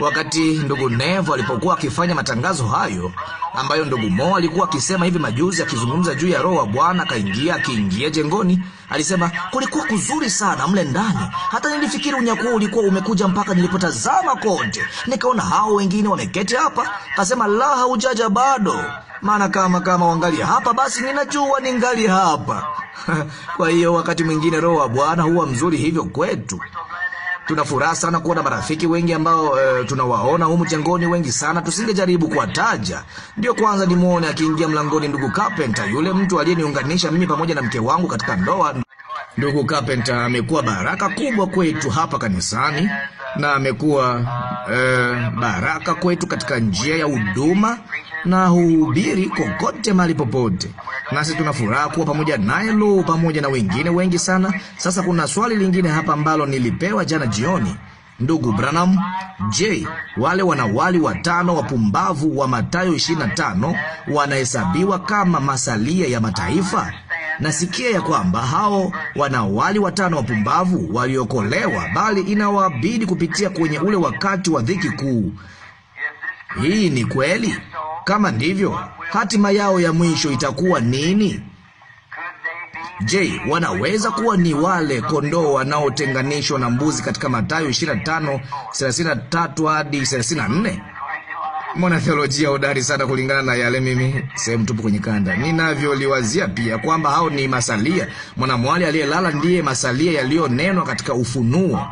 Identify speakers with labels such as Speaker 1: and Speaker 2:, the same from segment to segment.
Speaker 1: Wakati ndugu Nevo alipokuwa akifanya matangazo hayo ambayo ndugu Mo alikuwa akisema hivi majuzi, akizungumza juu ya roho wa Bwana akaingia, akiingia jengoni, alisema kulikuwa kuzuri sana mle ndani, hata nilifikiri unyakuo ulikuwa umekuja, mpaka nilipotazama kote nikaona hao wengine wameketi hapa. Kasema la, haujaja bado, maana kama kama wangali hapa, basi ninajua ningali hapa. Kwa hiyo wakati mwingine roho wa Bwana huwa mzuri hivyo kwetu. Tuna furaha sana kuona marafiki wengi ambao e, tunawaona humu jangoni, wengi sana tusingejaribu kuwataja. Ndio kwanza nimuone akiingia mlangoni ndugu Carpenter, yule mtu aliyeniunganisha mimi pamoja na mke wangu katika ndoa. Ndugu Carpenter amekuwa baraka kubwa kwetu hapa kanisani na amekuwa e, baraka kwetu katika njia ya huduma na hubiri kokote mahali popote, nasi tuna furaha kuwa pamoja naye Lou pamoja na wengine wengi sana. Sasa kuna swali lingine hapa ambalo nilipewa jana jioni. Ndugu Branham, je, wale wanawali watano wapumbavu wa Mathayo 25 wanahesabiwa kama masalia ya mataifa? Nasikia ya kwamba hao wanawali watano wapumbavu waliokolewa, bali inawabidi kupitia kwenye ule wakati wa dhiki kuu. Hii ni kweli? Kama ndivyo, hatima yao ya mwisho itakuwa nini? Je, wanaweza kuwa ni wale kondoo wanaotenganishwa na mbuzi katika Mathayo 25:33 hadi 34? Mwana theolojia hodari sana kulingana na yale mimi sehemu tupo kwenye kanda ninavyoliwazia, pia kwamba hao ni masalia. Mwanamwali aliyelala ndiye masalia yaliyonenwa katika Ufunuo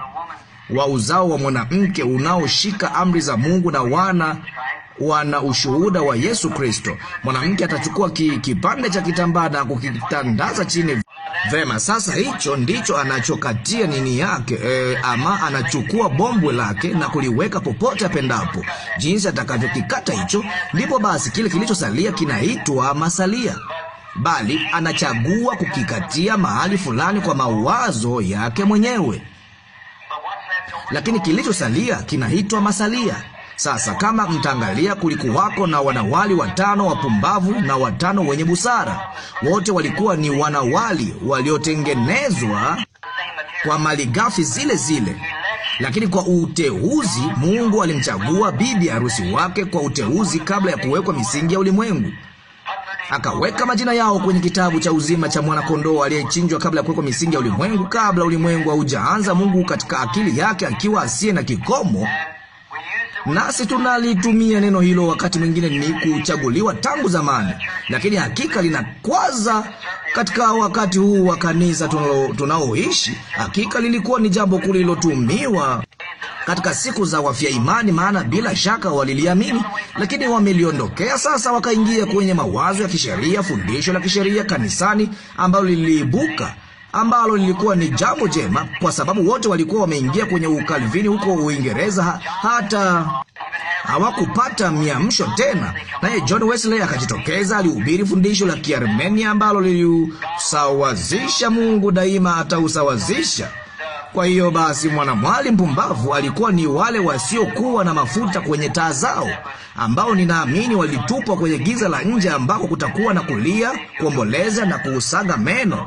Speaker 1: wa uzao wa mwanamke unaoshika amri za Mungu na wana wana ushuhuda wa Yesu Kristo. Mwanamke atachukua ki, kipande cha kitambaa na kukitandaza chini. Vema, sasa hicho ndicho anachokatia nini yake, e, ama anachukua bombwe lake na kuliweka popote apendapo, jinsi atakavyokikata hicho. Ndipo basi kile kilichosalia kinaitwa masalia bali anachagua kukikatia mahali fulani kwa mawazo yake mwenyewe, lakini kilichosalia kinaitwa masalia. Sasa kama mtaangalia, kulikuwako na wanawali watano wapumbavu na watano wenye busara. Wote walikuwa ni wanawali waliotengenezwa kwa malighafi zile zile, lakini kwa uteuzi. Mungu alimchagua bibi harusi wake kwa uteuzi kabla ya kuwekwa misingi ya ulimwengu akaweka majina yao kwenye kitabu cha uzima cha mwanakondoo aliyechinjwa kabla ya kuwekwa misingi ya ulimwengu, kabla ulimwengu haujaanza. Mungu katika akili yake akiwa asiye na kikomo nasi tunalitumia neno hilo wakati mwingine ni kuchaguliwa tangu zamani, lakini hakika linakwaza katika wakati huu wa kanisa tunaoishi. Hakika lilikuwa ni jambo kuu lililotumiwa katika siku za wafia imani, maana bila shaka waliliamini, lakini wameliondokea sasa, wakaingia kwenye mawazo ya kisheria, fundisho la kisheria kanisani ambalo liliibuka ambalo lilikuwa ni jambo jema, kwa sababu wote walikuwa wameingia kwenye ukalvini huko Uingereza, hata hawakupata miamsho tena. Naye John Wesley akajitokeza, alihubiri fundisho la Kiarmenia ambalo liliusawazisha. Mungu daima atausawazisha. Kwa hiyo basi, mwanamwali mpumbavu alikuwa ni wale wasiokuwa na mafuta kwenye taa zao, ambao ninaamini walitupwa kwenye giza la nje, ambako kutakuwa na kulia, kuomboleza na kuusaga meno.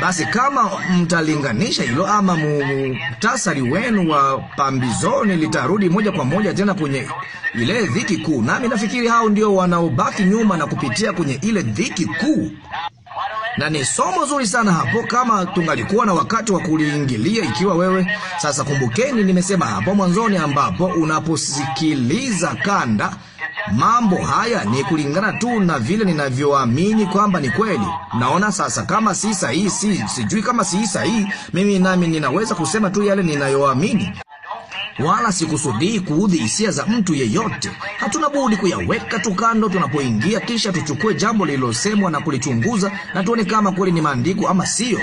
Speaker 1: Basi kama mtalinganisha hilo ama muhtasari wenu wa pambizoni, litarudi moja kwa moja tena kwenye ile dhiki kuu. Nami nafikiri hao ndio wanaobaki nyuma na kupitia kwenye ile dhiki kuu, na ni somo zuri sana hapo, kama tungalikuwa na wakati wa kuliingilia. Ikiwa wewe sasa, kumbukeni, nimesema hapo mwanzoni, ambapo unaposikiliza kanda Mambo haya ni kulingana tu na vile ninavyoamini kwamba ni kweli. Naona sasa, kama si sahihi, si sijui kama si sahihi, mimi nami ninaweza kusema tu yale ninayoamini wala sikusudii kuudhi hisia za mtu yeyote. Hatuna budi kuyaweka tu kando tunapoingia, kisha tuchukue jambo lililosemwa na kulichunguza na tuone kama kweli ni maandiko ama sio.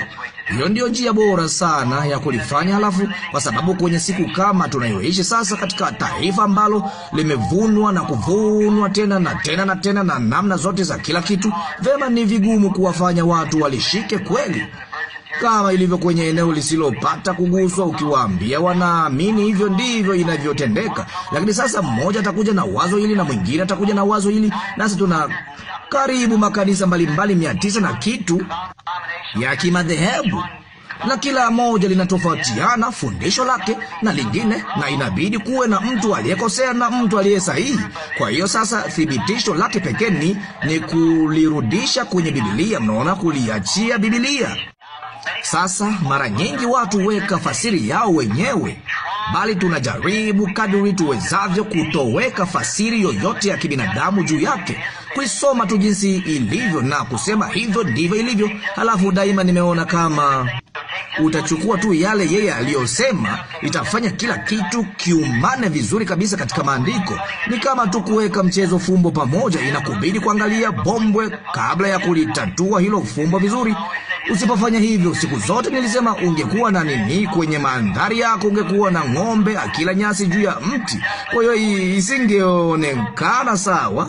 Speaker 1: Hiyo ndiyo njia bora sana ya kulifanya. Halafu, kwa sababu kwenye siku kama tunayoishi sasa, katika taifa ambalo limevunwa na kuvunwa tena na tena na tena na namna zote za kila kitu, vema, ni vigumu kuwafanya watu walishike kweli kama ilivyo kwenye eneo lisilopata kuguswa. Ukiwaambia wanaamini, hivyo ndivyo inavyotendeka. Lakini sasa mmoja atakuja na wazo hili na mwingine atakuja na wazo hili, nasi tuna karibu makanisa mbalimbali mia tisa na kitu ya kimadhehebu na kila moja linatofautiana fundisho lake na lingine, na inabidi kuwe na mtu aliyekosea na mtu aliye sahihi. Kwa hiyo sasa thibitisho lake pekee ni ni kulirudisha kwenye Biblia. Mnaona, kuliachia Biblia. Sasa mara nyingi watu weka fasiri yao wenyewe, bali tunajaribu kadri tuwezavyo kutoweka fasiri yoyote ya kibinadamu juu yake, kuisoma tu jinsi ilivyo na kusema hivyo ndivyo ilivyo. Halafu daima nimeona kama utachukua tu yale yeye aliyosema, itafanya kila kitu kiumane vizuri kabisa katika maandiko. Ni kama tu kuweka mchezo fumbo pamoja, inakubidi kuangalia bombwe kabla ya kulitatua hilo fumbo vizuri. Usipofanya hivyo siku zote, nilisema ungekuwa na nini kwenye mandhari yako, ungekuwa na ng'ombe akila nyasi juu ya mti, kwa hiyo isingeonekana sawa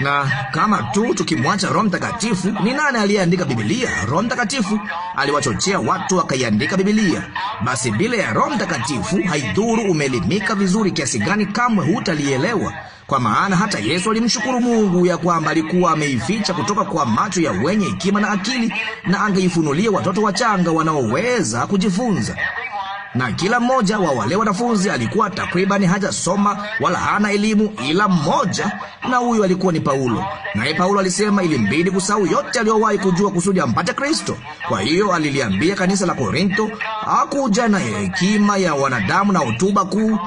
Speaker 1: na kama tu tukimwacha Roho Mtakatifu. Ni nani aliyeandika Biblia? Roho Mtakatifu aliwachochea watu wakaiandika Biblia. Basi bila ya Roho Mtakatifu, haidhuru umelimika vizuri kiasi gani, kamwe hutalielewa. Kwa maana hata Yesu alimshukuru Mungu ya kwamba alikuwa ameificha kutoka kwa macho ya wenye hekima na akili, na angeifunulia watoto wachanga wanaoweza kujifunza na kila mmoja wa wale wanafunzi alikuwa takribani hajasoma wala hana elimu ila mmoja, na huyo alikuwa ni Paulo. Naye Paulo alisema ilimbidi kusahau yote aliyowahi kujua kusudi ampate Kristo. Kwa hiyo aliliambia kanisa la Korinto, hakuja na hekima ya wanadamu na hotuba kuu,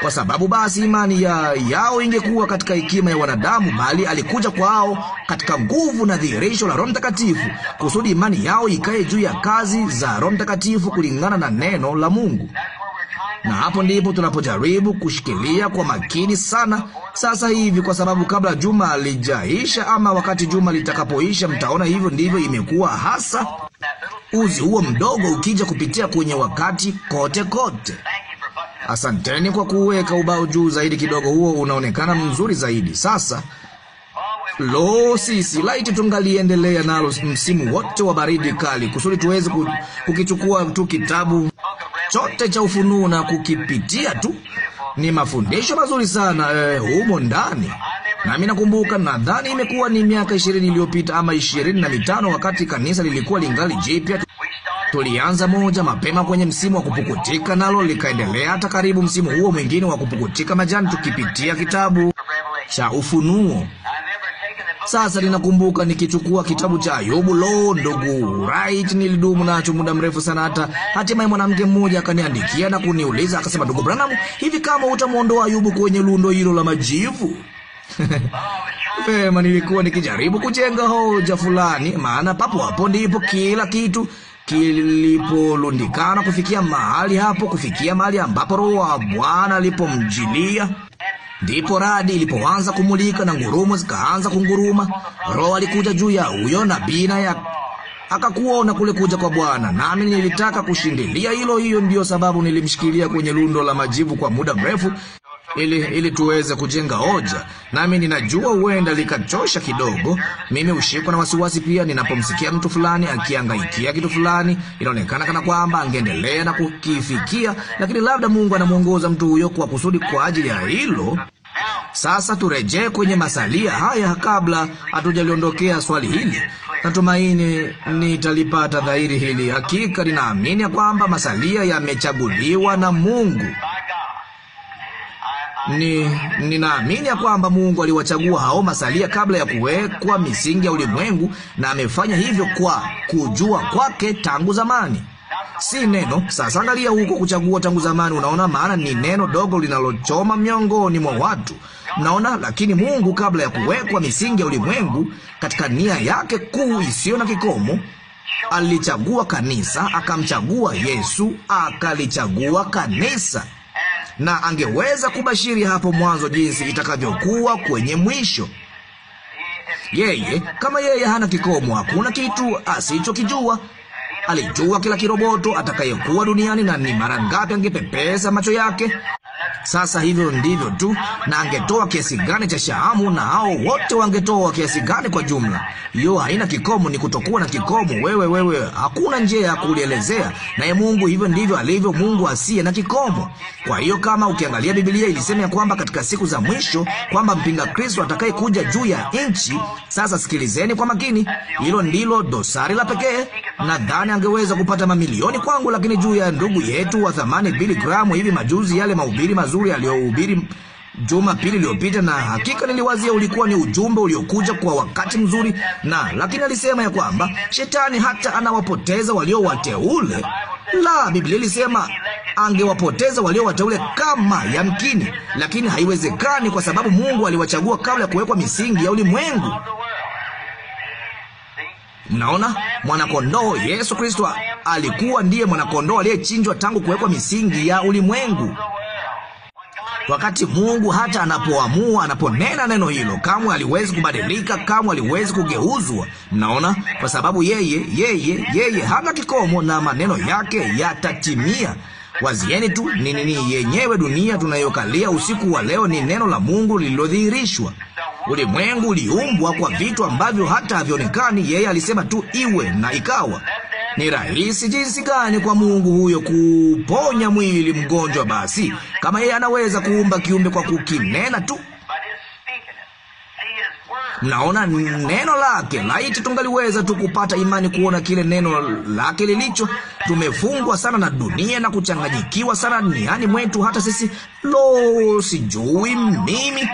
Speaker 1: kwa sababu basi imani ya yao ingekuwa katika hekima ya wanadamu, bali alikuja kwao katika nguvu na dhihirisho la Roho Mtakatifu, kusudi imani yao ikae juu ya kazi za Roho Mtakatifu kulingana na neno la Mungu. Na hapo ndipo tunapojaribu kushikilia kwa makini sana sasa hivi, kwa sababu kabla juma alijaisha ama wakati juma litakapoisha, mtaona hivyo ndivyo imekuwa hasa. Uzi huo mdogo ukija kupitia kwenye wakati kote kote. Asanteni kwa kuweka ubao juu zaidi kidogo, huo unaonekana mzuri zaidi. Sasa Lo, sisi laiti tungaliendelea nalo msimu wote wa baridi kali, kusudi tuweze kukichukua tu kitabu chote cha Ufunuo na kukipitia tu. Ni mafundisho mazuri sana eh, humo ndani. Nami nakumbuka, nadhani imekuwa ni miaka ishirini iliyopita ama ishirini na mitano, wakati kanisa lilikuwa lingali jipya. Tulianza moja mapema kwenye msimu wa kupukutika, nalo likaendelea hata karibu msimu huo mwingine wa kupukutika majani, tukipitia kitabu cha Ufunuo. Sasa ninakumbuka nikichukua kitabu cha Ayubu. Lo, ndugu Wright, nilidumu nacho muda mrefu sana, hata hatimaye mwanamke mmoja akaniandikia na kuniuliza akasema, ndugu Branham, hivi kama utamwondoa Ayubu kwenye lundo hilo la majivu? Vema, nilikuwa nikijaribu kujenga hoja fulani, maana papo hapo ndipo kila kitu kilipolundikana kufikia mahali hapo, kufikia mahali ambapo Roho wa Bwana alipomjilia ndipo radi ilipoanza kumulika na ngurumo zikaanza kunguruma. Roho alikuja juu ya huyo nabii, naye akakuona kule kuja kwa Bwana. Nami nilitaka kushindilia hilo. Hiyo ndiyo sababu nilimshikilia kwenye lundo la majivu kwa muda mrefu, ili, ili tuweze kujenga hoja. Nami ninajua huenda likachosha kidogo. Mimi ushikwa na wasiwasi pia ninapomsikia mtu fulani akihangaikia kitu fulani, inaonekana kana kwamba angeendelea na kukifikia, lakini labda Mungu anamwongoza mtu huyo kwa kusudi kwa ajili ya hilo. Sasa turejee kwenye masalia haya kabla hatujaliondokea swali hili. Natumaini nitalipata dhahiri hili. Hakika ninaamini ya kwamba masalia yamechaguliwa na Mungu. Ni ninaamini ya kwamba Mungu aliwachagua hao masalia kabla ya kuwekwa misingi ya ulimwengu, na amefanya hivyo kwa kujua kwake tangu zamani. Si neno. Sasa angalia huko kuchagua tangu zamani, unaona? Maana ni neno dogo linalochoma miongoni mwa watu, naona Lakini Mungu, kabla ya kuwekwa misingi ya ulimwengu, katika nia yake kuu isiyo na kikomo, alichagua kanisa, akamchagua Yesu, akalichagua kanisa na angeweza kubashiri hapo mwanzo jinsi itakavyokuwa kwenye mwisho. Yeye kama yeye hana kikomo, hakuna kitu asichokijua. Alijua kila kiroboto atakayekuwa duniani na ni mara ngapi angepepesa macho yake. Sasa hivyo ndivyo tu, na angetoa kiasi gani cha shahamu, na hao wote wangetoa kiasi gani kwa jumla. Hiyo haina kikomo, ni kutokuwa na kikomo. Wewe wewe, hakuna njia ya kulielezea. Naye Mungu hivyo ndivyo alivyo, Mungu asiye na kikomo. Kwa hiyo kama ukiangalia Biblia ilisema ya kwamba katika siku za mwisho kwamba mpinga Kristo atakayekuja juu ya nchi. Sasa sikilizeni kwa makini, hilo ndilo dosari la pekee. Nadhani angeweza kupata mamilioni kwangu, lakini juu ya ndugu yetu wa thamani Billy Graham hivi majuzi, yale mahubiri mahubiri mazuri aliyohubiri pili iliyopita, na hakika niliwazia ulikuwa ni ujumbe uliokuja kwa wakati mzuri, na lakini alisema ya kwamba shetani hata anawapoteza walio wateule. La, Biblia ilisema angewapoteza walio wateule kama yamkini, lakini haiwezekani kwa sababu Mungu aliwachagua kabla ya kuwekwa misingi ya ulimwengu. Mnaona, mwanakondoo Yesu Kristo alikuwa ndiye mwanakondoo aliyechinjwa tangu kuwekwa misingi ya ulimwengu. Wakati Mungu hata anapoamua, anaponena neno hilo, kamwe aliwezi kubadilika, kamwe aliwezi kugeuzwa. Mnaona, kwa sababu yeye yeye yeye hana kikomo na maneno yake yatatimia. Wazieni tu ni nini yenyewe dunia tunayokalia usiku wa leo ni neno la Mungu lililodhihirishwa. Ulimwengu uliumbwa kwa vitu ambavyo hata havionekani. Yeye alisema tu iwe na ikawa. Ni rahisi jinsi gani kwa Mungu huyo kuponya mwili mgonjwa. Basi kama yeye anaweza kuumba kiumbe kwa kukinena tu, mnaona neno lake. Laiti tungaliweza tu kupata imani kuona kile neno lake lilicho. Tumefungwa sana na dunia na kuchanganyikiwa sana ndani mwetu, hata sisi. Lo, sijui mimi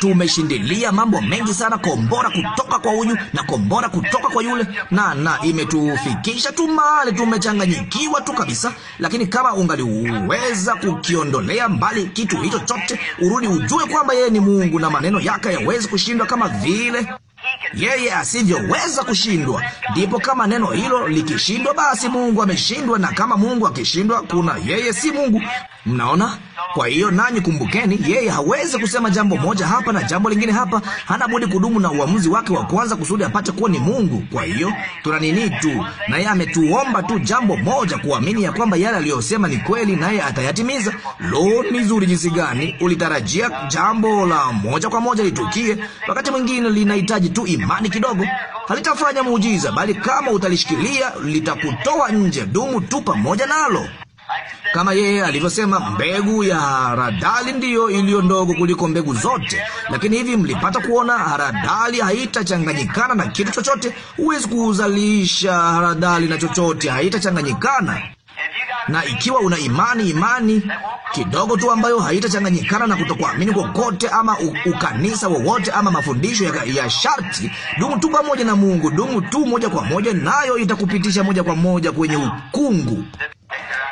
Speaker 1: Tumeshindilia mambo mengi sana, kombora kutoka kwa huyu na kombora kutoka kwa yule, na na imetufikisha tu mahali tumechanganyikiwa tu kabisa. Lakini kama ungaliweza kukiondolea mbali kitu hicho chote, urudi ujue kwamba yeye ni Mungu na maneno yake yawezi kushindwa kama vile yeye asivyoweza kushindwa. Ndipo kama neno hilo likishindwa, basi Mungu ameshindwa, na kama Mungu akishindwa, kuna yeye si Mungu. Mnaona? Kwa hiyo nanyi kumbukeni, yeye hawezi kusema jambo moja hapa na jambo lingine hapa. Hana budi kudumu na uamuzi wake wa kwanza kusudi apate kuwa ni Mungu. Kwa hiyo tuna nini tu, naye ametuomba tu jambo moja, kuamini ya kwamba yale aliyosema ni kweli, naye atayatimiza. Lo, ni zuri jinsi gani! Ulitarajia jambo la moja kwa moja litukie. Wakati mwingine linahitaji tu imani kidogo. Halitafanya muujiza, bali kama utalishikilia litakutoa nje. Dumu tu pamoja nalo. Kama yeye alivyosema, mbegu ya haradali ndiyo iliyo ndogo kuliko mbegu zote. Lakini hivi mlipata kuona, haradali haitachanganyikana na kitu chochote. Huwezi kuzalisha haradali na chochote, haitachanganyikana. Na ikiwa una imani imani kidogo tu ambayo haitachanganyikana na kutokuamini kokote ama u, ukanisa wowote ama mafundisho ya, ya sharti, dumu tu pamoja na Mungu, dumu tu moja kwa moja, nayo itakupitisha moja kwa moja kwenye ukungu,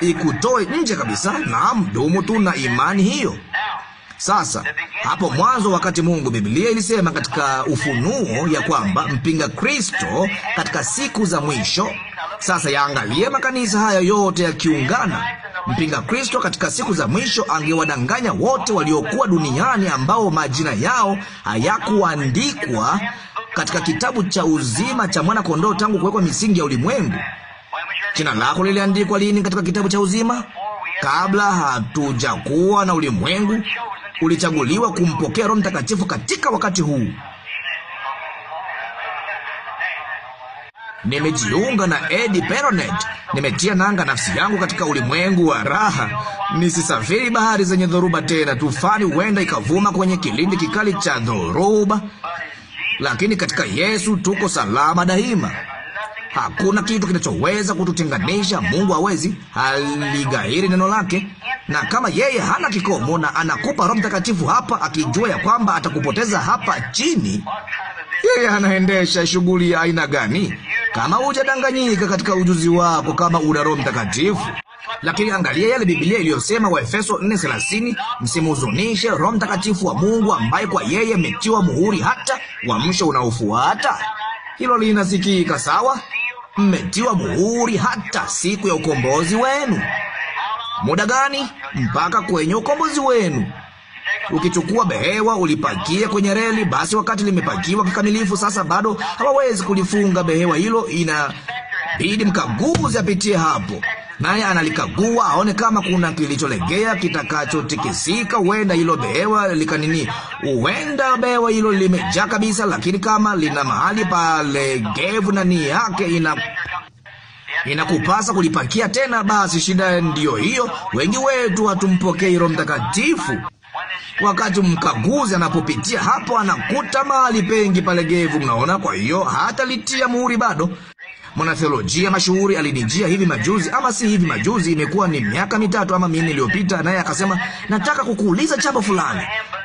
Speaker 1: ikutoe nje kabisa. Naam, dumu tu na imani hiyo. Sasa hapo mwanzo, wakati Mungu, Biblia ilisema katika Ufunuo ya kwamba mpinga Kristo katika siku za mwisho. Sasa yaangalie makanisa haya yote yakiungana. Mpinga Kristo katika siku za mwisho angewadanganya wote waliokuwa duniani ambao majina yao hayakuandikwa katika kitabu cha uzima cha mwana kondoo tangu kuwekwa misingi ya ulimwengu. Jina lako liliandikwa lini katika kitabu cha uzima? Kabla hatujakuwa na ulimwengu, ulichaguliwa kumpokea Roho Mtakatifu katika wakati huu. Nimejiunga na Eddie Peronet. Nimetia nanga nafsi yangu katika ulimwengu wa raha. Nisisafiri bahari zenye dhoruba tena. Tufani huenda ikavuma kwenye kilindi kikali cha dhoruba, lakini katika Yesu tuko salama daima. Hakuna kitu kinachoweza kututenganisha. Mungu hawezi, haligairi neno lake, na kama yeye hana kikomo na anakupa Roho Mtakatifu hapa, akijua ya kwamba atakupoteza hapa chini, yeye anaendesha shughuli ya aina gani? Kama hujadanganyika katika ujuzi wako, kama una Roho Mtakatifu. Lakini angalia yale Biblia iliyosema wa Efeso 4:30, msimhuzunishe Roho Mtakatifu wa Mungu ambaye kwa yeye ametiwa muhuri hata uamsho unaofuata. Hilo linasikika sawa? mmetiwa muhuri hata siku ya ukombozi wenu. Muda gani? Mpaka kwenye ukombozi wenu. Ukichukua behewa ulipakie kwenye reli, basi wakati limepakiwa kikamilifu, sasa bado hawawezi kulifunga behewa hilo, inabidi mkaguzi apitie hapo naye analikagua aone kama kuna kilicholegea kitakachotikisika. Huenda hilo behewa likanini, huenda behewa hilo limejaa kabisa, lakini kama lina mahali pale gevu na nia yake ina inakupasa kulipakia tena. Basi shida ndiyo hiyo, wengi wetu hatumpokei Roho Mtakatifu. Wakati mkaguzi anapopitia hapo, anakuta mahali pengi pale gevu, mnaona. Kwa hiyo hata litia muhuri bado mwanatheolojia mashuhuri alinijia hivi majuzi, ama si hivi majuzi, imekuwa ni miaka mitatu ama minne iliyopita, naye akasema, nataka kukuuliza jambo fulani.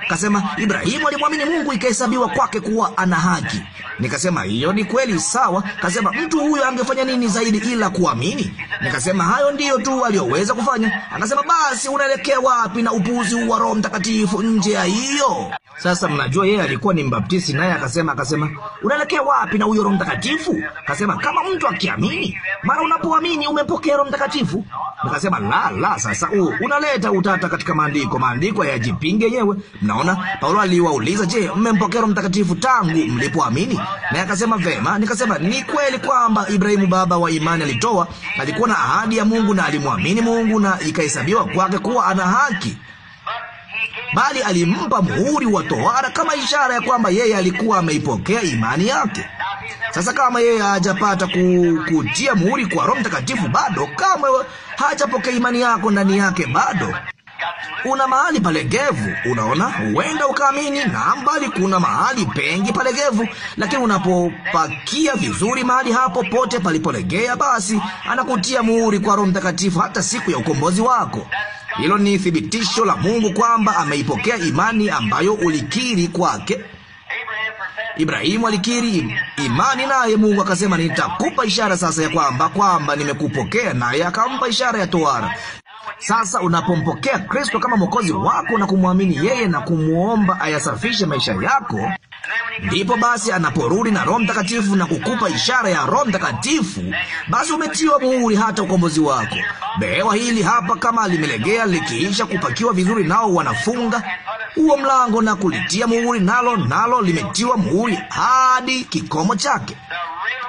Speaker 1: Akasema, Ibrahimu alimwamini Mungu ikahesabiwa kwake kuwa ana haki. Nikasema, hiyo ni kweli, sawa. Akasema, mtu huyo angefanya nini zaidi ila kuamini? Nikasema, hayo ndiyo tu aliyoweza kufanya. Anasema, basi unaelekea wapi na upuuzi wa Roho Mtakatifu nje ya hiyo? Sasa mnajua yeye alikuwa ni mbaptisi, naye akasema, akasema, unaelekea wapi na huyo Roho Mtakatifu? Akasema, kama mtu mtu akiamini. Mara unapoamini umepokea Roho Mtakatifu. Nikasema la la, sasa u, unaleta utata katika maandiko. Maandiko hayajipingi yenyewe. Mnaona, Paulo aliwauliza, je, mmempokea Roho Mtakatifu tangu mlipoamini? Na akasema vema. Nikasema ni kweli kwamba Ibrahimu baba wa imani alitoa, alikuwa na ahadi ya Mungu na alimwamini Mungu na ikahesabiwa kwake kuwa ana haki bali alimpa muhuri wa tohara kama ishara ya kwamba yeye alikuwa ameipokea imani yake. Sasa kama yeye hajapata kutia muhuri kwa Roho Mtakatifu bado, kama hajapokea imani yako ndani yake bado, una mahali palegevu. Unaona, huenda ukaamini na mbali, kuna mahali pengi palegevu, lakini unapopakia vizuri mahali hapo pote palipolegea, basi anakutia muhuri kwa Roho Mtakatifu hata siku ya ukombozi wako. Hilo ni thibitisho la Mungu kwamba ameipokea imani ambayo ulikiri kwake. Ibrahimu alikiri imani, naye Mungu akasema, nitakupa ishara sasa ya kwamba kwamba nimekupokea, naye akampa ishara ya tohara. Sasa unapompokea Kristo kama mwokozi wako na kumwamini yeye na kumwomba ayasafishe maisha yako, ndipo basi anaporudi na Roho Mtakatifu na kukupa ishara ya Roho Mtakatifu, basi umetiwa muhuri hata ukombozi wako. Behewa hili hapa kama limelegea, likiisha kupakiwa vizuri, nao wanafunga huo mlango na kulitia muhuri, nalo nalo limetiwa muhuri hadi kikomo chake.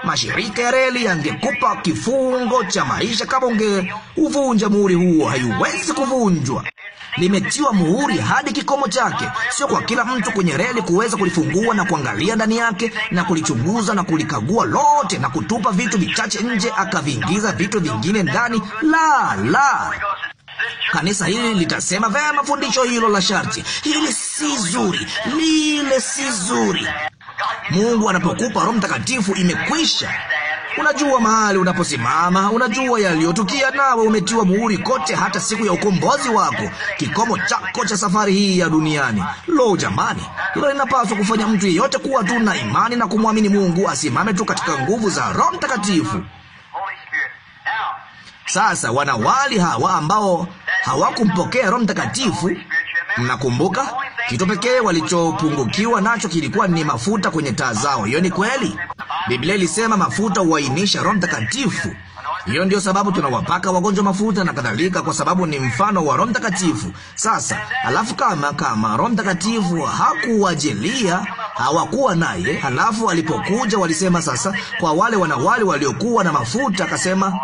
Speaker 1: Mashirika ya reli yangekupa kifungo cha maisha kama uvunja muhuri huo. Haiwezi kuvunjwa, limetiwa muhuri hadi kikomo chake. Sio kwa kila mtu kwenye reli kuweza kulifungua na kuangalia ndani yake na kulichunguza na kulikagua lote na kutupa vitu vichache nje akaviingiza vitu vingine ndani. La, la Kanisa hili litasema vema, fundisho hilo la sharti hili si zuri, lile si zuri. Mungu anapokupa Roho Mtakatifu imekwisha. Unajua mahali unaposimama, unajua yaliyotukia, nawe umetiwa muhuri kote, hata siku ya ukombozi wako, kikomo chako cha safari hii ya duniani. Lo, jamani, hilo linapaswa kufanya mtu yeyote kuwa tu na imani na kumwamini Mungu, asimame tu katika nguvu za Roho Mtakatifu. Sasa wanawali hawa ambao hawakumpokea Roho Mtakatifu, mnakumbuka, kitu pekee walichopungukiwa nacho kilikuwa ni mafuta kwenye taa zao. Hiyo ni kweli, Biblia ilisema mafuta huainisha Roho Mtakatifu. Hiyo ndio sababu tunawapaka wagonjwa mafuta na kadhalika, kwa sababu ni mfano wa Roho Mtakatifu. Sasa alafu kama kama Roho Mtakatifu hakuwajelia hawakuwa naye, halafu alipokuja walisema, sasa kwa wale wanawali waliokuwa na mafuta, akasema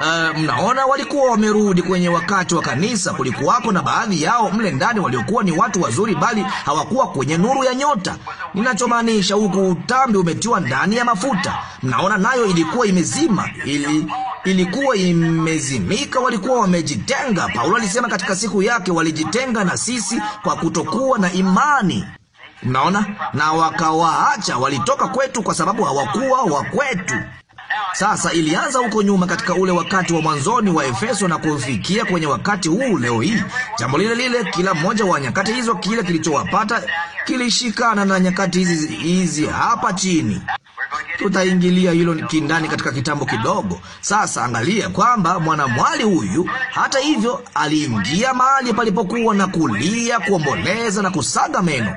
Speaker 1: Uh, mnaona walikuwa wamerudi kwenye wakati wa kanisa. Kulikuwako na baadhi yao mle ndani waliokuwa ni watu wazuri, bali hawakuwa kwenye nuru ya nyota. Ninachomaanisha huku, utambi umetiwa ndani ya mafuta. Mnaona, nayo ilikuwa imezima, ili ilikuwa imezimika, walikuwa wamejitenga. Paulo alisema katika siku yake walijitenga na sisi kwa kutokuwa na imani. Mnaona, na wakawaacha, walitoka kwetu kwa sababu hawakuwa wa kwetu. Sasa ilianza huko nyuma katika ule wakati wa mwanzoni wa Efeso na kufikia kwenye wakati huu leo hii. Jambo lile lile, kila mmoja wa nyakati hizo, kile kilichowapata kilishikana na nyakati hizi hizi hapa chini. Tutaingilia hilo kindani katika kitambo kidogo. Sasa angalia kwamba mwanamwali huyu hata hivyo aliingia mahali palipokuwa na kulia, kuomboleza na kusaga meno.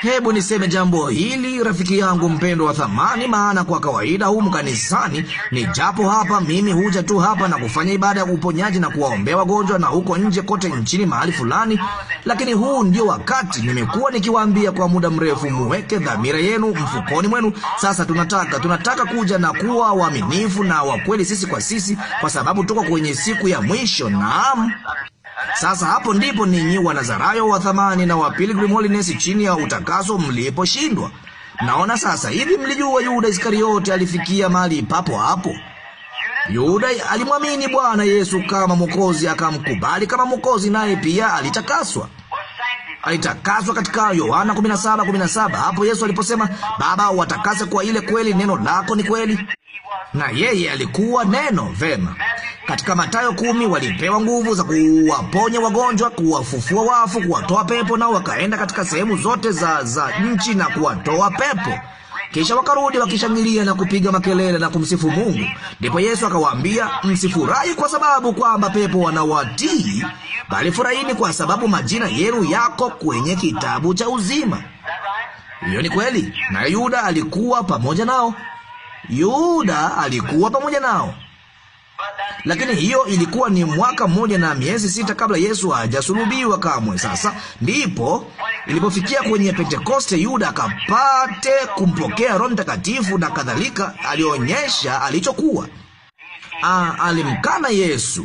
Speaker 1: Hebu niseme jambo hili, rafiki yangu mpendwa wa thamani, maana kwa kawaida humu kanisani ni japo hapa mimi huja tu hapa na kufanya ibada ya uponyaji na kuwaombea wagonjwa na huko nje kote nchini mahali fulani, lakini huu ndio wakati nimekuwa nikiwaambia kwa muda mrefu, muweke dhamira yenu mfukoni mwenu. Sasa tunataka tunataka kuja na kuwa waaminifu na wakweli sisi kwa sisi, kwa sababu tuko kwenye siku ya mwisho. Naam. Sasa hapo ndipo ninyi Wanazarayo wa thamani na wa Pilgrim Holiness chini ya utakaso mliposhindwa. Naona sasa hivi, mlijua Yuda Iskariote alifikia mali papo hapo. Yuda alimwamini Bwana Yesu kama Mwokozi, akamkubali kama Mwokozi, naye pia alitakaswa alitakaswa katika Yohana 17:17 17, hapo Yesu aliposema, Baba, watakase kwa ile kweli, neno lako ni kweli, na yeye alikuwa neno. Vema, katika Mathayo kumi walipewa nguvu za kuwaponya wagonjwa, kuwafufua wafu, kuwatoa pepo, nao wakaenda katika sehemu zote za, za nchi na kuwatoa pepo. Kisha wakarudi wakishangilia na kupiga makelele na kumsifu Mungu. Ndipo Yesu akawaambia, msifurahi kwa sababu kwamba pepo wanawatii, bali furahini kwa sababu majina yenu yako kwenye kitabu cha uzima. Hiyo ni kweli, na Yuda alikuwa pamoja nao. Yuda alikuwa pamoja nao. Lakini hiyo ilikuwa ni mwaka mmoja na miezi sita kabla Yesu hajasulubiwa kamwe. Sasa ndipo ilipofikia kwenye Pentekoste, Yuda akapate kumpokea Roho Mtakatifu na kadhalika, alionyesha alichokuwa. Ah, alimkana Yesu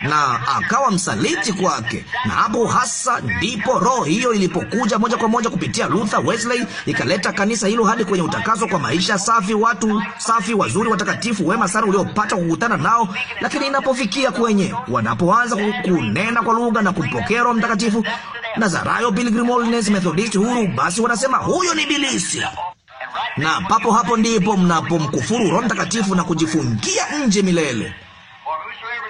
Speaker 1: na akawa msaliti kwake, na hapo hasa ndipo roho hiyo ilipokuja moja kwa moja kupitia Luther Wesley, ikaleta kanisa hilo hadi kwenye utakaso kwa maisha safi, watu safi, wazuri, watakatifu, wema sana uliopata kukutana nao. Lakini inapofikia kwenye wanapoanza kunena kwa lugha na kumpokea Roho Mtakatifu, Nazarayo, Pilgrim Holiness, Methodist huru, basi wanasema huyo ni bilisi na papo hapo ndipo mnapomkufuru Roho Mtakatifu na kujifungia nje milele.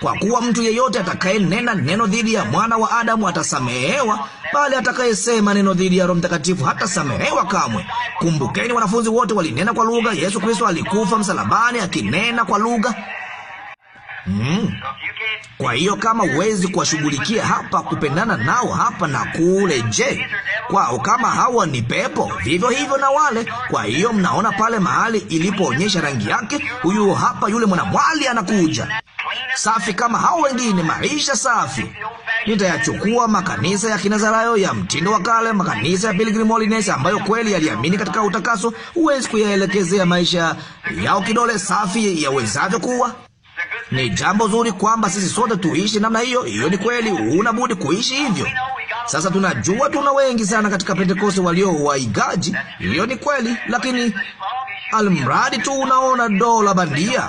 Speaker 1: Kwa kuwa mtu yeyote atakayenena neno dhidi ya mwana wa Adamu atasamehewa, bali atakayesema neno dhidi ya Roho Mtakatifu hatasamehewa kamwe. Kumbukeni, wanafunzi wote walinena kwa lugha. Yesu Kristo alikufa msalabani akinena kwa lugha. Mm. Kwa hiyo kama huwezi kuwashughulikia hapa, kupendana nao hapa na kule, je, kwao kama hawa ni pepo, vivyo hivyo na wale. Kwa hiyo mnaona pale mahali ilipoonyesha rangi yake, huyu hapa yule mwanamwali anakuja safi kama hao wengine, maisha safi. Nitayachukua makanisa ya Kinazarayo ya mtindo wa kale, makanisa ya Pilgrim Holiness ambayo kweli yaliamini katika utakaso. Huwezi kuyaelekezea ya maisha yao kidole safi yawezavyo kuwa. Ni jambo zuri kwamba sisi sote tuishi namna hiyo. Hiyo ni kweli, huna budi kuishi hivyo. Sasa tunajua tuna wengi sana katika Pentekoste walio waigaji, hiyo ni kweli, lakini almradi tu unaona dola bandia.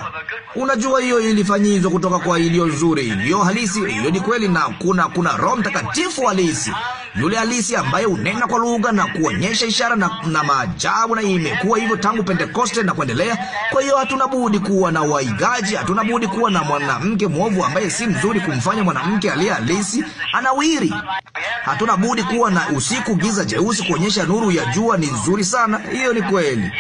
Speaker 1: Unajua, hiyo ilifanyizwa kutoka kwa iliyo nzuri, iliyo halisi. iliyo ni kweli, na kuna kuna Roho Mtakatifu halisi, yule halisi ambaye unena kwa lugha na kuonyesha ishara na, na maajabu, na imekuwa hivyo tangu Pentekoste na kuendelea. Kwa hiyo hatuna budi kuwa na waigaji, hatuna budi kuwa na mwanamke mwovu ambaye si mzuri kumfanya mwanamke aliye halisi anawiri. Hatuna budi kuwa na usiku, giza jeusi kuonyesha nuru ya jua ni nzuri sana. Hiyo ni kweli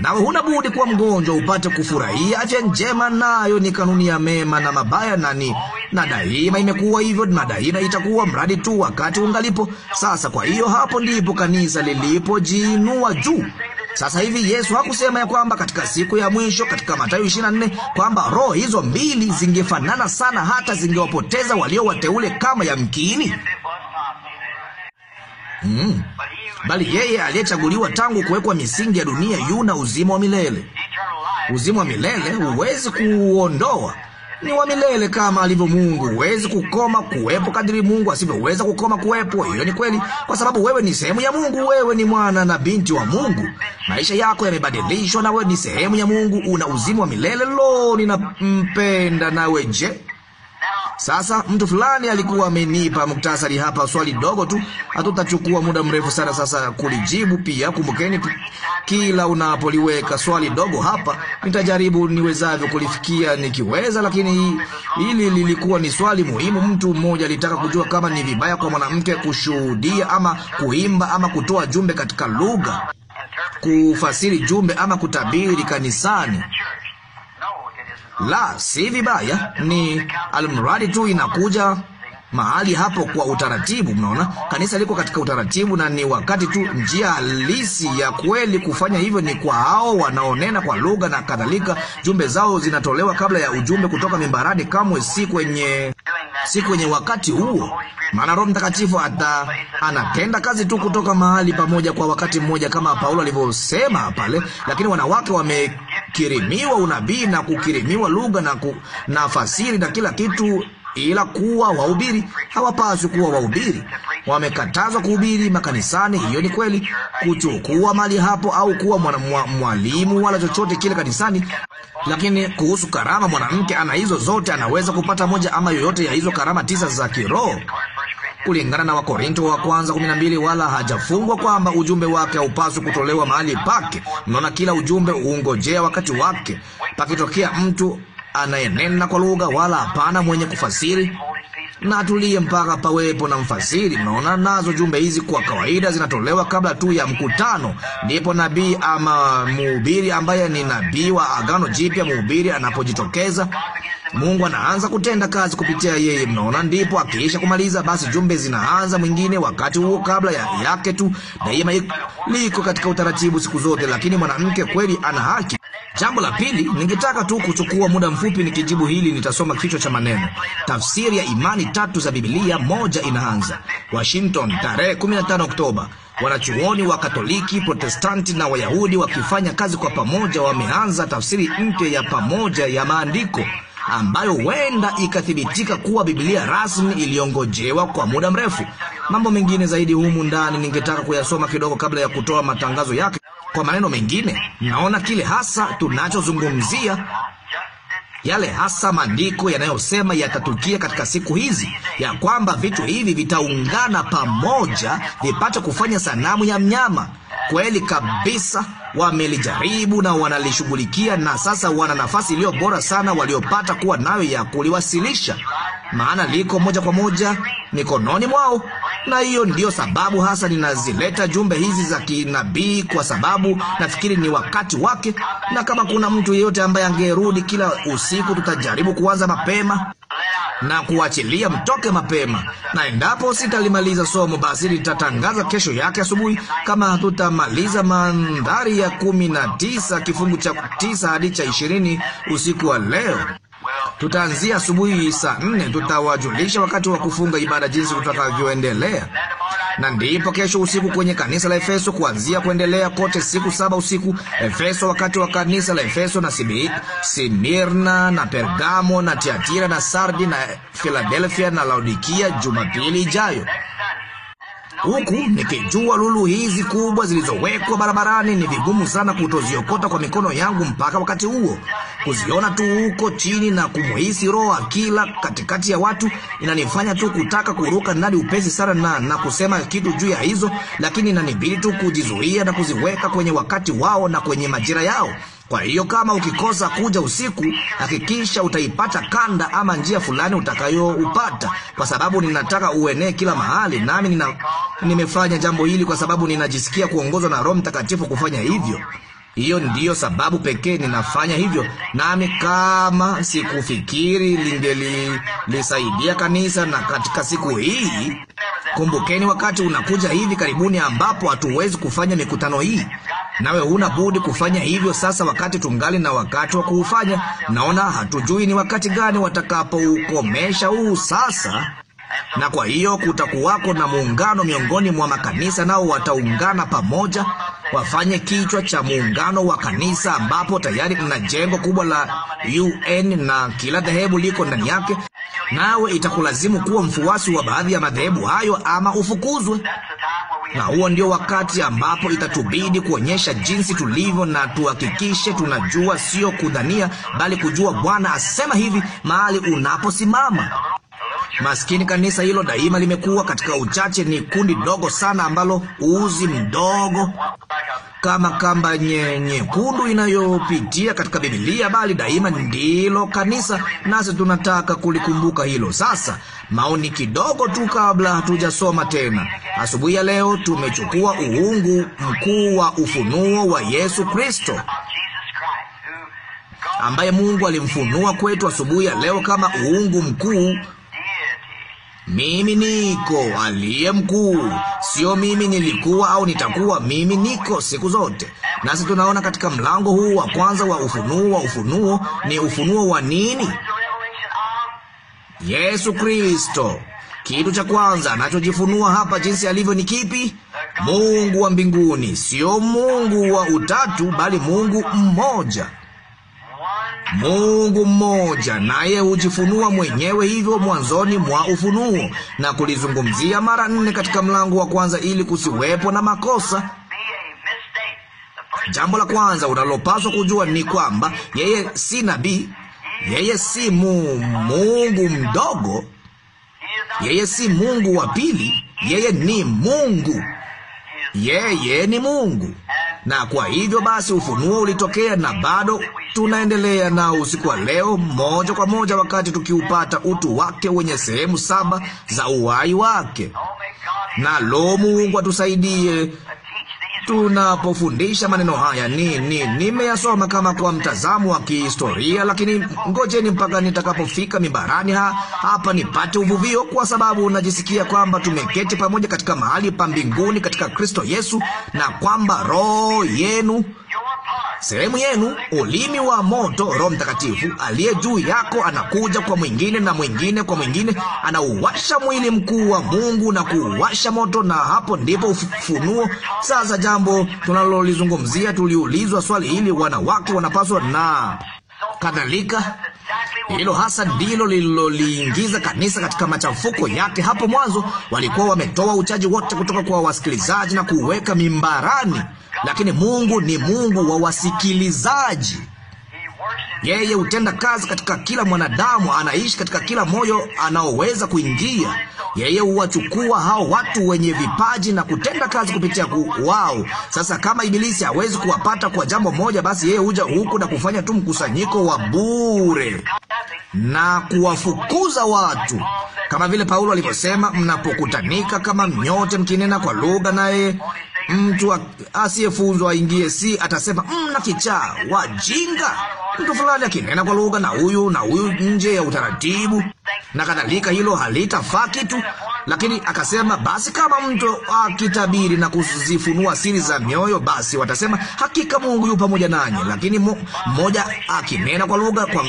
Speaker 1: nawe huna budi kuwa mgonjwa upate kufurahia afya njema, nayo ni kanuni ya mema na mabaya, nani na daima imekuwa hivyo, na daima itakuwa, mradi tu wakati ungalipo. Sasa kwa hiyo, hapo ndipo kanisa lilipojiinua juu. Sasa hivi Yesu hakusema ya kwamba katika siku ya mwisho katika Mathayo 24 kwamba roho hizo mbili zingefanana sana hata zingewapoteza walio wateule kama yamkini. Mm. Bali yeye aliyechaguliwa tangu kuwekwa misingi ya dunia yuna uzima wa milele. Uzima wa milele huwezi kuuondoa, ni wa milele kama alivyo Mungu. Huwezi kukoma kuwepo kadiri Mungu asivyoweza kukoma kuwepo. Hiyo ni kweli, kwa sababu wewe ni sehemu ya Mungu. Wewe ni mwana na binti wa Mungu. Maisha yako yamebadilishwa, nawe ni sehemu ya Mungu. Una uzima wa milele. Lo, ninampenda. Nawe je? Sasa mtu fulani alikuwa amenipa muktasari hapa, swali dogo tu, hatutachukua muda mrefu sana sasa kulijibu. Pia kumbukeni, kila unapoliweka swali dogo hapa, nitajaribu niwezavyo kulifikia nikiweza, lakini hili lilikuwa ni swali muhimu. Mtu mmoja alitaka kujua kama ni vibaya kwa mwanamke kushuhudia ama kuimba ama kutoa jumbe katika lugha, kufasiri jumbe ama kutabiri kanisani. La, si vibaya, ni almradi tu inakuja mahali hapo kwa utaratibu. Mnaona, kanisa liko katika utaratibu, na ni wakati tu. Njia halisi ya kweli kufanya hivyo ni kwa hao wanaonena kwa lugha na kadhalika. Jumbe zao zinatolewa kabla ya ujumbe kutoka mimbarani, kamwe si kwenye si kwenye wakati huo, maana Roho Mtakatifu ata anatenda kazi tu kutoka mahali pamoja kwa wakati mmoja, kama Paulo alivyosema pale. Lakini wanawake wamekirimiwa unabii na kukirimiwa lugha na, ku, na fasiri na kila kitu ila kuwa wahubiri. Hawapaswi kuwa wahubiri. Wamekatazwa kuhubiri makanisani, hiyo ni kweli, kuchukua mali hapo au kuwa mwalimu wala chochote kile kanisani. Lakini kuhusu karama, mwanamke ana hizo zote, anaweza kupata moja ama yoyote ya hizo karama tisa za kiroho kulingana na Wakorinto wa kwanza 12, wala hajafungwa kwamba ujumbe wake haupaswi kutolewa mahali pake. Mnaona, kila ujumbe uungojea wakati wake. Pakitokea mtu anayenena kwa lugha, wala hapana mwenye kufasiri, na atulie mpaka pawepo na mfasiri. Mnaona, nazo jumbe hizi kwa kawaida zinatolewa kabla tu ya mkutano, ndipo nabii ama mhubiri ambaye ni nabii wa Agano Jipya, mhubiri anapojitokeza Mungu anaanza kutenda kazi kupitia yeye, mnaona. Ndipo akiisha kumaliza, basi jumbe zinaanza mwingine wakati huo, kabla ya yake tu. Daima liko katika utaratibu siku zote, lakini mwanamke kweli ana haki. Jambo la pili, ningetaka tu kuchukua muda mfupi nikijibu hili. Nitasoma kichwa cha maneno, tafsiri ya imani tatu za Biblia. Moja inaanza Washington, tarehe 15 Oktoba. Wanachuoni wa Katoliki, Protestanti na Wayahudi wakifanya kazi kwa pamoja, wameanza tafsiri mpya ya pamoja ya maandiko ambayo huenda ikathibitika kuwa Biblia rasmi iliyongojewa kwa muda mrefu. Mambo mengine zaidi humu ndani ningetaka kuyasoma kidogo kabla ya kutoa matangazo yake. Kwa maneno mengine, naona kile hasa tunachozungumzia yale hasa maandiko yanayosema yatatukia katika siku hizi, ya kwamba vitu hivi vitaungana pamoja vipate kufanya sanamu ya mnyama. Kweli kabisa wamelijaribu na wanalishughulikia, na sasa wana nafasi iliyo bora sana waliopata kuwa nayo ya kuliwasilisha, maana liko moja kwa moja mikononi mwao. Na hiyo ndiyo sababu hasa ninazileta jumbe hizi za kinabii, kwa sababu nafikiri ni wakati wake. Na kama kuna mtu yeyote ambaye angerudi kila usiku, tutajaribu kuanza mapema na kuachilia mtoke mapema, na endapo sitalimaliza somo, basi litatangaza kesho yake asubuhi. Kama hatutamaliza mandhari ya kumi na tisa kifungu cha tisa hadi cha ishirini usiku wa leo. Tutaanzia asubuhi saa nne. Tutawajulisha wakati wa kufunga ibada jinsi tutakavyoendelea, na ndipo kesho usiku kwenye kanisa la Efeso kuanzia kuendelea kote siku saba usiku Efeso, wakati wa kanisa la Efeso na Sibi, Simirna na Pergamo na Tiatira na Sardi na Filadelfia na Laodikia, Jumapili ijayo huku nikijua lulu hizi kubwa zilizowekwa barabarani ni vigumu sana kutoziokota kwa mikono yangu mpaka wakati huo. Kuziona tu huko chini na kumuhisi Roho akila katikati ya watu inanifanya tu kutaka kuruka ndani upesi sana na, na kusema kitu juu ya hizo, lakini inanibidi tu kujizuia na kuziweka kwenye wakati wao na kwenye majira yao. Kwa hiyo kama ukikosa kuja usiku, hakikisha utaipata kanda ama njia fulani utakayoupata, kwa sababu ninataka uenee kila mahali. Nami nina, nimefanya jambo hili kwa sababu ninajisikia kuongozwa na Roho Mtakatifu kufanya hivyo. Hiyo ndiyo sababu pekee ninafanya hivyo. Nami kama sikufikiri lingelisaidia kanisa na katika siku hii, kumbukeni wakati unakuja hivi karibuni ambapo hatuwezi kufanya mikutano hii nawe huna budi kufanya hivyo sasa, wakati tungali na wakati wa kuufanya. Naona hatujui ni wakati gani watakapoukomesha huu sasa na kwa hiyo kutakuwako na muungano miongoni mwa makanisa, nao wataungana pamoja wafanye kichwa cha muungano wa kanisa, ambapo tayari mna jengo kubwa la UN na kila dhehebu liko ndani yake, nawe itakulazimu kuwa mfuasi wa baadhi ya madhehebu hayo ama ufukuzwe. Na huo ndio wakati ambapo itatubidi kuonyesha jinsi tulivyo, na tuhakikishe tunajua, sio kudhania, bali kujua Bwana asema hivi mahali unaposimama. Maskini kanisa hilo daima limekuwa katika uchache, ni kundi dogo sana ambalo uuzi mdogo kama kamba nyekundu inayopitia katika Biblia, bali daima ndilo kanisa, nasi tunataka kulikumbuka hilo. Sasa maoni kidogo tu kabla hatujasoma tena. Asubuhi ya leo tumechukua uungu mkuu wa ufunuo wa Yesu Kristo ambaye Mungu alimfunua kwetu asubuhi ya leo kama uungu mkuu mimi niko aliye mkuu, sio mimi nilikuwa au nitakuwa, mimi niko siku zote. Nasi tunaona katika mlango huu wa kwanza wa ufunuo wa ufunuo, ni ufunuo wa nini? Yesu Kristo. Kitu cha kwanza anachojifunua hapa jinsi alivyo ni kipi? Mungu wa mbinguni, sio Mungu wa utatu, bali Mungu mmoja. Mungu mmoja, naye hujifunua mwenyewe hivyo mwanzoni mwa ufunuo, na kulizungumzia mara nne katika mlango wa kwanza, ili kusiwepo na makosa. Jambo la kwanza unalopaswa kujua ni kwamba yeye si nabii, yeye si mu, Mungu mdogo, yeye si Mungu wa pili, yeye ni Mungu, yeye ni Mungu. Na kwa hivyo basi ufunuo ulitokea, na bado tunaendelea na usiku wa leo, moja kwa moja, wakati tukiupata utu wake wenye sehemu saba za uhai wake. Na lo, Mungu atusaidie tunapofundisha maneno haya ni ni nimeyasoma kama kwa mtazamo wa kihistoria, lakini ngojeni mpaka nitakapofika mimbarani ha, hapa nipate uvuvio, kwa sababu najisikia kwamba tumeketi pamoja katika mahali pa mbinguni katika Kristo Yesu na kwamba roho yenu sehemu yenu, ulimi wa moto. Roho Mtakatifu aliye juu yako anakuja kwa mwingine na mwingine kwa mwingine, anauwasha mwili mkuu wa Mungu na kuuwasha moto, na hapo ndipo ufunuo. Sasa jambo tunalolizungumzia, tuliulizwa swali hili, wanawake wanapaswa na kadhalika. Hilo hasa ndilo lililoliingiza kanisa katika machafuko yake. Hapo mwanzo walikuwa wametoa uchaji wote kutoka kwa wasikilizaji na kuweka mimbarani, lakini Mungu ni Mungu wa wasikilizaji. Yeye hutenda kazi katika kila mwanadamu, anaishi katika kila moyo anaoweza kuingia. Yeye huwachukua hao watu wenye vipaji na kutenda kazi kupitia wao. Sasa kama Ibilisi hawezi kuwapata kwa jambo moja, basi yeye huja huku na kufanya tu mkusanyiko wa bure na kuwafukuza watu, kama vile Paulo alivyosema, mnapokutanika kama mnyote mkinena kwa lugha, naye Mtu asiyefunzwa aingie, si atasema mna mm, kichaa, wajinga. Mtu fulani akinena kwa lugha, na huyu na huyu nje ya utaratibu na kadhalika, hilo halitafaa kitu. Lakini akasema basi, kama mtu akitabiri na kuzifunua siri za mioyo, basi watasema hakika Mungu yu pamoja nanyi. Lakini mmoja akinena kwa lugha kwa,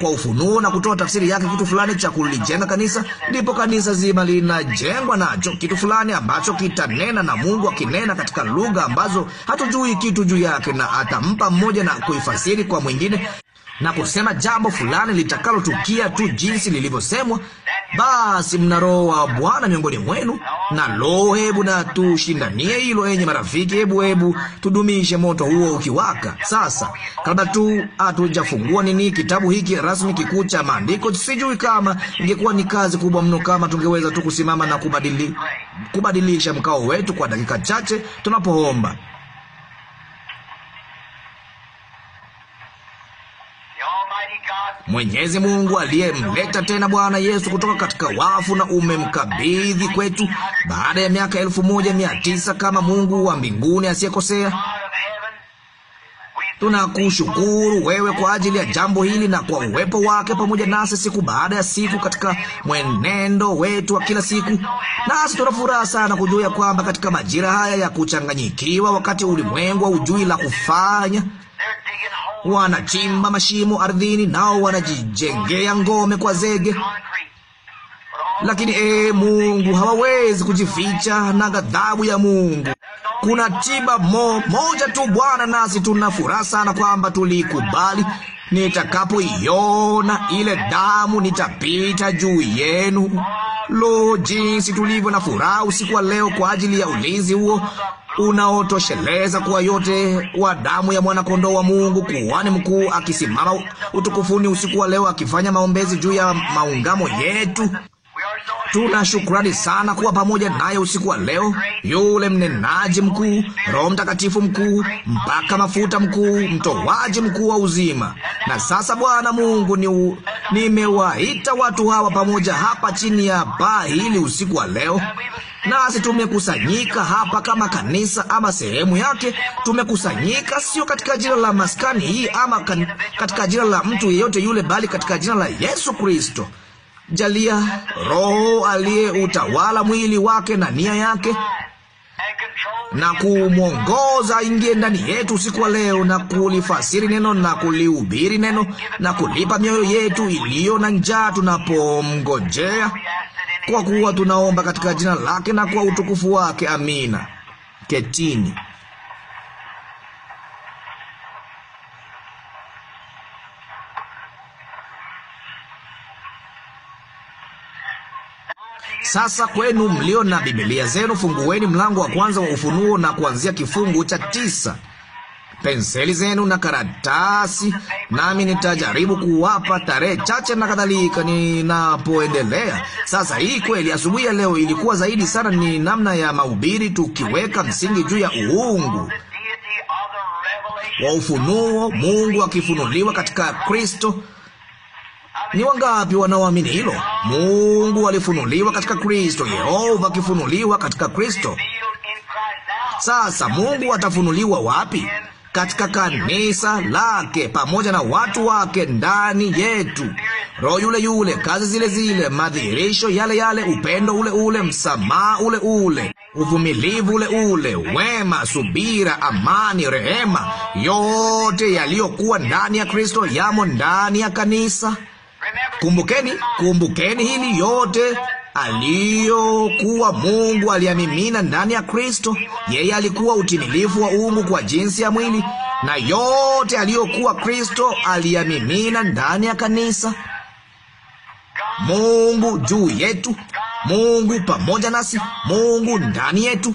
Speaker 1: kwa ufunuo na kutoa tafsiri yake kitu fulani cha kulijenga kanisa, ndipo kanisa zima linajengwa nacho, kitu fulani ambacho kitanena na Mungu akinena katika lugha ambazo hatujui kitu juu yake, na atampa mmoja na kuifasiri kwa mwingine na kusema jambo fulani litakalotukia tu jinsi lilivyosemwa, basi mna Roho wa Bwana miongoni mwenu. Na lo, hebu na tushindanie hilo, enye marafiki. Hebu hebu tudumishe moto huo ukiwaka. Sasa kabla tu hatujafungua nini kitabu hiki rasmi kikuu cha maandiko, sijui kama ingekuwa ni kazi kubwa mno kama tungeweza tu kusimama na kubadili, kubadilisha mkao wetu kwa dakika chache tunapoomba. Mwenyezi Mungu aliyemleta tena Bwana Yesu kutoka katika wafu na umemkabidhi kwetu baada ya miaka elfu moja mia tisa kama Mungu wa mbinguni asiyekosea. Tunakushukuru wewe kwa ajili ya jambo hili na kwa uwepo wake pamoja nasi siku baada ya siku katika mwenendo wetu wa kila siku. Nasi tuna furaha sana kujua ya kwamba katika majira haya ya kuchanganyikiwa, wakati ulimwengu ujui la kufanya wanachimba mashimo ardhini, nao wanajijengea ngome kwa zege. Lakini ee, Mungu hawawezi kujificha na ghadhabu ya Mungu kuna tiba mo, moja tu Bwana, nasi tuna furaha sana kwamba tulikubali. Nitakapoiona ile damu nitapita juu yenu. Lo, jinsi tulivyo na furaha usiku wa leo kwa ajili ya ulinzi huo unaotosheleza kwa yote wa damu ya kondoo wa Mungu. Kuhani mkuu akisimama utukufuni usiku wa leo akifanya maombezi juu ya maungamo yetu. Tuna shukrani sana kuwa pamoja naye usiku wa leo, yule mnenaji mkuu, Roho Mtakatifu mkuu, mpaka mafuta mkuu, mtowaji mkuu wa uzima. Na sasa Bwana Mungu, ni nimewaita watu hawa pamoja hapa chini ya paa hili usiku wa leo nasi tumekusanyika hapa kama kanisa ama sehemu yake. Tumekusanyika sio katika jina la maskani hii ama katika jina la mtu yeyote yule, bali katika jina la Yesu Kristo. Jalia Roho aliye utawala mwili wake na nia yake na kumwongoza ingie ndani yetu usiku wa leo, na kulifasiri neno na kulihubiri neno na kulipa mioyo yetu iliyo na njaa tunapomngojea, kwa kuwa tunaomba katika jina lake na kwa utukufu wake. Amina. Ketini. Sasa kwenu mlio na Biblia zenu, fungueni mlango wa kwanza wa Ufunuo na kuanzia kifungu cha tisa penseli zenu na karatasi, nami nitajaribu kuwapa tarehe chache na kadhalika ninapoendelea. Sasa hii kweli, asubuhi ya leo ilikuwa zaidi sana ni namna ya mahubiri, tukiweka msingi juu ya uungu wa ufunuo, Mungu akifunuliwa katika Kristo, ni wangapi wanaoamini hilo? Mungu alifunuliwa katika Kristo, Yehova akifunuliwa katika Kristo. Sasa Mungu atafunuliwa wapi? Katika kanisa lake pamoja na watu wake ndani yetu, Roho yule yule, kazi zile zile, madhihirisho yale yale, upendo ule ule, msamaha ule ule, uvumilivu ule ule, wema, subira, amani, rehema, yote yaliyokuwa ndani ya Kristo yamo ndani ya kanisa. Kumbukeni, kumbukeni hili yote aliyokuwa Mungu aliyamimina ndani ya Kristo. Yeye alikuwa utimilifu wa uungu kwa jinsi ya mwili, na yote aliyokuwa Kristo aliyamimina ndani ya kanisa. Mungu juu yetu, Mungu pamoja nasi, Mungu ndani yetu,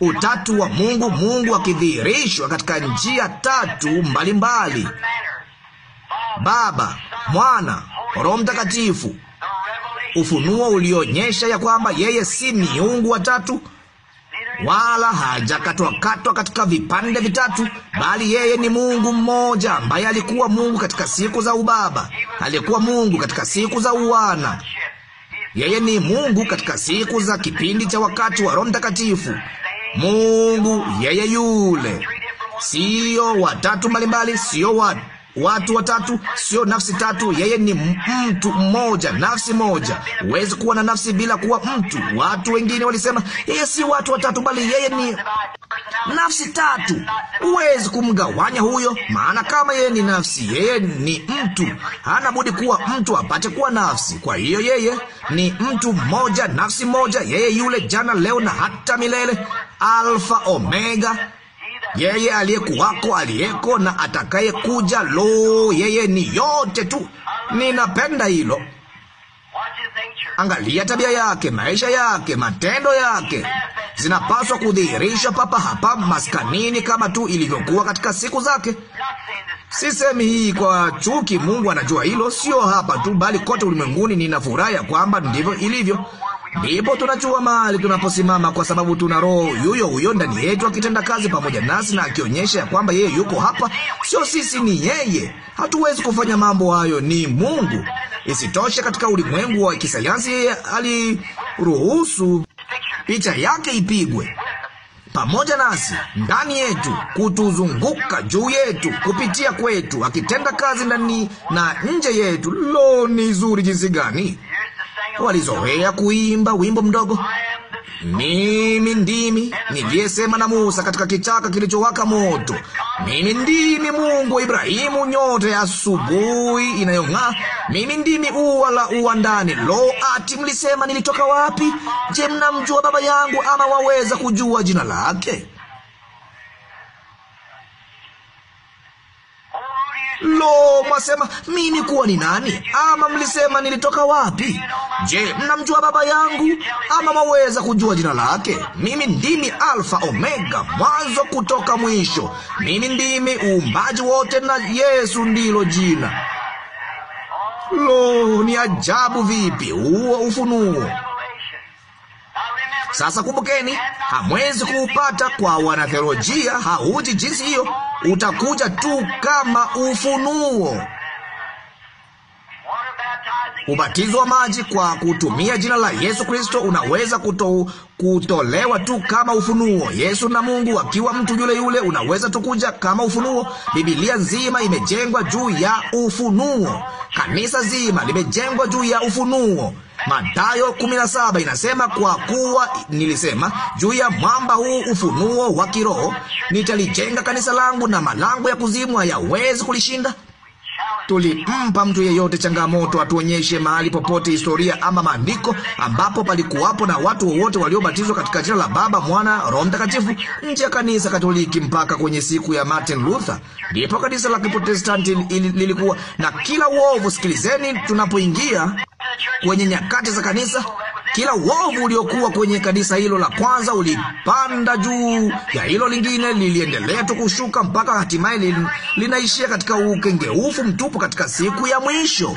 Speaker 1: utatu wa Mungu, Mungu akidhihirishwa katika njia tatu mbalimbali mbali. Baba, Mwana, Roho Mtakatifu, ufunuo ulionyesha ya kwamba yeye si miungu watatu wala hajakatwakatwa katika vipande vitatu, bali yeye ni Mungu mmoja ambaye alikuwa Mungu katika siku za ubaba, alikuwa Mungu katika siku za uwana, yeye ni Mungu katika siku za kipindi cha wakati wa Roho Mtakatifu. Mungu yeye yule, siyo watatu mbalimbali, siyo watu watu watatu, sio nafsi tatu. Yeye ni mtu mmoja, nafsi moja. Huwezi kuwa na nafsi bila kuwa mtu. Watu wengine walisema yeye si watu watatu, bali yeye ni nafsi tatu. Huwezi kumgawanya huyo, maana kama yeye ni nafsi, yeye ni mtu, hana budi kuwa mtu apate kuwa nafsi. Kwa hiyo yeye ni mtu mmoja, nafsi moja, yeye yule jana, leo na hata milele, Alfa Omega yeye aliyekuwako, aliyeko na atakaye kuja Lo, yeye ni yote tu. Ninapenda hilo. Angalia tabia yake, maisha yake, matendo yake zinapaswa kudhihirishwa papa hapa maskanini kama tu ilivyokuwa katika siku zake. Sisemi hii kwa chuki, Mungu anajua hilo, sio hapa tu, bali kote ulimwenguni. Nina furaha ya kwamba ndivyo ilivyo. Ndipo tunajua mahali tunaposimama, kwa sababu tuna Roho yuyo huyo ndani yetu akitenda kazi pamoja nasi na akionyesha ya kwamba yeye yuko hapa, sio sisi, ni yeye. Hatuwezi kufanya mambo hayo, ni Mungu. Isitoshe, katika ulimwengu wa kisayansi, yeye aliruhusu picha yake ipigwe pamoja nasi, ndani yetu, kutuzunguka, juu yetu, kupitia kwetu, akitenda kazi ndani na nje yetu. Lo, ni zuri jinsi gani! walizohea kuimba wimbo mdogo, mimi ndimi niliyesema na Musa katika kichaka kilichowaka moto, mimi ndimi Mungu wa Ibrahimu, nyota ya asubuhi inayong'aa, mimi ndimi ua la uwa ndani. Lo, ati mlisema nilitoka wapi? Je, mnamjua baba yangu ama waweza kujua jina lake? Lo, mwasema mimi kuwa ni nani? Ama mlisema nilitoka wapi? Je, mnamjua baba yangu? Ama mwaweza kujua jina lake? Mimi ndimi Alfa Omega, mwanzo kutoka mwisho. Mimi ndimi uumbaji wote, na Yesu ndilo jina. Lo, ni ajabu vipi huo ufunuo! Sasa kumbukeni, hamwezi kuupata kwa wanatheolojia, hauji jinsi hiyo, utakuja tu kama ufunuo. Ubatizo wa maji kwa kutumia jina la Yesu Kristo unaweza kuto, kutolewa tu kama ufunuo. Yesu na Mungu akiwa mtu yule yule unaweza tukuja kama ufunuo. Biblia nzima imejengwa juu ya ufunuo. Kanisa zima limejengwa juu ya ufunuo. Mathayo 17 inasema, kwa kuwa nilisema juu ya mwamba huu ufunuo wa kiroho nitalijenga kanisa langu, na malango ya kuzimu hayawezi kulishinda tulimpa mtu yeyote changamoto atuonyeshe mahali popote historia ama maandiko ambapo palikuwapo na watu wote waliobatizwa katika jina la Baba, Mwana, Roho Mtakatifu nje ya kanisa Katoliki mpaka kwenye siku ya Martin Luther. Ndipo kanisa la Kiprotestanti lilikuwa na kila uovu. Sikilizeni, tunapoingia kwenye nyakati za kanisa kila uovu uliokuwa kwenye kanisa hilo la kwanza ulipanda juu ya hilo lingine, liliendelea tu kushuka mpaka hatimaye li, linaishia katika ukengeufu mtupu katika siku ya mwisho.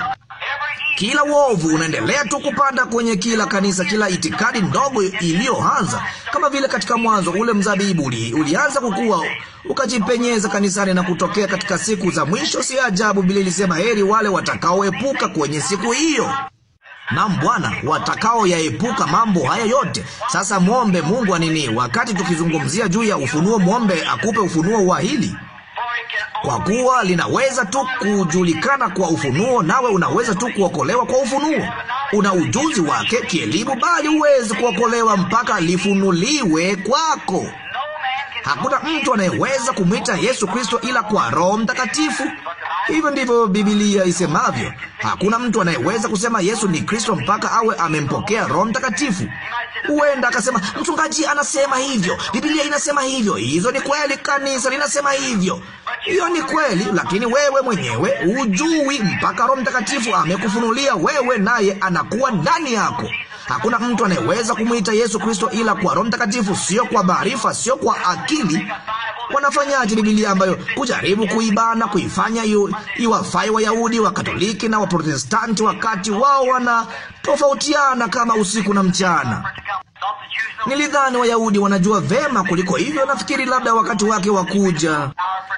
Speaker 1: Kila uovu unaendelea tu kupanda kwenye kila kanisa, kila itikadi ndogo iliyoanza. Kama vile katika mwanzo ule mzabibu uli, ulianza kukua ukajipenyeza kanisani na kutokea katika siku za mwisho. Si ajabu Biblia ilisema, heri wale watakaoepuka kwenye siku hiyo. Naam Bwana, watakao yaepuka mambo haya yote. Sasa mwombe Mungu anini, wakati tukizungumzia juu ya ufunuo, mwombe akupe ufunuo wa hili, kwa kuwa linaweza tu kujulikana kwa ufunuo, nawe unaweza tu kuokolewa kwa ufunuo. Una ujuzi wake kielimu, bali huwezi kuokolewa mpaka lifunuliwe kwako. Hakuna mtu anayeweza kumwita Yesu Kristo ila kwa Roho Mtakatifu. Hivyo ndivyo Biblia isemavyo. Hakuna mtu anayeweza kusema Yesu ni Kristo mpaka awe amempokea Roho Mtakatifu. Huenda akasema mchungaji anasema hivyo, Biblia inasema hivyo, hizo ni kweli, kanisa linasema hivyo. Hiyo ni kweli, lakini wewe mwenyewe hujui mpaka Roho Mtakatifu amekufunulia wewe, naye anakuwa ndani yako. Hakuna mtu anayeweza kumwita Yesu Kristo ila kwa Roho Mtakatifu, sio kwa maarifa, sio kwa akili. Wanafanyaje Biblia ambayo kujaribu kuibana, kuifanya iwafai Wayahudi wa Katoliki na Waprotestanti, wakati wao wanatofautiana kama usiku na mchana? Nilidhani Wayahudi wanajua vema kuliko hivyo. Nafikiri labda wakati wake wa kuja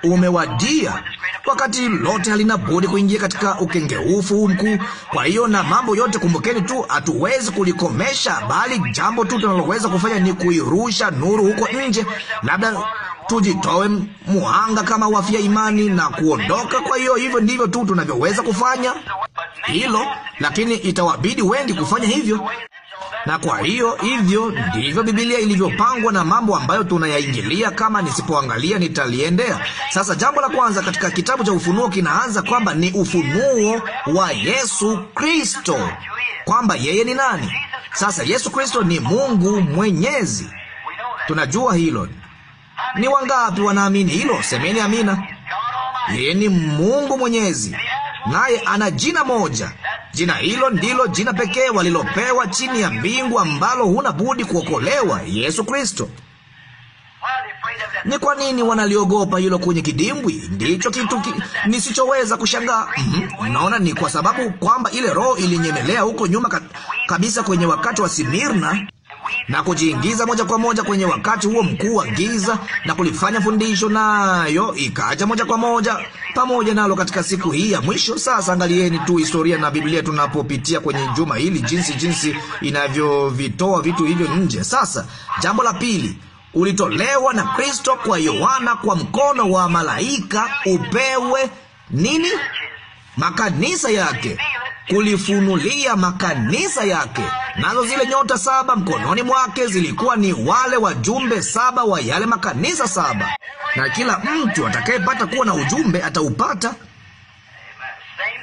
Speaker 1: umewadia, wakati lote halina budi kuingia katika ukengeufu huu mkuu. Kwa hiyo na mambo yote, kumbukeni tu, hatuwezi kulikomesha, bali jambo tu tunaloweza kufanya ni kuirusha nuru huko nje, labda tujitoe muhanga kama wafia imani na kuondoka. Kwa hiyo hivyo ndivyo tu tunavyoweza kufanya hilo, lakini itawabidi wengi kufanya hivyo. Na kwa hiyo hivyo ndivyo Biblia ilivyopangwa na mambo ambayo tunayaingilia, kama nisipoangalia nitaliendea. Sasa jambo la kwanza katika kitabu cha Ufunuo kinaanza kwamba ni ufunuo wa Yesu Kristo, kwamba yeye ni nani. Sasa Yesu Kristo ni Mungu Mwenyezi, tunajua hilo. Ni wangapi wanaamini hilo? Semeni amina. Yeye ni Mungu Mwenyezi naye ana jina moja. Jina hilo ndilo jina pekee walilopewa chini ya mbingu ambalo huna budi kuokolewa, Yesu Kristo. Ni kwa nini wanaliogopa hilo kwenye kidimbwi? Ndicho kitu ki, nisichoweza kushangaa. Mm -hmm. Naona ni kwa sababu kwamba ile roho ilinyemelea huko nyuma kabisa kwenye wakati wa Simirna na kujiingiza moja kwa moja kwenye wakati huo mkuu wa giza na kulifanya fundisho, nayo ikaja moja kwa moja pamoja nalo katika siku hii ya mwisho. Sasa angalieni tu historia na Biblia tunapopitia kwenye juma hili, jinsi jinsi inavyovitoa vitu hivyo nje. Sasa jambo la pili ulitolewa na Kristo kwa Yohana kwa mkono wa malaika upewe nini? makanisa yake, kulifunulia makanisa yake. Nazo zile nyota saba mkononi mwake zilikuwa ni wale wajumbe saba wa yale makanisa saba, na kila mtu atakayepata kuwa na ujumbe ataupata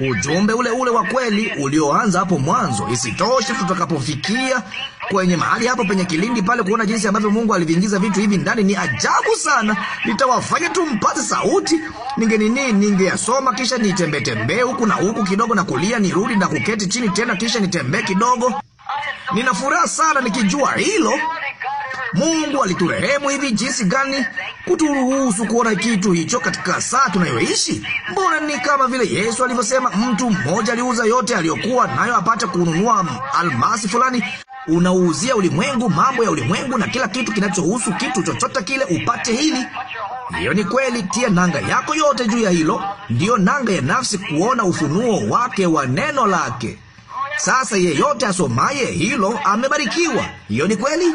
Speaker 1: ujumbe ule ule wa kweli ulioanza hapo mwanzo. Isitoshe, tutakapofikia kwenye mahali hapo penye kilindi pale, kuona jinsi ambavyo Mungu aliviingiza vitu hivi ndani ni ajabu sana. Nitawafanya tu mpate sauti. ninge ninge ningeyasoma kisha nitembee huku na huku kidogo na kulia, nirudi na kuketi chini tena, kisha nitembee kidogo. Nina furaha sana nikijua hilo. Mungu aliturehemu hivi jinsi gani kuturuhusu kuona kitu hicho katika saa tunayoishi. Mbona ni kama vile Yesu alivyosema, mtu mmoja aliuza yote aliyokuwa nayo apate kununua almasi fulani. Unauzia ulimwengu mambo ya ulimwengu na kila kitu kinachohusu kitu chochote kile, upate hili. Hiyo ni kweli. Tia nanga yako yote juu ya hilo, ndiyo nanga ya nafsi, kuona ufunuo wake wa neno lake. Sasa yeyote asomaye hilo amebarikiwa. Hiyo ni kweli.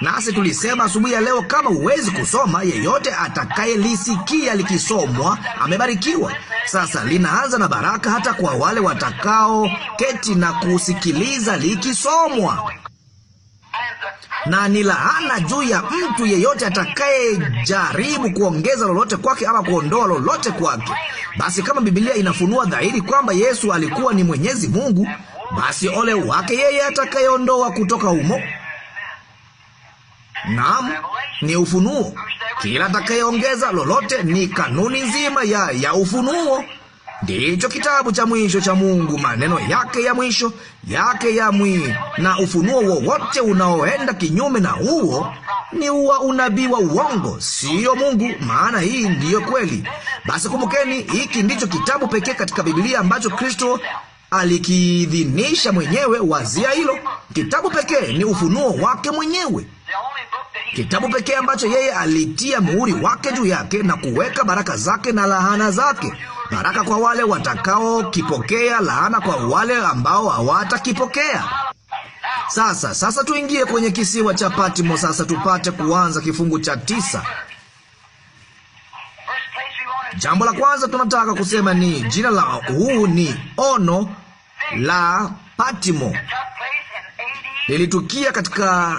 Speaker 1: Nasi tulisema asubuhi ya leo, kama huwezi kusoma, yeyote atakayelisikia likisomwa amebarikiwa. Sasa linaanza na baraka hata kwa wale watakao keti na kusikiliza likisomwa, na ni laana juu ya mtu yeyote atakayejaribu kuongeza lolote kwake ama kuondoa lolote kwake. Basi kama Biblia inafunua dhahiri kwamba Yesu alikuwa ni Mwenyezi Mungu, basi ole wake yeye atakayeondoa kutoka humo. Naam, ni ufunuo. Kila atakayeongeza lolote ni kanuni nzima ya, ya ufunuo. Ndicho kitabu cha mwisho cha Mungu, maneno yake ya mwisho yake ya mwi, na ufunuo wowote unaoenda kinyume na huo ni uwa unabii wa uongo, siyo Mungu, maana hii ndiyo kweli. Basi kumbukeni, hiki ndicho kitabu pekee katika Biblia ambacho Kristo alikiidhinisha mwenyewe. Wazia hilo, kitabu pekee ni ufunuo wake mwenyewe kitabu pekee ambacho yeye alitia muhuri wake juu yake na kuweka baraka zake na laana zake. Baraka kwa wale watakaokipokea, laana kwa wale ambao hawatakipokea. Sasa, sasa tuingie kwenye kisiwa cha Patmo, sasa tupate kuanza kifungu cha tisa. Jambo la kwanza tunataka kusema ni jina la huu ni ono la Patmo lilitukia katika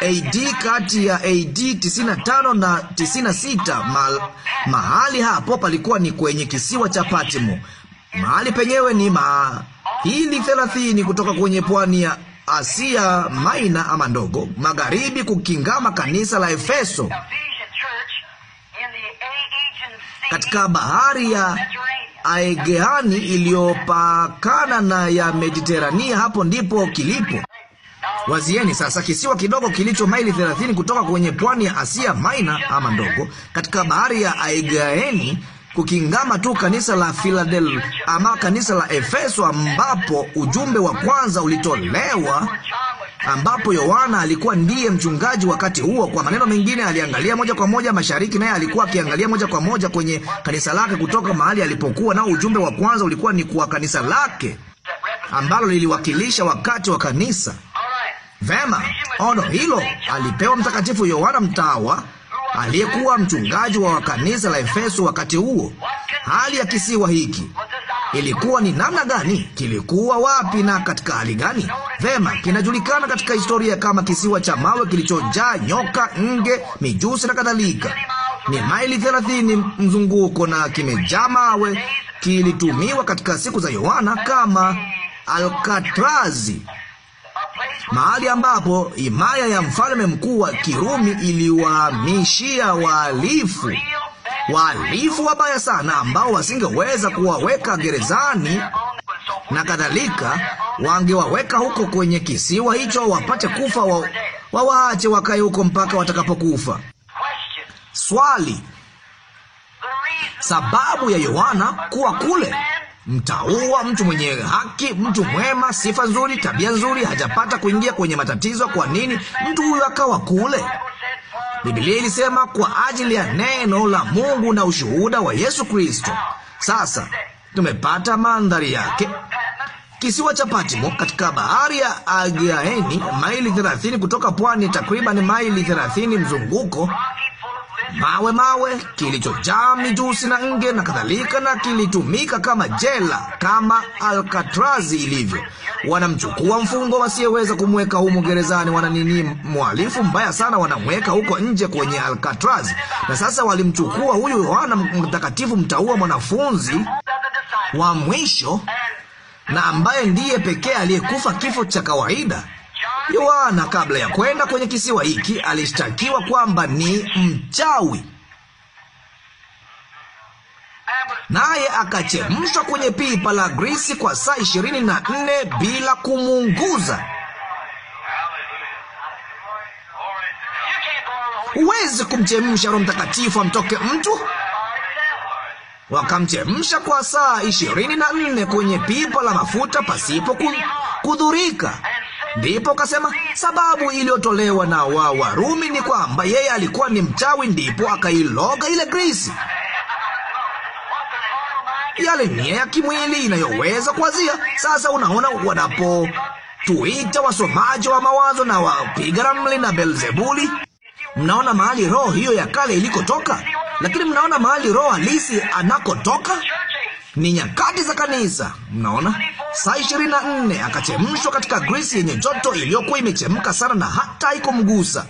Speaker 1: AD kati ya AD 95 na 96. Ma, mahali hapo palikuwa ni kwenye kisiwa cha Patmo. Mahali penyewe ni maili thelathini kutoka kwenye pwani ya Asia Maina ama ndogo magharibi, kukingama kanisa la Efeso
Speaker 2: katika bahari ya Aegeani iliyopakana
Speaker 1: na ya Mediterania. Hapo ndipo kilipo Wazieni sasa kisiwa kidogo kilicho maili 30 kutoka kwenye pwani ya Asia Maina ama ndogo katika bahari ya Aigaeni kukingama tu kanisa la Philadelphia ama kanisa la Efeso ambapo ujumbe wa kwanza ulitolewa ambapo Yohana alikuwa ndiye mchungaji wakati huo. Kwa maneno mengine, aliangalia moja kwa moja mashariki, naye alikuwa akiangalia moja kwa moja kwenye kanisa lake kutoka mahali alipokuwa, nao ujumbe wa kwanza ulikuwa ni kwa kanisa lake ambalo liliwakilisha wakati wa kanisa. Vema, ono hilo alipewa Mtakatifu Yohana Mtawa aliyekuwa mchungaji wa kanisa la Efeso wakati huo. Hali ya kisiwa hiki ilikuwa ni namna gani? Kilikuwa wapi na katika hali gani? Vema, kinajulikana katika historia kama kisiwa cha mawe kilichojaa nyoka, nge, mijusi na kadhalika. Ni maili thelathini mzunguko na kimejaa mawe. Kilitumiwa katika siku za Yohana kama Alkatrazi mahali ambapo himaya ya mfalme mkuu wa Kirumi iliwahamishia wahalifu, wahalifu wabaya sana, ambao wasingeweza kuwaweka gerezani na kadhalika, wangewaweka huko kwenye kisiwa hicho wapate kufa, wa, wawaache wakae huko mpaka watakapokufa. Swali: sababu ya Yohana kuwa kule mtaua mtu mwenye haki, mtu mwema, sifa nzuri, tabia nzuri, hajapata kuingia kwenye matatizo. Kwa nini mtu huyo akawa kule? Biblia ilisema kwa ajili ya neno la Mungu na ushuhuda wa Yesu Kristo. Sasa tumepata mandhari yake. Kisiwa cha Patmo katika bahari ya Aegean, maili 30 kutoka pwani, takriban maili 30 mzunguko mawe mawe, kilichojaa mijusi na nge na kadhalika, na kilitumika kama jela, kama Alkatrazi ilivyo. Wanamchukua mfungo, wasiyeweza kumweka humo gerezani, wananini mwalifu mbaya sana, wanamweka huko nje kwenye Alkatrazi. Na sasa walimchukua huyu Yohana Mtakatifu, mtaua, mwanafunzi wa mwisho, na ambaye ndiye pekee aliyekufa kifo cha kawaida Yohana kabla ya kwenda kwenye kisiwa hiki alishtakiwa kwamba ni mchawi, naye akachemshwa kwenye pipa la grisi kwa saa ishirini na nne bila kumuunguza. Huwezi kumchemsha Roho Mtakatifu amtoke mtu. Wakamchemsha kwa saa ishirini na nne kwenye pipa la mafuta pasipo kudhurika. Ndipo kasema sababu iliyotolewa na wa Warumi ni kwamba yeye alikuwa ni mchawi, ndipo akailoga ile grisi. Yale nia ya kimwili inayoweza kuwazia. Sasa unaona, wanapotuita wasomaji wa mawazo na wapiga ramli na Belzebuli, mnaona mahali roho hiyo ya kale ilikotoka, lakini mnaona mahali roho halisi anakotoka ni nyakati za kanisa. Mnaona saa ishirini na nne akachemshwa katika grisi yenye joto iliyokuwa imechemka sana na hata haikumgusa.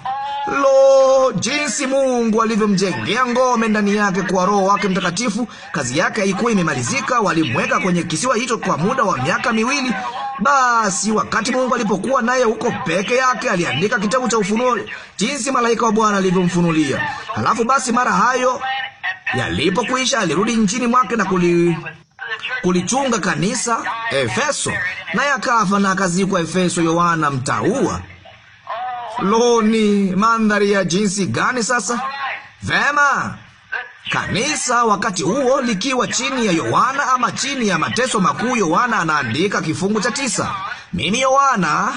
Speaker 1: Lo, jinsi Mungu alivyomjengea ngome ndani yake kwa Roho wake Mtakatifu! Kazi yake haikuwa imemalizika. Walimweka kwenye kisiwa hicho kwa muda wa miaka miwili. Basi wakati Mungu alipokuwa naye huko peke yake, aliandika kitabu cha Ufunuo, jinsi malaika wa Bwana alivyomfunulia. Halafu basi mara hayo yalipokuisha, alirudi nchini mwake na kuli kulichunga kanisa Efeso, naye akafa na akazikwa Efeso. Yohana mtaua. Lo, ni mandhari ya jinsi gani sasa! Vema. Kanisa wakati huo likiwa chini ya Yohana ama chini ya mateso makuu. Yohana anaandika kifungu cha tisa: mimi Yohana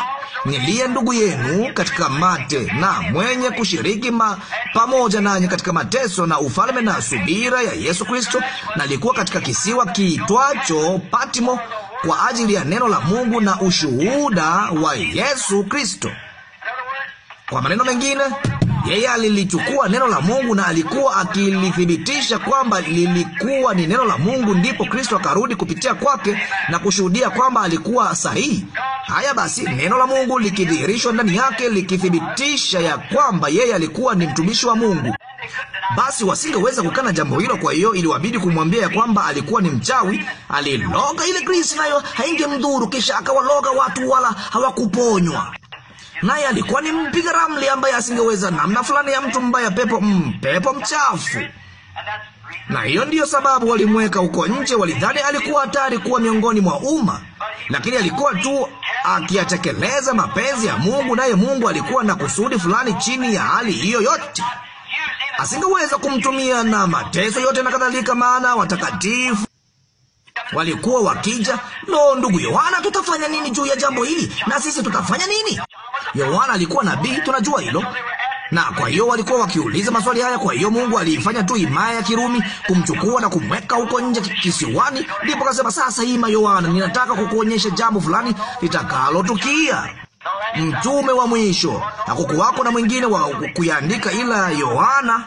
Speaker 1: niliye ndugu yenu katika mate na mwenye kushiriki ma, pamoja nanyi katika mateso na ufalme na subira ya Yesu Kristo, nalikuwa katika kisiwa kiitwacho Patmo kwa ajili ya neno la Mungu na ushuhuda wa Yesu Kristo. Kwa maneno mengine yeye alilichukua neno la Mungu na alikuwa akilithibitisha kwamba lilikuwa ni neno la Mungu, ndipo Kristo akarudi kupitia kwake na kushuhudia kwamba alikuwa sahihi. Haya basi, neno la Mungu likidhihirishwa ndani yake likithibitisha ya kwamba yeye alikuwa ni mtumishi wa Mungu, basi wasingeweza kukana jambo hilo. Kwa hiyo iliwabidi kumwambia ya kwamba alikuwa ni mchawi, aliloga ile grisi, nayo haingemdhuru. Kisha akawaloga watu, wala hawakuponywa naye alikuwa ni mpiga ramli ambaye asingeweza namna fulani ya mtu mbaya, pepo mpepo mm, mchafu. Na hiyo ndiyo sababu walimweka huko nje, walidhani alikuwa hatari kuwa miongoni mwa umma, lakini alikuwa tu akiyatekeleza mapenzi ya Mungu, naye Mungu alikuwa na kusudi fulani chini ya hali hiyo yote. Asingeweza kumtumia na mateso yote na kadhalika, maana watakatifu walikuwa wakija, lo, ndugu Yohana, tutafanya nini juu ya jambo hili? Na sisi tutafanya nini? Yohana alikuwa nabii, tunajua hilo na kwa hiyo walikuwa wakiuliza maswali haya. Kwa hiyo Mungu aliifanya tu himaya ya Kirumi kumchukua na kumweka huko nje kisiwani. Ndipo kasema sasa, hima Yohana, ninataka kukuonyesha jambo fulani litakalotukia. Mtume wa mwisho hakukuwako na mwingine wa kuyaandika ila Yohana.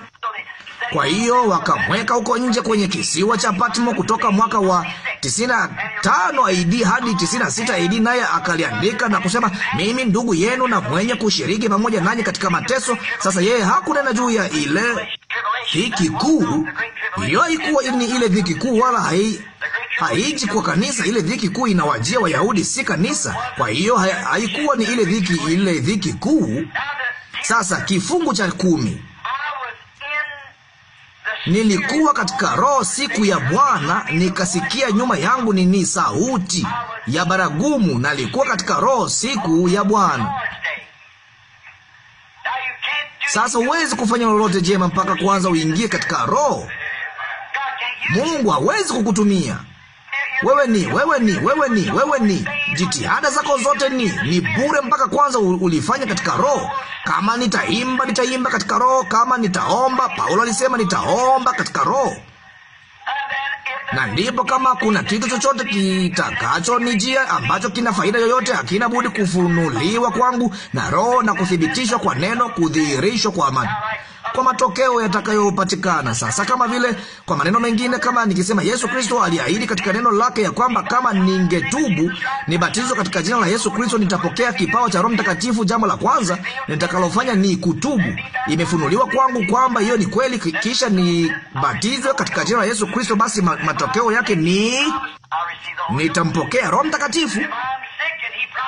Speaker 1: Kwa hiyo wakamweka huko nje kwenye kisiwa cha Patmo kutoka mwaka wa 95 AD hadi 96 AD, naye akaliandika na kusema, mimi ndugu yenu na mwenye kushiriki pamoja nanyi katika mateso. Sasa yeye hakunena juu ya ile dhiki kuu, hiyo ikuwa ni ile dhiki kuu, wala hai haiji kwa kanisa. Ile dhiki kuu inawajia Wayahudi, si kanisa. Kwa hiyo haikuwa ni ile dhiki, ile dhiki kuu. Sasa kifungu cha kumi Nilikuwa katika roho siku ya Bwana, nikasikia nyuma yangu nini, sauti ya baragumu. Nalikuwa katika roho siku ya Bwana. Sasa huwezi kufanya lolote jema mpaka kwanza uingie katika roho. Mungu hawezi kukutumia wewe ni wewe ni wewe ni wewe ni, jitihada zako zote ni ni bure, mpaka kwanza ulifanya katika roho. Kama nitaimba nitaimba katika roho, kama nitaomba, Paulo alisema nitaomba katika roho na ndipo kama kuna kitu chochote kitakacho nijia ambacho kina faida yoyote, hakina budi kufunuliwa kwangu na Roho na kuthibitishwa kwa neno, kudhihirishwa kwa ma kwa matokeo yatakayopatikana. Sasa kama vile, kwa maneno mengine, kama nikisema Yesu Kristo aliahidi katika neno lake ya kwamba kama ningetubu nibatizwe katika jina la Yesu Kristo nitapokea kipawa cha Roho Mtakatifu, jambo la kwanza nitakalofanya ni kutubu. Imefunuliwa kwangu kwamba hiyo ni kweli, kisha nibatizwe katika jina la Yesu Kristo, basi matokeo yake ni nitampokea Roho Mtakatifu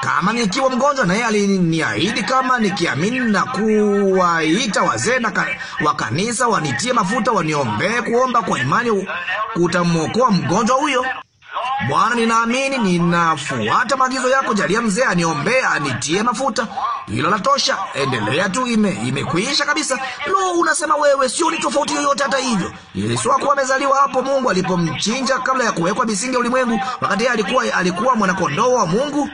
Speaker 1: kama nikiwa mgonjwa, naye aliniahidi kama nikiamini na kuwaita wazee na wa kanisa wanitie mafuta, waniombee. Kuomba kwa imani kutamwokoa mgonjwa huyo. Bwana, ninaamini, ninafuata maagizo yako. Jalia mzee aniombea, anitie mafuta. Hilo la tosha, endelea tu. Ime imekwisha kabisa. Lo, unasema wewe, sio ni tofauti yoyote. Hata hivyo, Yesu hakuwa amezaliwa hapo Mungu alipomchinja kabla ya kuwekwa misingi ya ulimwengu. Wakati alikuwa alikuwa mwanakondoo wa Mungu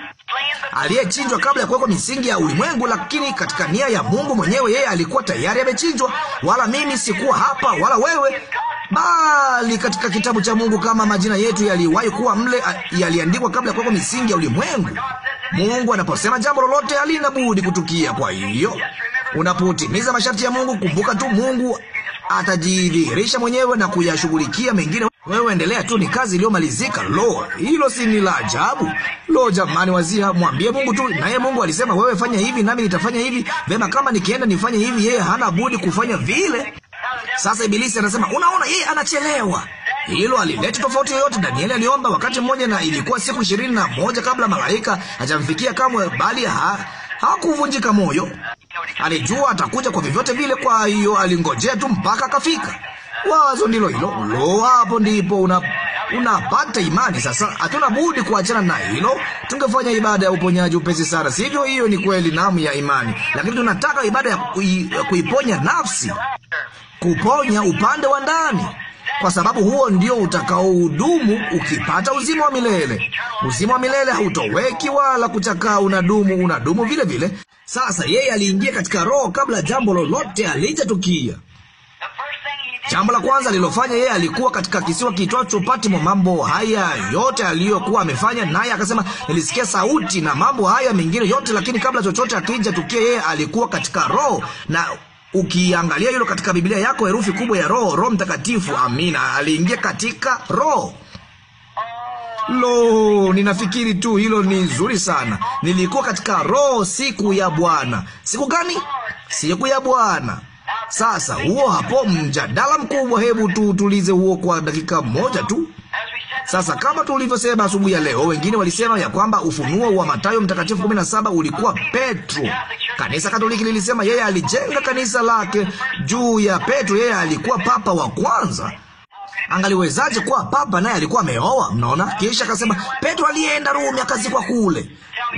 Speaker 1: aliyechinjwa kabla ya kuwekwa misingi ya ulimwengu, lakini katika nia ya Mungu mwenyewe yeye alikuwa tayari amechinjwa. Wala mimi sikuwa hapa, wala wewe bali katika kitabu cha Mungu kama majina yetu yaliwahi kuwa mle, yaliandikwa kabla ya kuwekwa misingi ya ulimwengu. Mungu anaposema jambo lolote halina budi kutukia. Kwa hiyo unapotimiza masharti ya Mungu, kumbuka tu Mungu atajidhihirisha mwenyewe na kuyashughulikia mengine. Wewe endelea tu, ni kazi iliyomalizika. Lo, hilo si ni la ajabu? Lo, jamani, wazia, mwambie Mungu tu, naye Mungu alisema, wewe fanya hivi, nami nitafanya hivi. Vema, kama nikienda nifanye hivi, yeye hana budi kufanya vile. Sasa Ibilisi anasema, unaona, yeye anachelewa. Hilo alileta tofauti yoyote? Danieli aliomba wakati mmoja, na ilikuwa siku ishirini na moja kabla malaika hajamfikia kamwe, bali ha hakuvunjika moyo. Alijua atakuja kwa vyovyote vile, kwa hiyo alingojea tu mpaka akafika. Wazo ndilo hilo lo, hapo ndipo una unapata imani. Sasa hatuna budi kuachana na hilo. Tungefanya ibada ya uponyaji upesi sana, sivyo? Hiyo ni kweli, namu ya imani, lakini tunataka ibada ya kui, kuiponya nafsi kuponya upande wa ndani, kwa sababu huo ndio utakaohudumu ukipata uzima wa milele. Uzima wa milele hautoweki wala kuchakaa, unadumu, unadumu vile vile. Sasa yeye aliingia katika roho kabla jambo lolote alijatukia. Jambo la kwanza alilofanya yeye, alikuwa katika kisiwa kiitwacho Patmo. Mambo haya yote aliyokuwa amefanya, naye akasema, nilisikia sauti na mambo haya mengine yote, lakini kabla chochote akija tukie, yeye alikuwa katika roho na ukiangalia hilo katika Biblia yako, herufi kubwa ya roho, Roho Mtakatifu. Amina, aliingia katika roho. Lo, ninafikiri tu hilo ni nzuri sana. Nilikuwa katika roho siku ya Bwana. Siku gani? Siku ya Bwana. Sasa huo hapo mjadala mkubwa, hebu tuutulize huo kwa dakika moja tu. Sasa kama tulivyosema asubuhi ya leo, wengine walisema ya kwamba ufunuo wa Mathayo mtakatifu 17 ulikuwa Petro. Kanisa Katoliki lilisema yeye alijenga kanisa lake juu ya Petro, yeye alikuwa papa wa kwanza. Angaliwezaje kuwa papa naye alikuwa ameoa? Mnaona? Kisha akasema Petro alienda Rumi akazikwa kule.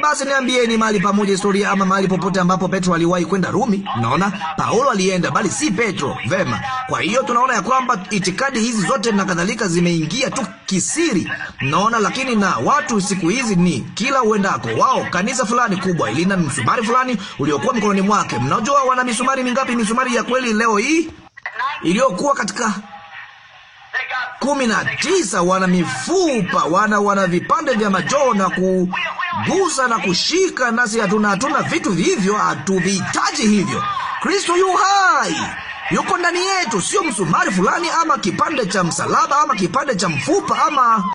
Speaker 1: Basi niambieni mahali pamoja historia ama mahali popote ambapo Petro aliwahi kwenda Rumi. Mnaona? Paulo alienda bali si Petro. Vema. Kwa hiyo tunaona ya kwamba itikadi hizi zote na kadhalika zimeingia tu kisiri. Mnaona? Lakini na watu siku hizi ni kila uendako wao kanisa fulani kubwa ilina msumari fulani uliokuwa mkononi mwake. Mnajua wana misumari mingapi misumari ya kweli leo hii iliyokuwa katika kumi na tisa wana mifupa, wana wana vipande vya majoo na kugusa na kushika, nasi hatuna hatuna vitu hivyo, hatuvihitaji hivyo. Kristo yu hai yuko ndani yetu, sio msumari fulani ama kipande cha msalaba ama kipande cha mfupa ama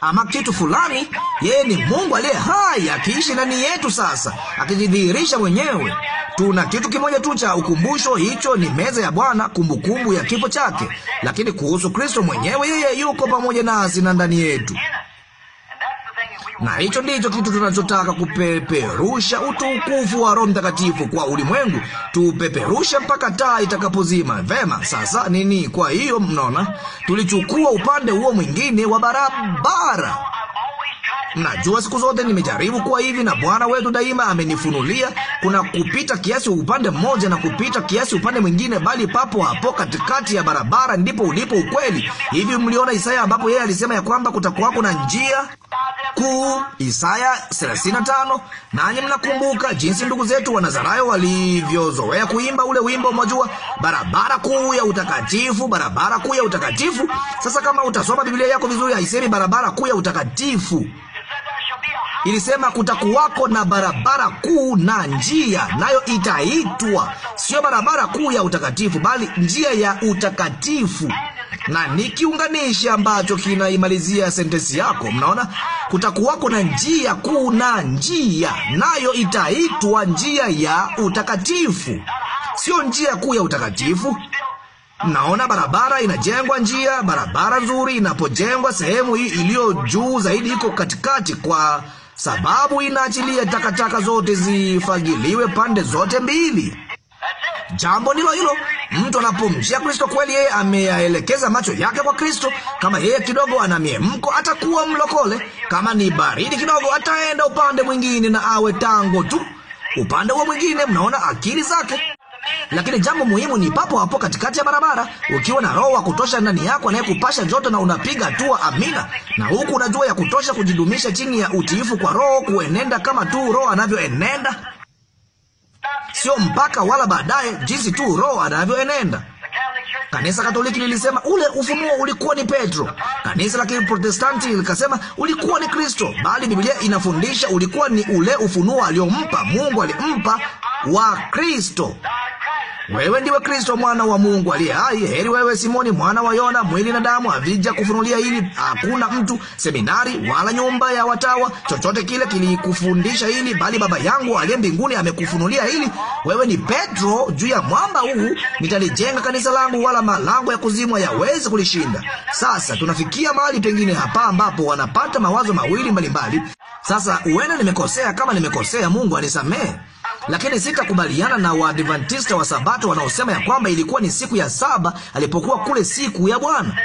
Speaker 1: ama kitu fulani. Yeye ni Mungu aliye hai akiishi ndani yetu sasa, akijidhihirisha mwenyewe. Tuna kitu kimoja tu cha ukumbusho, hicho ni meza ya Bwana, kumbukumbu ya kifo chake. Lakini kuhusu Kristo mwenyewe, yeye yuko pamoja nasi na ndani yetu na hicho ndicho kitu tunachotaka kupeperusha, utukufu wa Roho Mtakatifu kwa ulimwengu, tupeperusha mpaka taa itakapozima. Vema, sasa nini? Kwa hiyo mnaona, tulichukua upande huo mwingine wa barabara Najua siku zote nimejaribu kuwa hivi, na Bwana wetu daima amenifunulia. Kuna kupita kiasi upande mmoja na kupita kiasi upande mwingine, bali papo hapo katikati ya barabara ndipo ulipo ukweli. Hivi mliona Isaya, ambapo yeye alisema ya kwamba kutakuwako na njia kuu, Isaya 35. Nanyi mnakumbuka jinsi ndugu zetu Wanazarayo walivyozoea kuimba ule wimbo, mwajua, barabara kuu ya utakatifu, barabara kuu ya utakatifu. Sasa kama utasoma Biblia yako vizuri, haisemi barabara kuu ya utakatifu ilisema kutakuwako na barabara kuu na njia, nayo itaitwa sio barabara kuu ya utakatifu, bali njia ya utakatifu. Na ni kiunganishi ambacho kinaimalizia sentensi yako. Mnaona, kutakuwako na njia kuu na njia, nayo itaitwa njia ya utakatifu, sio njia kuu ya utakatifu. Mnaona, barabara inajengwa, njia barabara nzuri inapojengwa, sehemu hii iliyo juu zaidi iko katikati, kwa sababu inaachilia takataka zote zifagiliwe pande zote mbili. Jambo ndilo hilo. Mtu anapomjia Kristo kweli, yeye ameyaelekeza macho yake kwa Kristo. Kama yeye kidogo ana miemko, atakuwa mlokole. Kama ni baridi kidogo, ataenda upande mwingine na awe tango tu upande huo mwingine. Mnaona akili zake lakini jambo muhimu ni papo hapo katikati ya barabara, ukiwa na roho wa kutosha ndani yako anayekupasha joto na unapiga hatua, amina, na huku unajua ya kutosha kujidumisha chini ya utiifu kwa roho, kuenenda kama tu roho anavyoenenda, sio mpaka wala baadaye, jinsi tu roho anavyoenenda. Kanisa Katoliki lilisema ule ufunuo ulikuwa ni Petro. Kanisa la Kiprotestanti likasema ulikuwa ni Kristo, bali Biblia inafundisha ulikuwa ni ule ufunuo aliompa Mungu, alimpa wa Kristo. Wewe ndiwe Kristo mwana wa Mungu aliye hai. Heri wewe Simoni mwana wa Yona, mwili na damu kufunulia hili, hakuna mtu, seminari wala nyumba ya watawa, chochote kile kilikufundisha hili, bali Baba yangu aliye mbinguni amekufunulia hili. Wewe ni Petro, juu ya mwamba huu nitalijenga kanisa langu, wala malango ya kuzimwa yaweze kulishinda. Sasa tunafikia mahali pengine hapa ambapo wanapata mawazo mawili mbalimbali. Sasa uenda nimekosea, kama nimekosea, Mungu anisamehe lakini sitakubaliana na Waadventista wa Sabato wanaosema ya kwamba ilikuwa ni siku ya saba alipokuwa kule siku ya Bwana.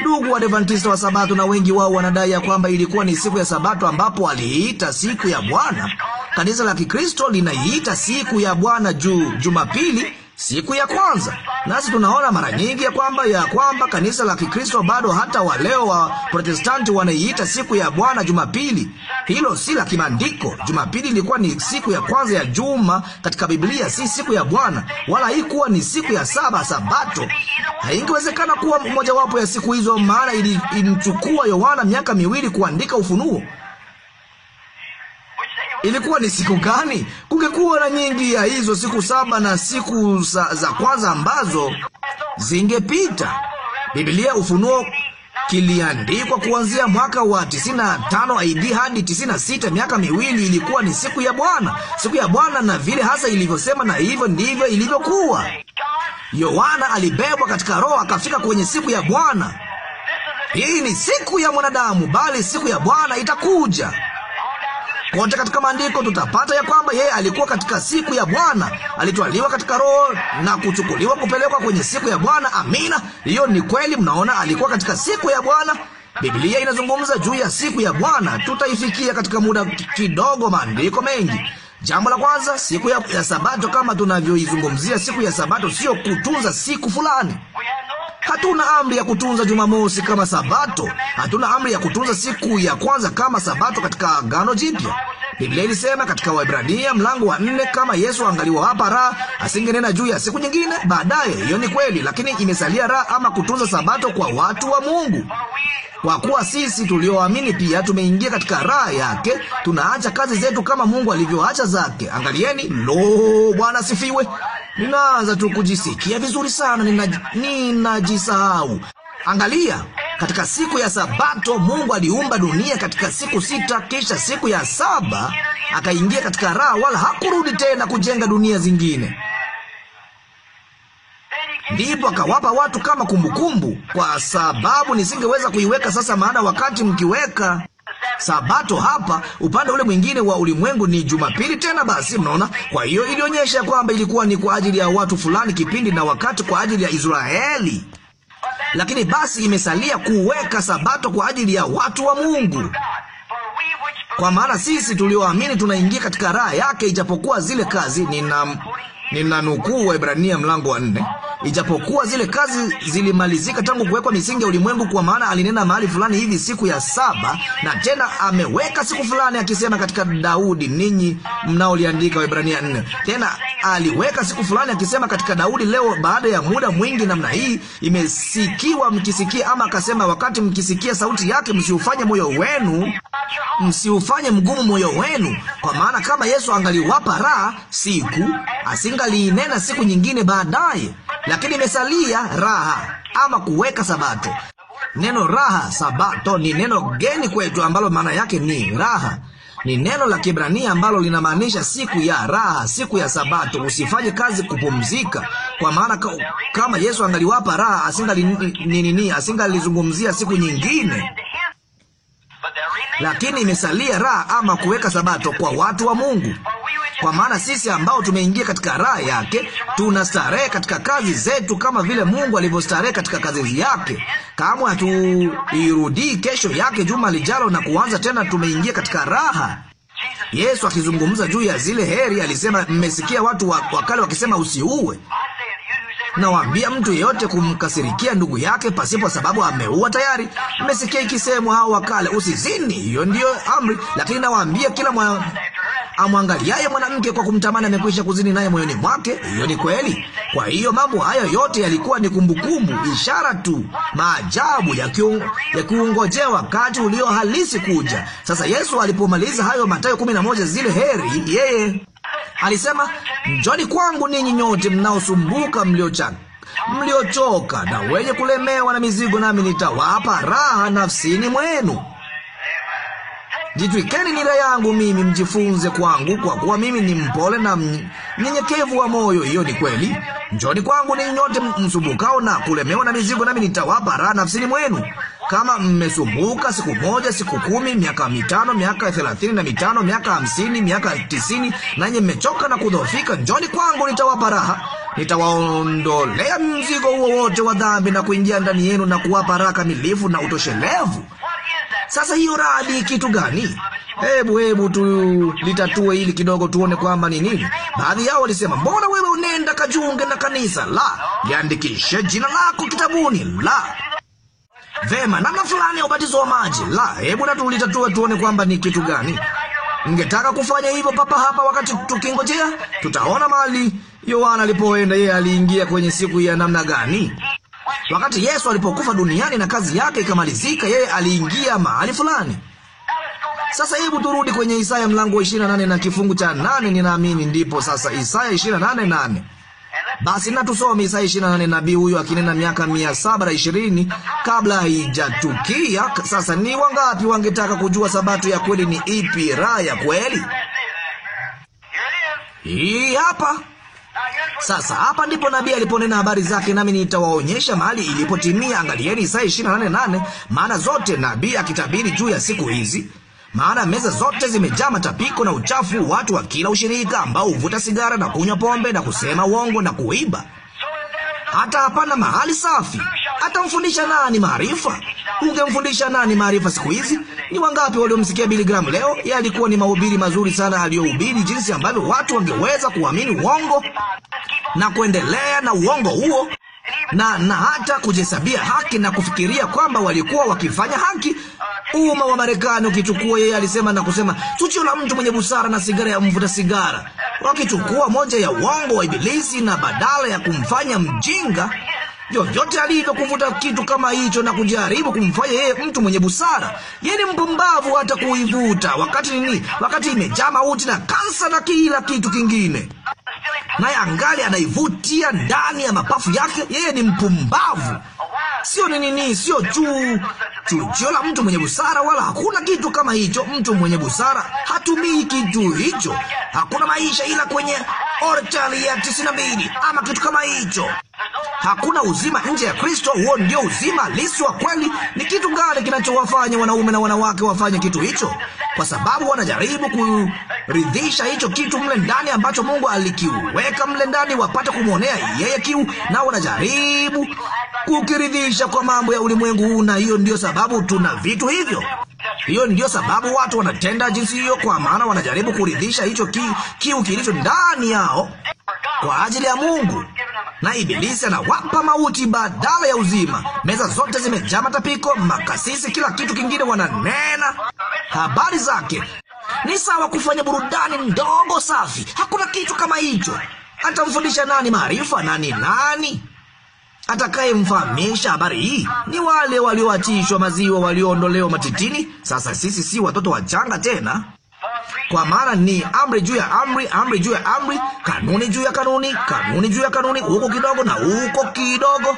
Speaker 1: Ndugu Waadventista wa Sabato na wengi wao wanadai ya kwamba ilikuwa ni siku ya Sabato ambapo aliita siku ya Bwana. Kanisa la Kikristo linaiita siku ya Bwana juu Jumapili siku ya kwanza. Nasi tunaona mara nyingi ya kwamba ya kwamba kanisa la Kikristo bado hata wa leo wa Protestanti wanaiita siku ya Bwana Jumapili. Hilo si la kimaandiko. Jumapili ilikuwa ni siku ya kwanza ya juma katika Biblia, si siku ya Bwana, wala haikuwa ni siku ya saba Sabato. Haingewezekana kuwa mojawapo ya siku hizo, maana ilimchukua Yohana miaka miwili kuandika Ufunuo. Ilikuwa ni siku gani? Kungekuwa na nyingi ya hizo siku saba na siku za, za kwanza ambazo zingepita. Biblia Ufunuo kiliandikwa kuanzia mwaka wa 95 AD hadi 96, miaka miwili. Ilikuwa ni siku ya Bwana, siku ya Bwana, na vile hasa ilivyosema, na hivyo ndivyo ilivyokuwa. Yohana alibebwa katika Roho akafika kwenye siku ya Bwana. Hii ni siku ya mwanadamu, bali siku ya Bwana itakuja. Kote katika maandiko tutapata ya kwamba yeye alikuwa katika siku ya Bwana, alitwaliwa katika roho na kuchukuliwa kupelekwa kwenye siku ya Bwana. Amina, hiyo ni kweli. Mnaona, alikuwa katika siku ya Bwana. Biblia inazungumza juu ya siku ya Bwana. Tutaifikia katika muda kidogo maandiko mengi. Jambo la kwanza, siku ya, ya Sabato, kama tunavyoizungumzia siku ya Sabato, sio kutunza siku fulani. Hatuna amri ya kutunza Jumamosi kama Sabato. Hatuna amri ya kutunza siku ya kwanza kama Sabato katika Agano Jipya. Biblia ilisema katika Waebrania mlango wa nne, kama Yesu hapa raha asingenena juu ya siku nyingine baadaye. Hiyo ni kweli, lakini imesalia raha ama kutunza sabato kwa watu wa Mungu. Kwa kuwa sisi tulioamini pia tumeingia katika raha yake, tunaacha kazi zetu kama Mungu alivyoacha zake. Angalieni, lo, Bwana sifiwe. Ninaanza tu kujisikia vizuri sana, ninajisahau ninajisahau Angalia, katika siku ya Sabato Mungu aliumba dunia katika siku sita, kisha siku ya saba akaingia katika raha, wala hakurudi tena kujenga dunia zingine. Ndipo akawapa watu kama kumbukumbu kumbu, kwa sababu nisingeweza kuiweka sasa, maana wakati mkiweka Sabato hapa upande ule mwingine wa ulimwengu ni Jumapili tena. Basi mnaona, kwa hiyo ilionyesha kwamba ilikuwa ni kwa ajili ya watu fulani, kipindi na wakati, kwa ajili ya Israeli. Lakini basi imesalia kuweka sabato kwa ajili ya watu wa Mungu, kwa maana sisi tulioamini tunaingia katika raha yake, ijapokuwa zile kazi ninam ninanukuu Ibrania mlango wa nne, ijapokuwa zile kazi zilimalizika tangu kuwekwa misingi ya ulimwengu, kwa maana alinena mahali fulani hivi siku ya saba, na tena ameweka siku fulani, akisema katika Daudi, ninyi mnaoliandika Ibrania nne. Tena aliweka siku fulani, akisema katika Daudi, leo baada ya muda mwingi namna hii imesikiwa mkisikia, ama akasema, wakati mkisikia sauti yake, msiufanye moyo wenu, msiufanye mgumu moyo wenu, kwa maana kama Yesu angaliwapa raha siku asinga tutaliinena siku nyingine baadaye, lakini imesalia raha ama kuweka Sabato. Neno raha, Sabato ni neno geni kwetu ambalo maana yake ni raha ni neno la kibrania ambalo linamaanisha siku ya raha, siku ya Sabato. Usifanye kazi kupumzika, kwa maana kama Yesu angaliwapa raha, asingalinini asingalizungumzia siku nyingine, lakini imesalia raha ama kuweka Sabato kwa watu wa Mungu. Kwa maana sisi ambao tumeingia katika raha yake tunastarehe katika kazi zetu kama vile Mungu alivyostarehe katika kazi yake. Kamwe hatuirudii kesho yake juma lijalo na kuanza tena. Tumeingia katika raha. Yesu akizungumza juu ya zile heri alisema, mmesikia watu wakale wakisema usiue. Nawaambia mtu yeyote kumkasirikia ndugu yake pasipo sababu ameua tayari. Mmesikia ikisemwa hao wakale, usizini. Hiyo ndiyo amri, lakini nawaambia kila mwa amwangaliaye mwanamke kwa kumtamani amekwisha kuzini naye moyoni mwake. Hiyo ni kweli. Kwa hiyo mambo hayo yote yalikuwa ni kumbukumbu, ishara tu, maajabu ya kiungojewa wakati ulio halisi kuja. Sasa Yesu alipomaliza hayo Mathayo moja, zile heri, yeye alisema, njoni kwangu ninyi nyote mnaosumbuka mliochana mliochoka na wenye kulemewa na mizigo, nami nitawapa raha nafsini mwenu. Jitwikeni nira yangu mimi, mjifunze kwangu, kwa kuwa mimi ni mpole na mnyenyekevu wa moyo. Hiyo ni kweli. Njoni kwangu ninyi nyote msumbukao na kulemewa na mizigo, nami nitawapa raha nafsini mwenu. Kama mmesumbuka siku moja, siku kumi, miaka mitano, miaka thelathini na mitano, miaka hamsini, miaka tisini, nanyi mmechoka na kudhoofika, njoni kwangu, nitawapa raha. Nitawaondolea mzigo huo wote wa dhambi na kuingia ndani yenu na kuwapa raha kamilifu na utoshelevu. Sasa hiyo radi kitu gani? Hebu hebu tulitatue hili kidogo, tuone kwamba ni nini. Baadhi yao walisema, mbona wewe unenda kajunge na kanisa? La, liandikishe jina lako kitabuni. La, vema, namna fulani ya ubatizo wa maji. La, hebu na tulitatue tuone kwamba ni kitu gani. Ningetaka kufanya hivyo papa hapa wakati tukingojea, tutaona mahali Yohana alipoenda yeye aliingia kwenye siku ya namna gani. Wakati Yesu alipokufa duniani na kazi yake ikamalizika, yeye aliingia mahali fulani. Sasa hebu turudi kwenye Isaya mlango wa 28 na kifungu cha nane. Ninaamini ndipo sasa Isaya 28:8. Basi tusome Isaya 28, nabii huyu akinena miaka mia saba na ishirini kabla haijatukia. Sasa ni wangapi wangetaka kujua sabato ya kweli ni ipi, raha ya kweli? Hii hapa sasa hapa ndipo nabii aliponena habari zake, nami nitawaonyesha mahali ilipotimia. Angalieni Isaya 28:8, maana zote nabii akitabiri juu ya siku hizi maana meza zote zimejaa matapiko na uchafu, watu wa kila ushirika ambao huvuta sigara na kunywa pombe na kusema uongo na kuiba, hata hapana mahali safi atamfundisha nani maarifa? Ungemfundisha nani maarifa siku hizi? Ni wangapi waliomsikia Billy Graham leo? alikuwa ni mahubiri mazuri sana aliyohubiri, jinsi ambavyo watu wangeweza kuamini uongo na kuendelea na uongo huo na na hata kujihesabia haki na kufikiria kwamba walikuwa wakifanya haki. Umma wa Marekani ukichukua, yeye alisema na kusema, tuchio la mtu mwenye busara na sigara ya mvuta sigara, wakichukua moja ya uongo wa Ibilisi na badala ya kumfanya mjinga yoyote kuvuta kitu kama hicho na kujaribu kumfanya yeye mtu mwenye busara. Yeye ni mpumbavu hata kuivuta. Wakati nini? Wakati imejaa mauti na kansa na kila kitu kingine, naye angali anaivutia ndani ya mapafu yake. Yeye ni mpumbavu. Sio ni nini, sio tu chujio la mtu mwenye busara, wala hakuna kitu kama hicho. Mtu mwenye busara hatumii kitu hicho. Hakuna maisha ila kwenye orchali ya tisini na mbili ama kitu kama hicho. Hakuna uzima nje ya Kristo. Huo ndio uzima lisi wa kweli. Ni kitu gani kinachowafanya wanaume na wanawake wafanye kitu hicho? Kwa sababu wanajaribu kuridhisha hicho kitu mle ndani ambacho Mungu alikiweka mle ndani, wapate kumwonea yeye kiu, na wanajaribu kukiridhisha kwa mambo ya ulimwengu huu, na hiyo ndio sababu tuna vitu hivyo. Hiyo ndiyo sababu watu wanatenda jinsi hiyo, kwa maana wanajaribu kuridhisha hicho kiu kilicho ndani yao kwa ajili ya Mungu, na Ibilisi anawapa mauti badala ya uzima. Meza zote zimejaa matapiko, makasisi, kila kitu kingine, wananena habari zake. Ni sawa kufanya burudani ndogo safi, hakuna kitu kama hicho. Atamfundisha nani maarifa? Nani nani Atakayemfahamisha habari hii ni wale walioachishwa maziwa, walioondolewa matitini. Sasa sisi si watoto wachanga tena, kwa maana ni amri juu ya amri, amri juu ya amri, kanuni juu ya kanuni, kanuni juu ya kanuni, huko kidogo na huko kidogo,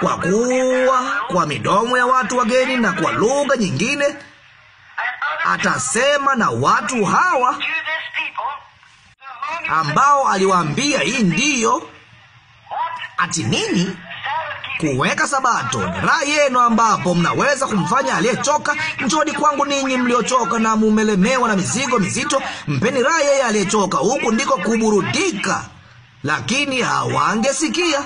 Speaker 1: kwa kuwa kwa midomo ya watu wageni na kwa lugha nyingine atasema na watu hawa ambao aliwaambia, hii ndiyo ati nini? kuweka Sabato ni raha yenu, ambapo mnaweza kumfanya aliyechoka, njoni kwangu ninyi mliochoka na mumelemewa na mizigo mizito, mpeni raha yeye aliyechoka. Huku ndiko kuburudika. Lakini hawangesikia.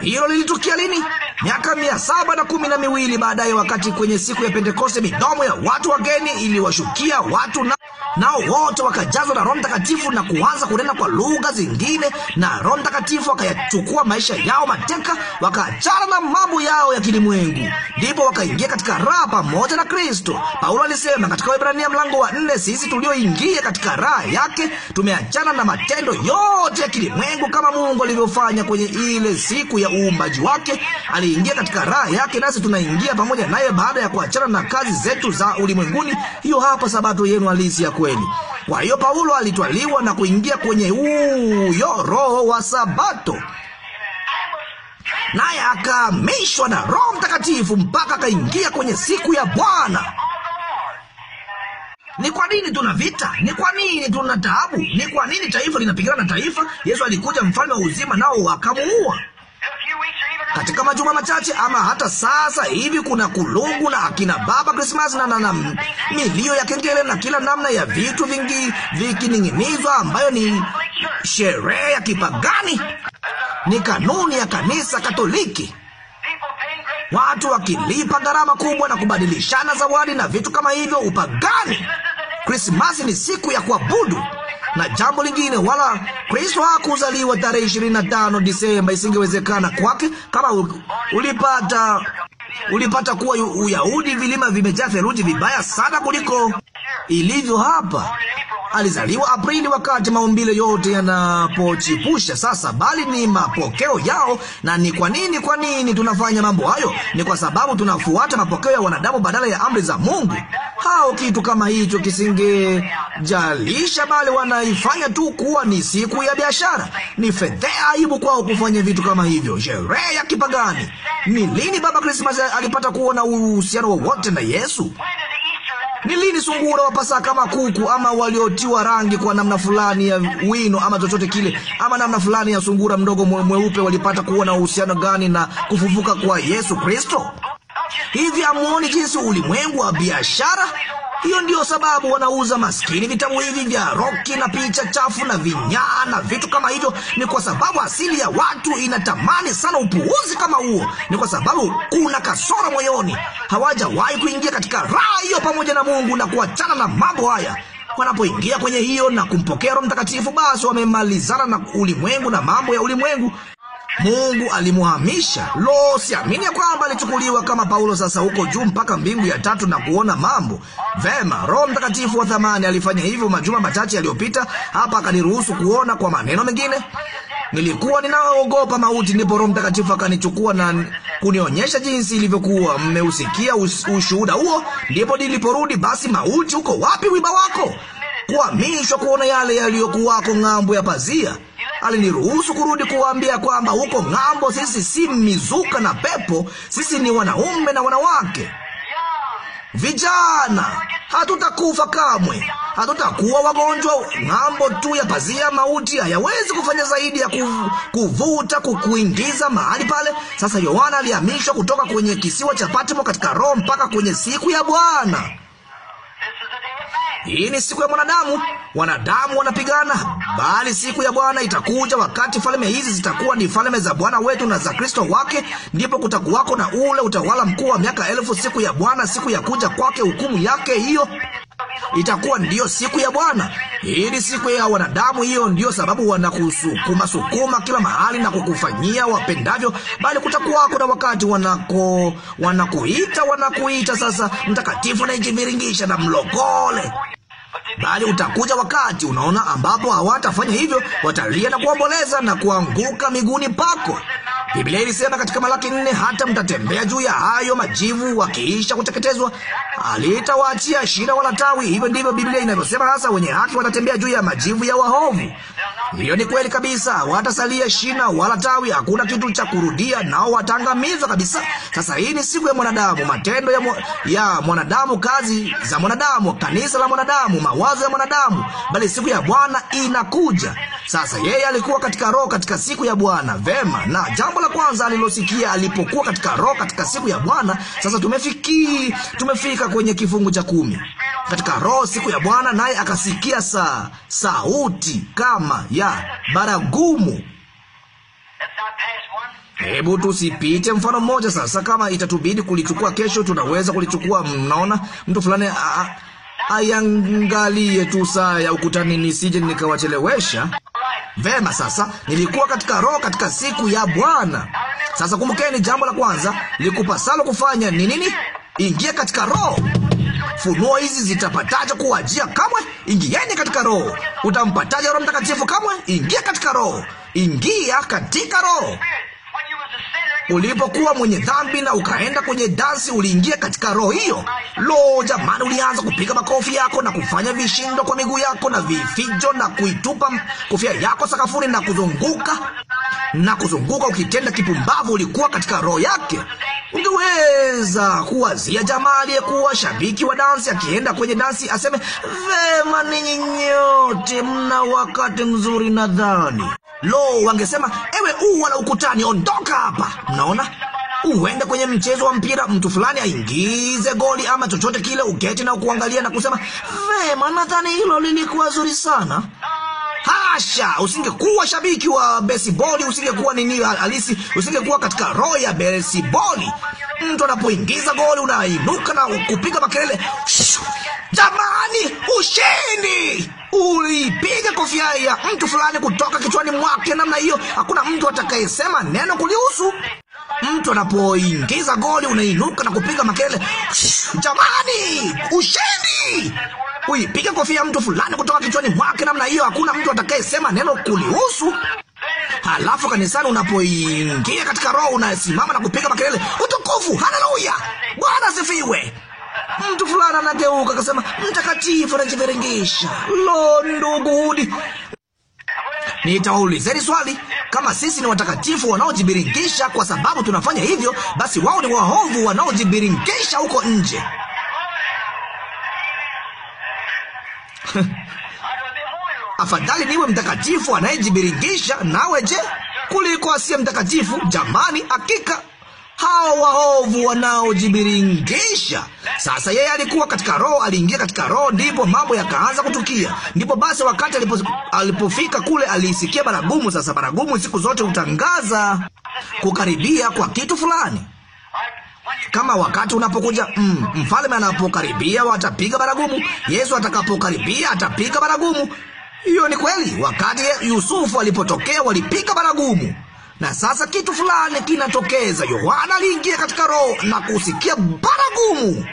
Speaker 1: Hilo lilitukia lini? Miaka mia saba na kumi na miwili baadaye, wakati kwenye siku ya Pentekoste midomo ya watu wageni iliwashukia watu na nao wote wakajazwa na Roho Mtakatifu na kuanza kunena kwa lugha zingine, na Roho Mtakatifu akayachukua maisha yao mateka, wakaachana na mambo yao ya kilimwengu, ndipo wakaingia katika raha pamoja na Kristo. Paulo alisema katika Waebrania mlango wa nne, sisi tulioingia katika raha yake tumeachana na matendo yote ya kilimwengu, kama Mungu alivyofanya kwenye ile siku ya ya uumbaji wake. Aliingia katika raha yake, nasi tunaingia pamoja naye baada ya kuachana na kazi zetu za ulimwenguni. Hiyo hapa sabato yenu halisi ya kweli. Kwa hiyo Paulo alitwaliwa na kuingia kwenye huyo roho wa sabato naye akaamishwa na Roho Mtakatifu mpaka akaingia kwenye siku ya Bwana. Ni kwa nini tuna vita? Ni kwa nini tuna taabu? Ni kwa nini taifa linapigana na taifa? Yesu alikuja mfalme wa uzima, nao wakamuua katika majuma machache ama hata sasa hivi kuna kulungu na akina Baba Krismasi na, na, na milio ya kengele na kila namna ya vitu vingi vikining'inizwa, ambayo ni sherehe ya kipagani, ni kanuni ya kanisa Katoliki, watu wakilipa gharama kubwa na kubadilishana zawadi na vitu kama hivyo. Upagani. Krismasi ni siku ya kuabudu na jambo lingine, wala Kristo hakuzaliwa tarehe 25 Disemba, isingewezekana kwake. Kama ulipata ulipata kuwa Uyahudi vilima vimejaa theluji vibaya sana kuliko ilivyo hapa. Alizaliwa Aprili, wakati maumbile yote yanapochipusha sasa, bali ni mapokeo yao. Na ni kwa nini, kwa nini tunafanya mambo hayo? Ni kwa sababu tunafuata mapokeo ya wanadamu badala ya amri za Mungu. Hao kitu kama hicho kisingejalisha, bali wanaifanya tu kuwa ni siku ya biashara. Ni fedhea, aibu kwao kufanya vitu kama hivyo, sherehe ya kipagani. Ni lini Baba Krismasi hata alipata kuona uhusiano wowote na Yesu? Ni lini sungura wa Pasaka kama kuku ama waliotiwa rangi kwa namna fulani ya wino ama chochote kile ama namna fulani ya sungura mdogo mweupe walipata kuwa na uhusiano gani na kufufuka kwa Yesu Kristo? Hivi amuoni jinsi ulimwengu wa biashara hiyo ndio sababu wanauza maskini vitabu hivi vya roki na picha chafu na vinyaa na vitu kama hivyo. Ni kwa sababu asili ya watu inatamani sana upuuzi kama huo. Ni kwa sababu kuna kasoro moyoni, hawajawahi kuingia katika raha hiyo pamoja na Mungu na kuachana na mambo haya. Wanapoingia kwenye hiyo na kumpokea Roho Mtakatifu, basi wamemalizana na ulimwengu na mambo ya ulimwengu. Mungu alimuhamisha. Lo, siamini ya kwamba alichukuliwa kama Paulo sasa huko juu mpaka mbingu ya tatu na kuona mambo vema. Roho Mtakatifu wa thamani alifanya hivyo majuma machache yaliyopita hapa, akaniruhusu kuona. Kwa maneno mengine, nilikuwa ninaogopa mauti, ndipo Roho Mtakatifu akanichukua na kunionyesha jinsi ilivyokuwa. Mmeusikia ushuhuda huo? Ndipo niliporudi, basi mauti, uko wapi wiba wako? Kuhamishwa kuona yale yaliyokuwako ng'ambo ya pazia aliniruhusu kurudi kuwaambia kwamba huko ng'ambo sisi si mizuka na pepo, sisi ni wanaume na wanawake vijana. Hatutakufa kamwe, hatutakuwa wagonjwa. Ng'ambo tu ya pazia, mauti hayawezi kufanya zaidi ya kuvuta, kukuingiza mahali pale. Sasa Yohana alihamishwa kutoka kwenye kisiwa cha Patmo katika Roho mpaka kwenye siku ya Bwana. Hii ni siku ya mwanadamu, wanadamu wanapigana, bali siku ya Bwana itakuja wakati falme hizi zitakuwa ni falme za Bwana wetu na za Kristo wake, ndipo kutakuwako na ule utawala mkuu wa miaka elfu, siku ya Bwana, siku ya kuja kwake, hukumu yake hiyo itakuwa ndiyo siku ya Bwana. Hii ni siku ya wanadamu. Hiyo ndiyo sababu wanakusukuma sukuma kila mahali na kukufanyia wapendavyo, bali kutakuwako na wakati wanako wanakuita wanakuita sasa mtakatifu na ikiviringisha na mlokole bali utakuja wakati, unaona, ambapo hawatafanya hivyo, watalia na kuomboleza na kuanguka miguuni pako. Biblia ilisema katika Malaki nne, hata mtatembea juu ya hayo majivu wakiisha kuteketezwa, alitawaachia shina wala tawi. Hivyo ndivyo Biblia inavyosema hasa, wenye haki watatembea juu ya majivu ya wahovu. Hiyo ni kweli kabisa. watasalia shina wala tawi, hakuna kitu cha kurudia, nao wataangamizwa kabisa. Sasa hii ni siku ya mwanadamu, matendo ya, mo, ya mwanadamu, kazi za mwanadamu, kanisa la mwanadamu, mawazo ya mwanadamu, bali siku ya Bwana inakuja. Sasa yeye alikuwa katika roho katika siku ya Bwana. Vema, na jambo la kwanza alilosikia alipokuwa katika roho katika siku ya Bwana. Sasa tumefiki, tumefika kwenye kifungu cha kumi katika roho siku ya Bwana, naye akasikia sa, sauti kama alama ya baragumu. Hebu tusipite mfano mmoja sasa. Kama itatubidi kulichukua kesho, tunaweza kulichukua. Mnaona, mtu fulani ayangalie tu saa ya ukutani nisije nikawachelewesha. Vema, sasa nilikuwa katika roho katika siku ya Bwana. Sasa kumbukeni, jambo la kwanza likupasalo kufanya ni nini? Ingia katika roho funuo hizi zitapataje kuwajia? Kamwe. Ingieni katika Roho. Utampataje Roho Mtakatifu? Kamwe. Ingia katika Roho. Ingia katika Roho. Ulipokuwa mwenye dhambi na ukaenda kwenye dansi, uliingia katika roho hiyo. Lo, jamani, ulianza kupiga makofi yako na kufanya vishindo kwa miguu yako na vifijo na kuitupa kofia yako sakafuni na kuzunguka na kuzunguka ukitenda kipumbavu. Ulikuwa katika roho yake. Ungeweza kuwazia jamaa aliyekuwa shabiki wa dansi akienda kwenye dansi aseme, vema, ninyi nyote mna wakati mzuri nadhani Lo, wangesema ewe uu la ukutani, ondoka hapa. Mnaona, uende kwenye mchezo wa mpira, mtu fulani aingize goli ama chochote kile, uketi na kuangalia na kusema vema, nadhani hilo lilikuwa zuri sana. Hasha! Usingekuwa shabiki wa besiboli, usingekuwa nini halisi, usingekuwa katika roho ya besiboli. Mtu anapoingiza goli unainuka na kupiga makelele, jamani, ushindi! uliipiga kofia ya mtu fulani kutoka kichwani mwake namna hiyo, hakuna mtu atakayesema neno kulihusu. Mtu anapoingiza goli, unainuka na kupiga makelele, jamani, ushindi! Uipiga kofia ya mtu fulani kutoka kichwani mwake namna hiyo, hakuna mtu atakayesema neno kulihusu. Halafu kanisani unapoingia katika Roho, unasimama na kupiga makelele, utukufu, haleluya, Bwana asifiwe mtu fulani anageuka akasema mtakatifu, anajiviringisha. Lo, ndugu Hudi, nitawaulizeni swali. Kama sisi ni watakatifu wanaojibiringisha kwa sababu tunafanya hivyo, basi wao ni waovu wanaojibiringisha huko nje. Afadhali niwe mtakatifu anayejibiringisha, nawe je, kuliko asiye mtakatifu? Jamani, hakika hao waovu wanaojibiringisha. Sasa yeye alikuwa katika roho, aliingia katika roho, ndipo mambo yakaanza kutukia. Ndipo basi, wakati alipo, alipofika kule aliisikia baragumu. Sasa baragumu siku zote hutangaza kukaribia kwa kitu fulani kama wakati unapokuja mm, mfalme anapokaribia watapiga baragumu. Yesu atakapokaribia atapiga baragumu. Hiyo ni kweli. Wakati Yusufu alipotokea walipiga baragumu. Na sasa kitu fulani kinatokeza. Yohana aliingia katika roho na kusikia baragumu,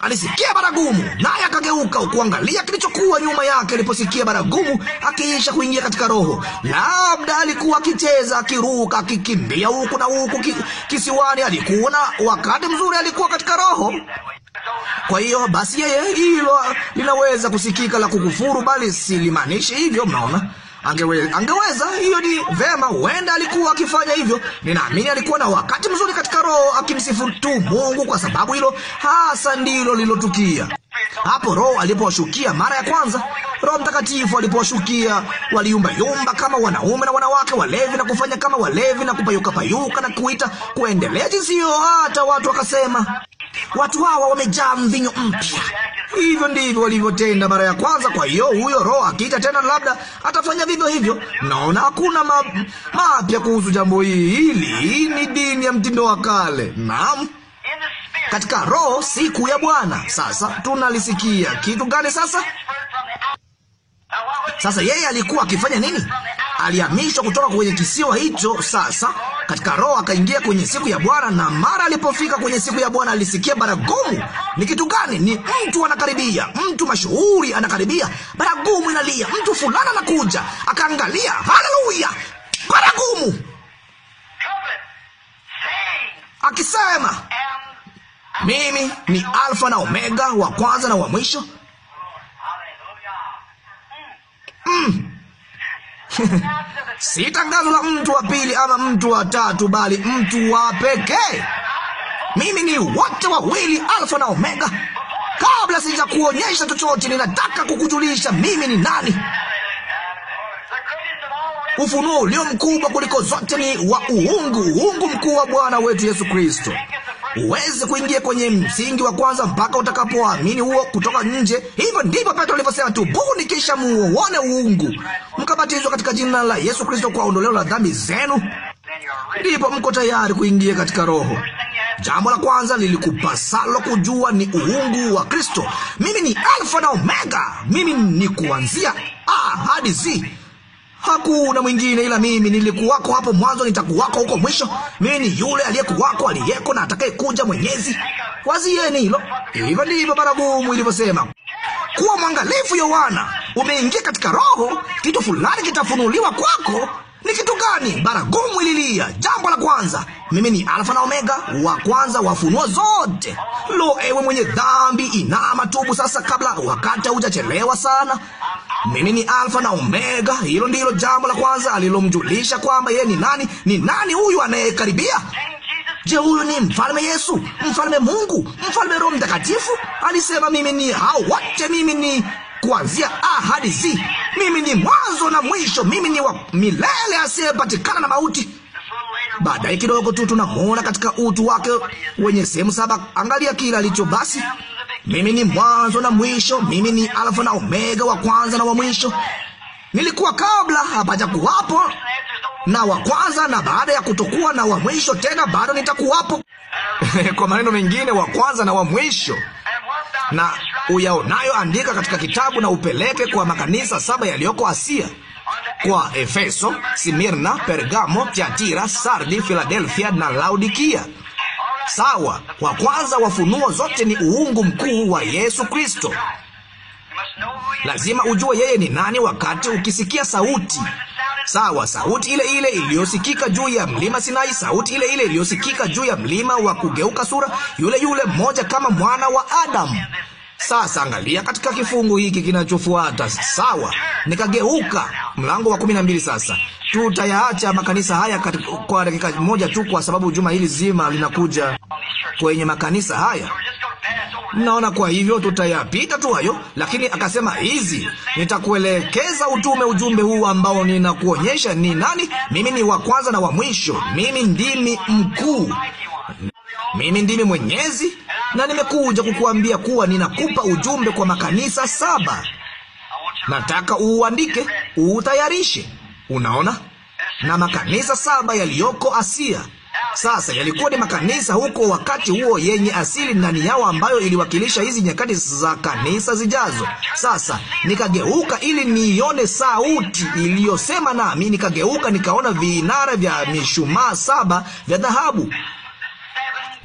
Speaker 1: alisikia baragumu, naye akageuka kuangalia kilichokuwa nyuma yake. Aliposikia baragumu akiisha kuingia katika roho, labda alikuwa akicheza, akiruka, akikimbia huku na huku ki, kisiwani. Alikuona wakati mzuri, alikuwa katika roho. Kwa hiyo basi, yeye hilo linaweza kusikika la kukufuru, bali silimaanishi hivyo. Mnaona? Angewe, angeweza. Hiyo ni vema, huenda alikuwa akifanya hivyo. Ninaamini alikuwa na wakati mzuri katika Roho akimsifu tu Mungu, kwa sababu hilo hasa ndilo lilotukia hapo Roho alipowashukia mara ya kwanza. Roho Mtakatifu alipowashukia waliyumbayumba kama wanaume na wanawake walevi, na kufanya kama walevi na kupayukapayuka na kuita kuendelea jinsi hiyo, hata watu wakasema Watu hawa wamejaa mvinyo mpya. Hivyo ndivyo walivyotenda mara ya kwanza. Kwa hiyo huyo Roho akiita tena, labda atafanya vivyo hivyo. naona hakuna mapya kuhusu jambo hili. Hili ni dini ya mtindo wa kale. Naam, katika Roho, siku ya Bwana. Sasa tunalisikia kitu gani sasa? Sasa yeye alikuwa akifanya nini? Alihamishwa kutoka kwenye kisiwa hicho sasa katika roho akaingia kwenye siku ya Bwana, na mara alipofika kwenye siku ya Bwana alisikia baragumu. Ni kitu gani? Ni mtu anakaribia, mtu mashuhuri anakaribia, baragumu inalia, mtu fulana anakuja. Akaangalia, haleluya, baragumu akisema, mimi ni Alfa na Omega, wa kwanza na wa mwisho. mm. si tangazo la mtu wa pili ama mtu wa tatu, bali mtu wa pekee. Mimi ni wote wawili, Alfa na Omega. Kabla sijakuonyesha chochote, ninataka kukujulisha mimi ni nani. Ufunuo ulio mkubwa kuliko zote ni wa uungu, uungu mkuu wa Bwana wetu Yesu Kristo. Huwezi kuingia kwenye msingi wa kwanza mpaka utakapoamini huo kutoka nje. Hivyo ndivyo Petro alivyosema, tubuni kisha muone uungu, mkabatizwa katika jina la Yesu Kristo kwa ondoleo la dhambi zenu, ndipo mko tayari kuingia katika Roho. Jambo la kwanza lilikupasalo kujua ni uungu wa Kristo. Mimi ni Alfa na Omega, mimi ni kuanzia A hadi Z. Hakuna mwingine ila mimi. Nilikuwako hapo mwanzo, nitakuwako huko mwisho. Mimi ni yule aliyekuwako, aliyeko na atakayekuja, Mwenyezi. Wazieni hilo. Hivyo ndivyo baragumu ilivyosema. Kuwa mwangalifu, Yohana, umeingia katika Roho, kitu fulani kitafunuliwa kwako. Ni kitu gani? Baragumu ililia. Jambo la kwanza, mimi ni Alfa na Omega, wa kwanza wa zote. Lo, ewe mwenye dhambi, inama, tubu sasa, kabla wakati haujachelewa sana. Mimi ni Alfa na Omega. Hilo ndilo jambo la kwanza alilomjulisha kwamba yeye ni nani. Ni nani huyu anayekaribia? Je, huyu ni mfalme Yesu, mfalme Mungu, mfalme Roho Mtakatifu? Alisema mimi ni hao wote, mimi ni kuanzia A hadi Z. Mimi ni mwanzo na mwisho, mimi ni wa milele asiyepatikana na mauti. Baadaye kidogo tu tunamuona katika utu wake wenye sehemu saba. Angalia kila alicho basi. Mimi ni mwanzo na mwisho, mimi ni alfa na omega, wa kwanza na wa mwisho. Nilikuwa kabla hapaja kuwapo na wa kwanza, na baada ya kutokuwa na wa mwisho tena bado nitakuwapo. Kwa maneno mengine, wa kwanza na wa mwisho na uyaonayo andika katika kitabu na upeleke kwa makanisa saba yaliyoko Asia, kwa Efeso, simirna Pergamo, Tiatira, Sardi, Filadelfia na Laodikia. Sawa, wa kwanza wafunuo zote ni uungu mkuu wa Yesu Kristo. Lazima ujue yeye ni nani wakati ukisikia sauti sawa, sauti ile ile iliyosikika juu ya mlima Sinai, sauti ile ile iliyosikika juu ya mlima wa kugeuka sura, yule yule mmoja kama mwana wa Adamu. Sasa angalia katika kifungu hiki kinachofuata. Sawa, nikageuka mlango wa kumi na mbili. Sasa tutayaacha makanisa haya kwa dakika moja tu, kwa sababu juma hili zima linakuja kwenye makanisa haya mnaona. Kwa hivyo tutayapita tu hayo, lakini akasema, hizi nitakuelekeza utume ujumbe huu ambao ninakuonyesha ni nani. Mimi ni wa kwanza na wa mwisho, mimi ndimi mkuu, mimi ndimi mwenyezi na nimekuja kukuambia kuwa ninakupa ujumbe kwa makanisa saba. Nataka uuandike, uutayarishe. Unaona, na makanisa saba yaliyoko Asia. Sasa yalikuwa ni makanisa huko wakati huo yenye asili ndani yao ambayo iliwakilisha hizi nyakati za kanisa zijazo. Sasa nikageuka ili nione sauti iliyosema nami, nikageuka nikaona vinara vya mishumaa saba vya dhahabu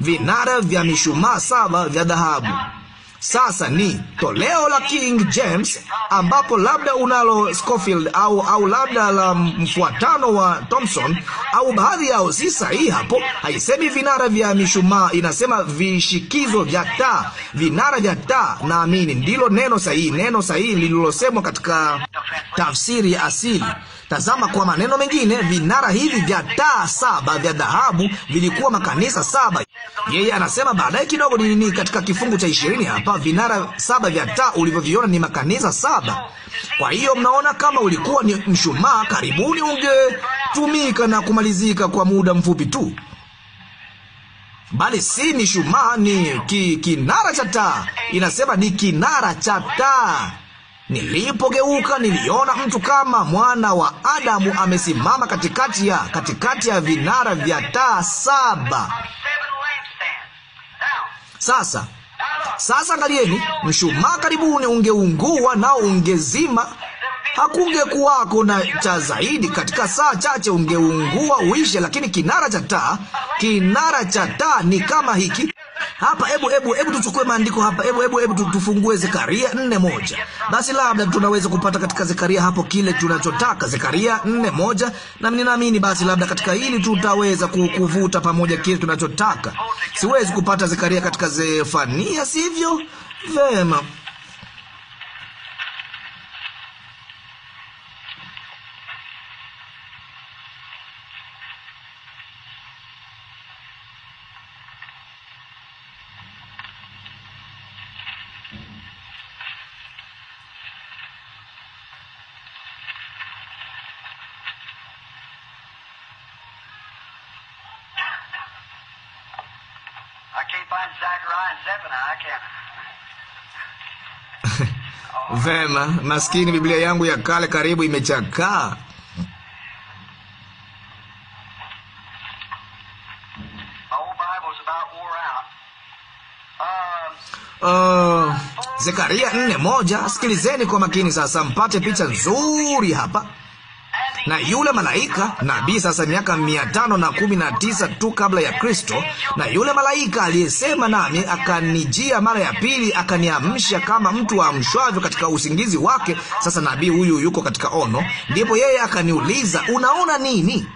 Speaker 1: vinara vya mishumaa saba vya dhahabu. Sasa ni toleo la King James, ambapo labda unalo Scofield au, au labda la mfuatano wa Thompson au baadhi yao. Si sahihi hapo, haisemi vinara vya mishumaa, inasema vishikizo vya taa. Vinara vya taa, naamini ndilo neno sahihi, neno sahihi lililosemwa katika tafsiri ya asili. Tazama, kwa maneno mengine, vinara hivi vya taa saba vya dhahabu vilikuwa makanisa saba. Yeye anasema baadaye kidogo nini, katika kifungu cha ishirini hapa, vinara saba vya taa ulivyoviona ni makanisa saba. Kwa hiyo mnaona, kama ulikuwa ni mshumaa, karibuni ungetumika na kumalizika kwa muda mfupi tu, bali si mishumaa, ni ki, kinara cha taa. Inasema ni kinara cha taa. Nilipogeuka niliona mtu kama mwana wa Adamu amesimama katikati ya katikati ya vinara vya taa saba. Sasa sasa, angalieni, mshumaa karibuni ungeungua nao ungezima, hakungekuwako na cha zaidi. Katika saa chache ungeungua uishe, lakini kinara cha taa, kinara cha taa ni kama hiki hapa. Hebu hebu hebu tuchukue maandiko hapa, hebu hebu hebu tufungue Zekaria nne moja. Basi labda tunaweza kupata katika Zekaria hapo kile tunachotaka. Zekaria nne moja, na ninaamini basi labda katika hili tutaweza kuvuta pamoja kile tunachotaka. Siwezi kupata Zekaria katika Zefania, sivyo? Vema. Vema, maskini Biblia yangu ya kale karibu imechakaa. Um, uh, Zekaria nne moja. Sikilizeni kwa makini sasa, mpate picha nzuri hapa na yule malaika nabii, sasa miaka mia tano na kumi na tisa tu kabla ya Kristo. Na yule malaika aliyesema nami akanijia mara ya pili, akaniamsha kama mtu aamshwavyo katika usingizi wake. Sasa nabii huyu yuko katika ono. Ndipo yeye akaniuliza, unaona nini?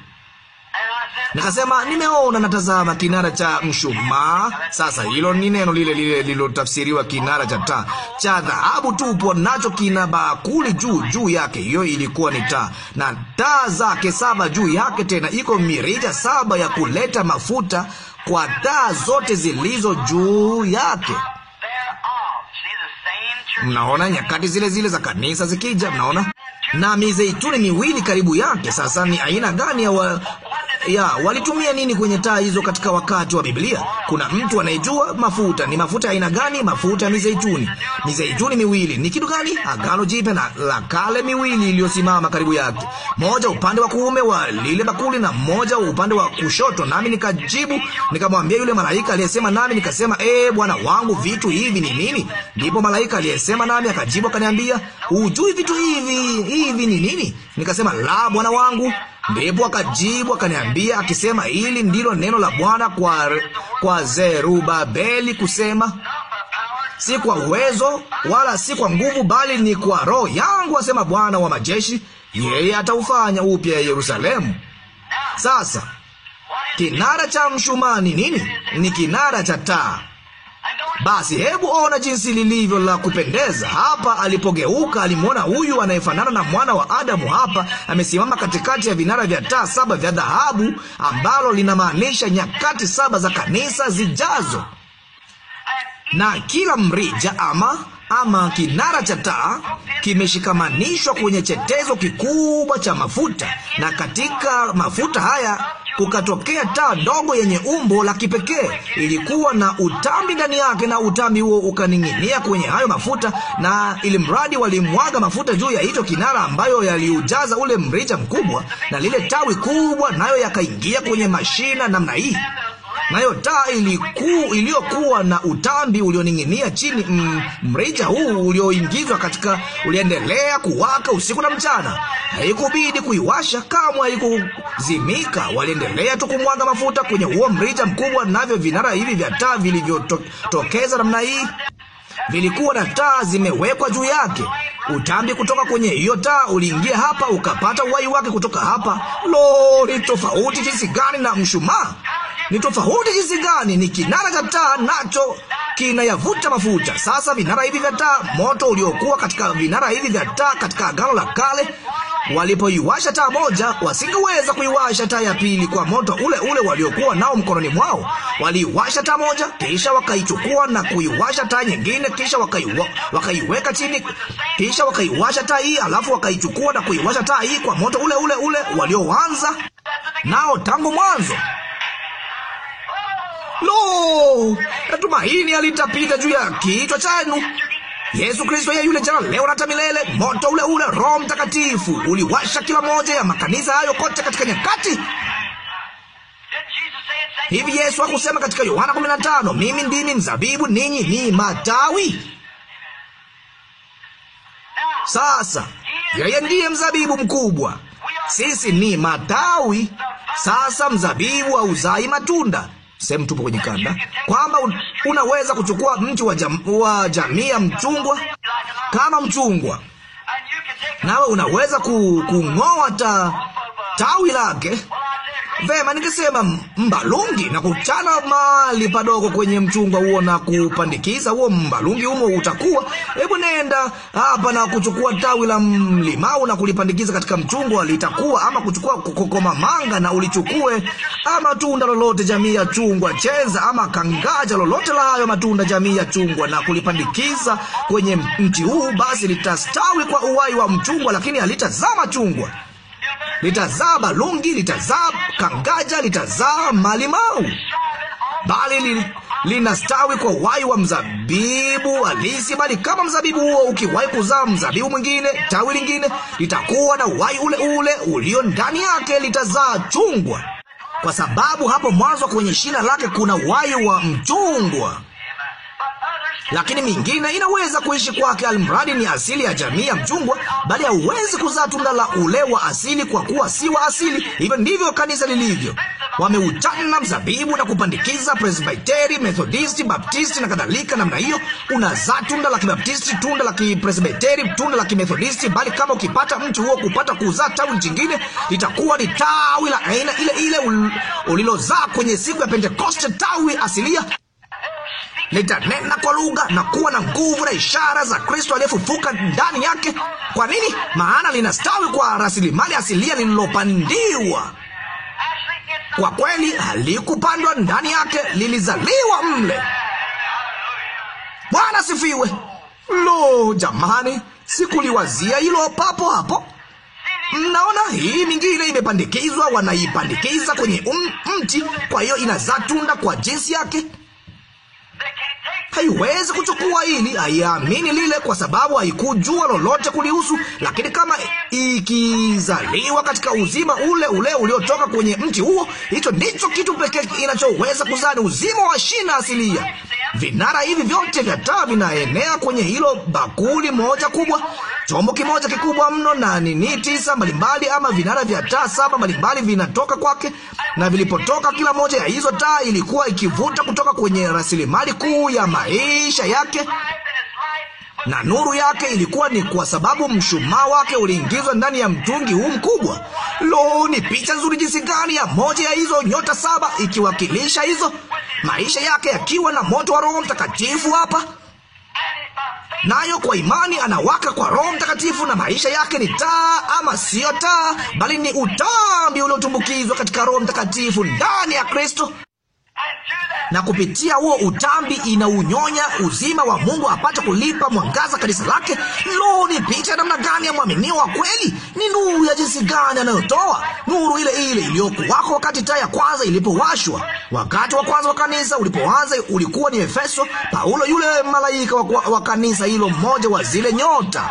Speaker 1: Nikasema nimeona, natazama kinara cha mshumaa. Sasa hilo ni neno lile lile lilotafsiriwa kinara cha taa cha dhahabu tupo, nacho kina bakuli juu juu yake. Hiyo ilikuwa ni taa, na taa zake saba juu yake. Tena iko mirija saba ya kuleta mafuta kwa taa zote zilizo juu yake. Mnaona nyakati zile zile za kanisa zikija, mnaona na mizeituni miwili karibu yake. Sasa ni aina gani ya wa, ya walitumia nini kwenye taa hizo katika wakati wa Biblia? Kuna mtu anayejua? Mafuta ni mafuta aina gani? Mafuta ya mizeituni. Mizeituni miwili ni kitu gani? Agano Jipya na la Kale miwili iliyosimama karibu yake, moja upande wa kuume wa lile bakuli na moja upande wa kushoto. Nami nikajibu nikamwambia yule malaika aliyesema nami, nikasema eh, Bwana wangu, vitu hivi ni nini? Ndipo malaika aliyesema nami akajibu akaniambia, hujui vitu hivi hivi ni nini? Nikasema la, Bwana wangu Ndipo akajibu akaniambia akisema, hili ndilo neno la Bwana kwa, kwa Zerubabeli kusema, si kwa uwezo wala si kwa nguvu, bali ni kwa Roho yangu, asema Bwana wa majeshi. Yeye ataufanya upya Yerusalemu. Sasa kinara cha mshumaa ni nini? Ni kinara cha taa. Basi hebu ona jinsi lilivyo la kupendeza. Hapa alipogeuka alimwona huyu anayefanana na mwana wa Adamu, hapa amesimama katikati ya vinara vya taa saba vya dhahabu, ambalo linamaanisha nyakati saba za kanisa zijazo, na kila mrija ama ama kinara cha taa kimeshikamanishwa kwenye chetezo kikubwa cha mafuta, na katika mafuta haya kukatokea taa dogo yenye umbo la kipekee. Ilikuwa na utambi ndani yake, na utambi huo ukaning'inia kwenye hayo mafuta, na ili mradi walimwaga mafuta juu ya hicho kinara, ambayo yaliujaza ule mrija mkubwa, na lile tawi kubwa, nayo yakaingia kwenye mashina namna hii nayo taa iliku iliyokuwa na utambi ulioning'inia chini, mm, mrija huu ulioingizwa katika, uliendelea kuwaka usiku na mchana. Haikubidi kuiwasha kamwe, haikuzimika. Waliendelea tu kumwaga mafuta kwenye huo mrija mkubwa, navyo vinara hivi vya taa vilivyotokeza to, namna hii vilikuwa na taa zimewekwa juu yake. Utambi kutoka kwenye hiyo taa uliingia hapa ukapata uwai wake kutoka hapa. Lori, tofauti jinsi gani na mshumaa! ni tofauti jinsi gani! Ni kinara cha taa, nacho kinayavuta mafuta. Sasa vinara hivi vya taa, moto uliokuwa katika vinara hivi vya taa katika Agano la Kale, walipoiwasha taa moja, wasingeweza kuiwasha taa ya pili kwa moto ule ule waliokuwa nao mkononi mwao. Waliiwasha taa moja, kisha wakaichukua na kuiwasha taa nyingine, kisha wakaiwa, wakaiweka chini, kisha wakaiwasha taa hii, alafu wakaichukua na kuiwasha taa hii kwa moto ule ule ule walioanza nao tangu mwanzo. Lo, natumaini alitapita juu ya kichwa chenu. Yesu Kristo yeye yule jana leo hata milele. Moto ule ule Roho Mtakatifu uliwasha kila moja ya makanisa hayo kote katika nyakati. Hivi Yesu akusema katika Yohana 15, mimi ndimi mzabibu, ninyi ni matawi? Sasa yeye ndiye mzabibu mkubwa, sisi ni matawi. Sasa mzabibu hauzai matunda, sehemu tupo kwenye kanda, kwamba unaweza kuchukua mti wa, jam, wa jamii ya mchungwa kama mchungwa, nawe unaweza ku, kung'oa ta, tawi lake Vema, nikisema mbalungi na kuchana mali padogo kwenye mchungwa huo na kupandikiza huo mbalungi humo, utakuwa hebu nenda hapa na kuchukua tawi la mlimau na kulipandikiza katika mchungwa, litakuwa ama kuchukua kokoma manga na ulichukue, ama tunda lolote jamii ya chungwa, cheza ama kangaja, lolote la hayo matunda jamii ya chungwa na kulipandikiza kwenye mti huu, basi litastawi kwa uwai wa mchungwa, lakini halitazama chungwa litazaa balungi, litazaa kangaja, litazaa malimau, bali li, linastawi kwa wai wa mzabibu halisi. Bali kama mzabibu huo ukiwahi kuzaa mzabibu mwingine, tawi lingine litakuwa na wai ule ule ulio ndani yake, litazaa chungwa, kwa sababu hapo mwanzo kwenye shina lake kuna wai wa mchungwa lakini mingine inaweza kuishi kwake, almradi ni asili ya jamii ya mchungwa, bali hauwezi kuzaa tunda la ule wa asili, kwa kuwa si wa asili. Hivyo ndivyo kanisa lilivyo. Wameuchana mzabibu na kupandikiza Presbiteri, Methodisti, Baptisti na kadhalika. Namna hiyo unazaa tunda la Kibaptisti, tunda la Kipresbiteri, tunda la Kimethodisti, bali kama ukipata mtu huo kupata kuzaa tawi jingine, litakuwa ni tawi la aina ile ile ulilozaa kwenye siku ya Pentekoste, tawi asilia nitanena kwa lugha na kuwa na nguvu na ishara za Kristo aliyefufuka ndani yake. Kwa nini? Maana linastawi kwa rasilimali asilia lililopandiwa. Kwa kweli halikupandwa ndani yake, lilizaliwa mle. Bwana sifiwe. Lo, jamani, sikuliwazia hilo papo hapo. Mnaona, hii mingine imepandikizwa, wanaipandikiza kwenye um, mti, kwa hiyo inazaa tunda kwa jinsi yake haiwezi kuchukua ini, haiamini lile, kwa sababu haikujua lolote kulihusu. Lakini kama ikizaliwa katika uzima ule ule uliotoka kwenye mti huo, hicho ndicho kitu pekee inachoweza kuzaa, ni uzima wa shina asilia. Vinara hivi vyote vya taa vinaenea kwenye hilo bakuli moja kubwa, chombo kimoja kikubwa mno, na nini, tisa mbalimbali, ama vinara vya taa saba mbalimbali vinatoka kwake, na vilipotoka kila moja ya hizo taa ilikuwa ikivuta kutoka kwenye rasilimali kuu ya maisha yake na nuru yake ilikuwa ni kwa sababu mshumaa wake uliingizwa ndani ya mtungi huu mkubwa. Lo, ni picha nzuri jinsi gani ya moja ya hizo nyota saba ikiwakilisha hizo maisha yake yakiwa na moto wa Roho Mtakatifu hapa nayo kwa imani anawaka kwa Roho Mtakatifu, na maisha yake ni taa, ama siyo taa, bali ni utambi uliotumbukizwa katika Roho Mtakatifu ndani ya Kristo na kupitia huo utambi inaunyonya uzima wa Mungu apate kulipa mwangaza kanisa lake. Lo, ni picha namna gani ya mwaminio wa kweli! Ni nuru ya jinsi gani anayotoa, nuru ile ile iliyokuwako wakati taa ya kwanza ilipowashwa. Wakati wa kwanza wa kanisa ulipoanza ulikuwa ni Efeso. Paulo, yule malaika wa kanisa hilo, mmoja wa zile nyota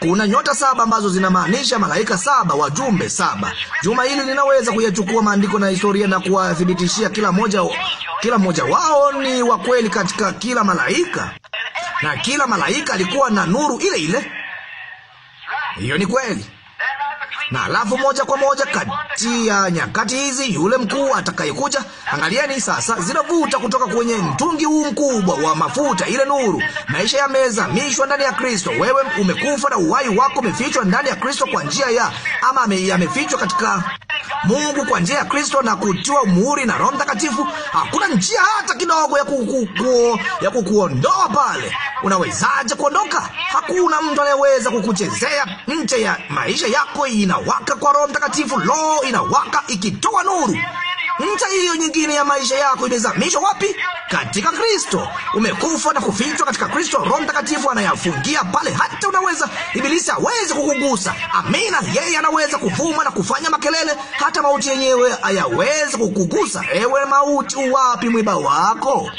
Speaker 1: kuna nyota saba ambazo zinamaanisha malaika saba, wajumbe saba. Juma hili linaweza kuyachukua maandiko na historia na kuwathibitishia kila moja, kila mmoja wao ni wa kweli katika kila malaika, na kila malaika alikuwa na nuru ile ile. Hiyo ni kweli na alafu moja kwa moja kati ya nyakati hizi yule mkuu atakayekuja. Angalieni sasa, zinavuta kutoka kwenye mtungi huu mkubwa wa mafuta, ile nuru. Maisha yamezamishwa ndani ya Kristo. Wewe umekufa na uhai wako umefichwa ndani ya Kristo kwa njia ya ama, yamefichwa katika Mungu kwa njia ya Kristo na kutiwa muhuri na Roho Mtakatifu. Hakuna njia hata kidogo ya kukuo, ya kukuondoa pale. Unawezaje kuondoka? Hakuna mtu anayeweza kukuchezea nje ya maisha yako ina inawaka kwa Roho Mtakatifu. Lo, inawaka ikitoa nuru. Ncha hiyo nyingine ya maisha yako imezamishwa wapi? Katika Kristo. Umekufa na kufichwa katika Kristo. Roho Mtakatifu anayafungia pale, hata unaweza ibilisi hawezi kukugusa. Amina. Yeye anaweza kuvuma na kufanya makelele, hata mauti yenyewe hayawezi kukugusa. Ewe mauti, uwapi mwiba wako?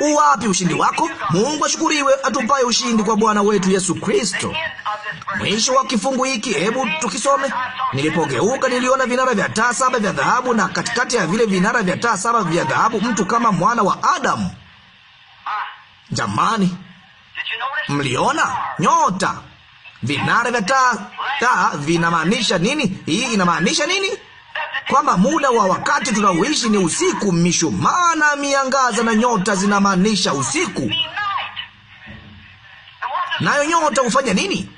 Speaker 1: Uwapi ushindi wako? Mungu ashukuriwe atupaye ushindi kwa Bwana wetu Yesu Kristo. Mwisho wa kifungu hiki, hebu tukisome. Nilipogeuka niliona vinara vya taa saba vya dhahabu, na katikati ya vile vinara vya taa saba vya dhahabu mtu kama mwana wa Adamu. Jamani, mliona nyota? Vinara vya taa taa vinamaanisha nini? Hii inamaanisha nini? kwamba muda wa wakati tunaoishi ni usiku. Mishumaa na miangaza na nyota zinamaanisha usiku, nayo nyota hufanya nini?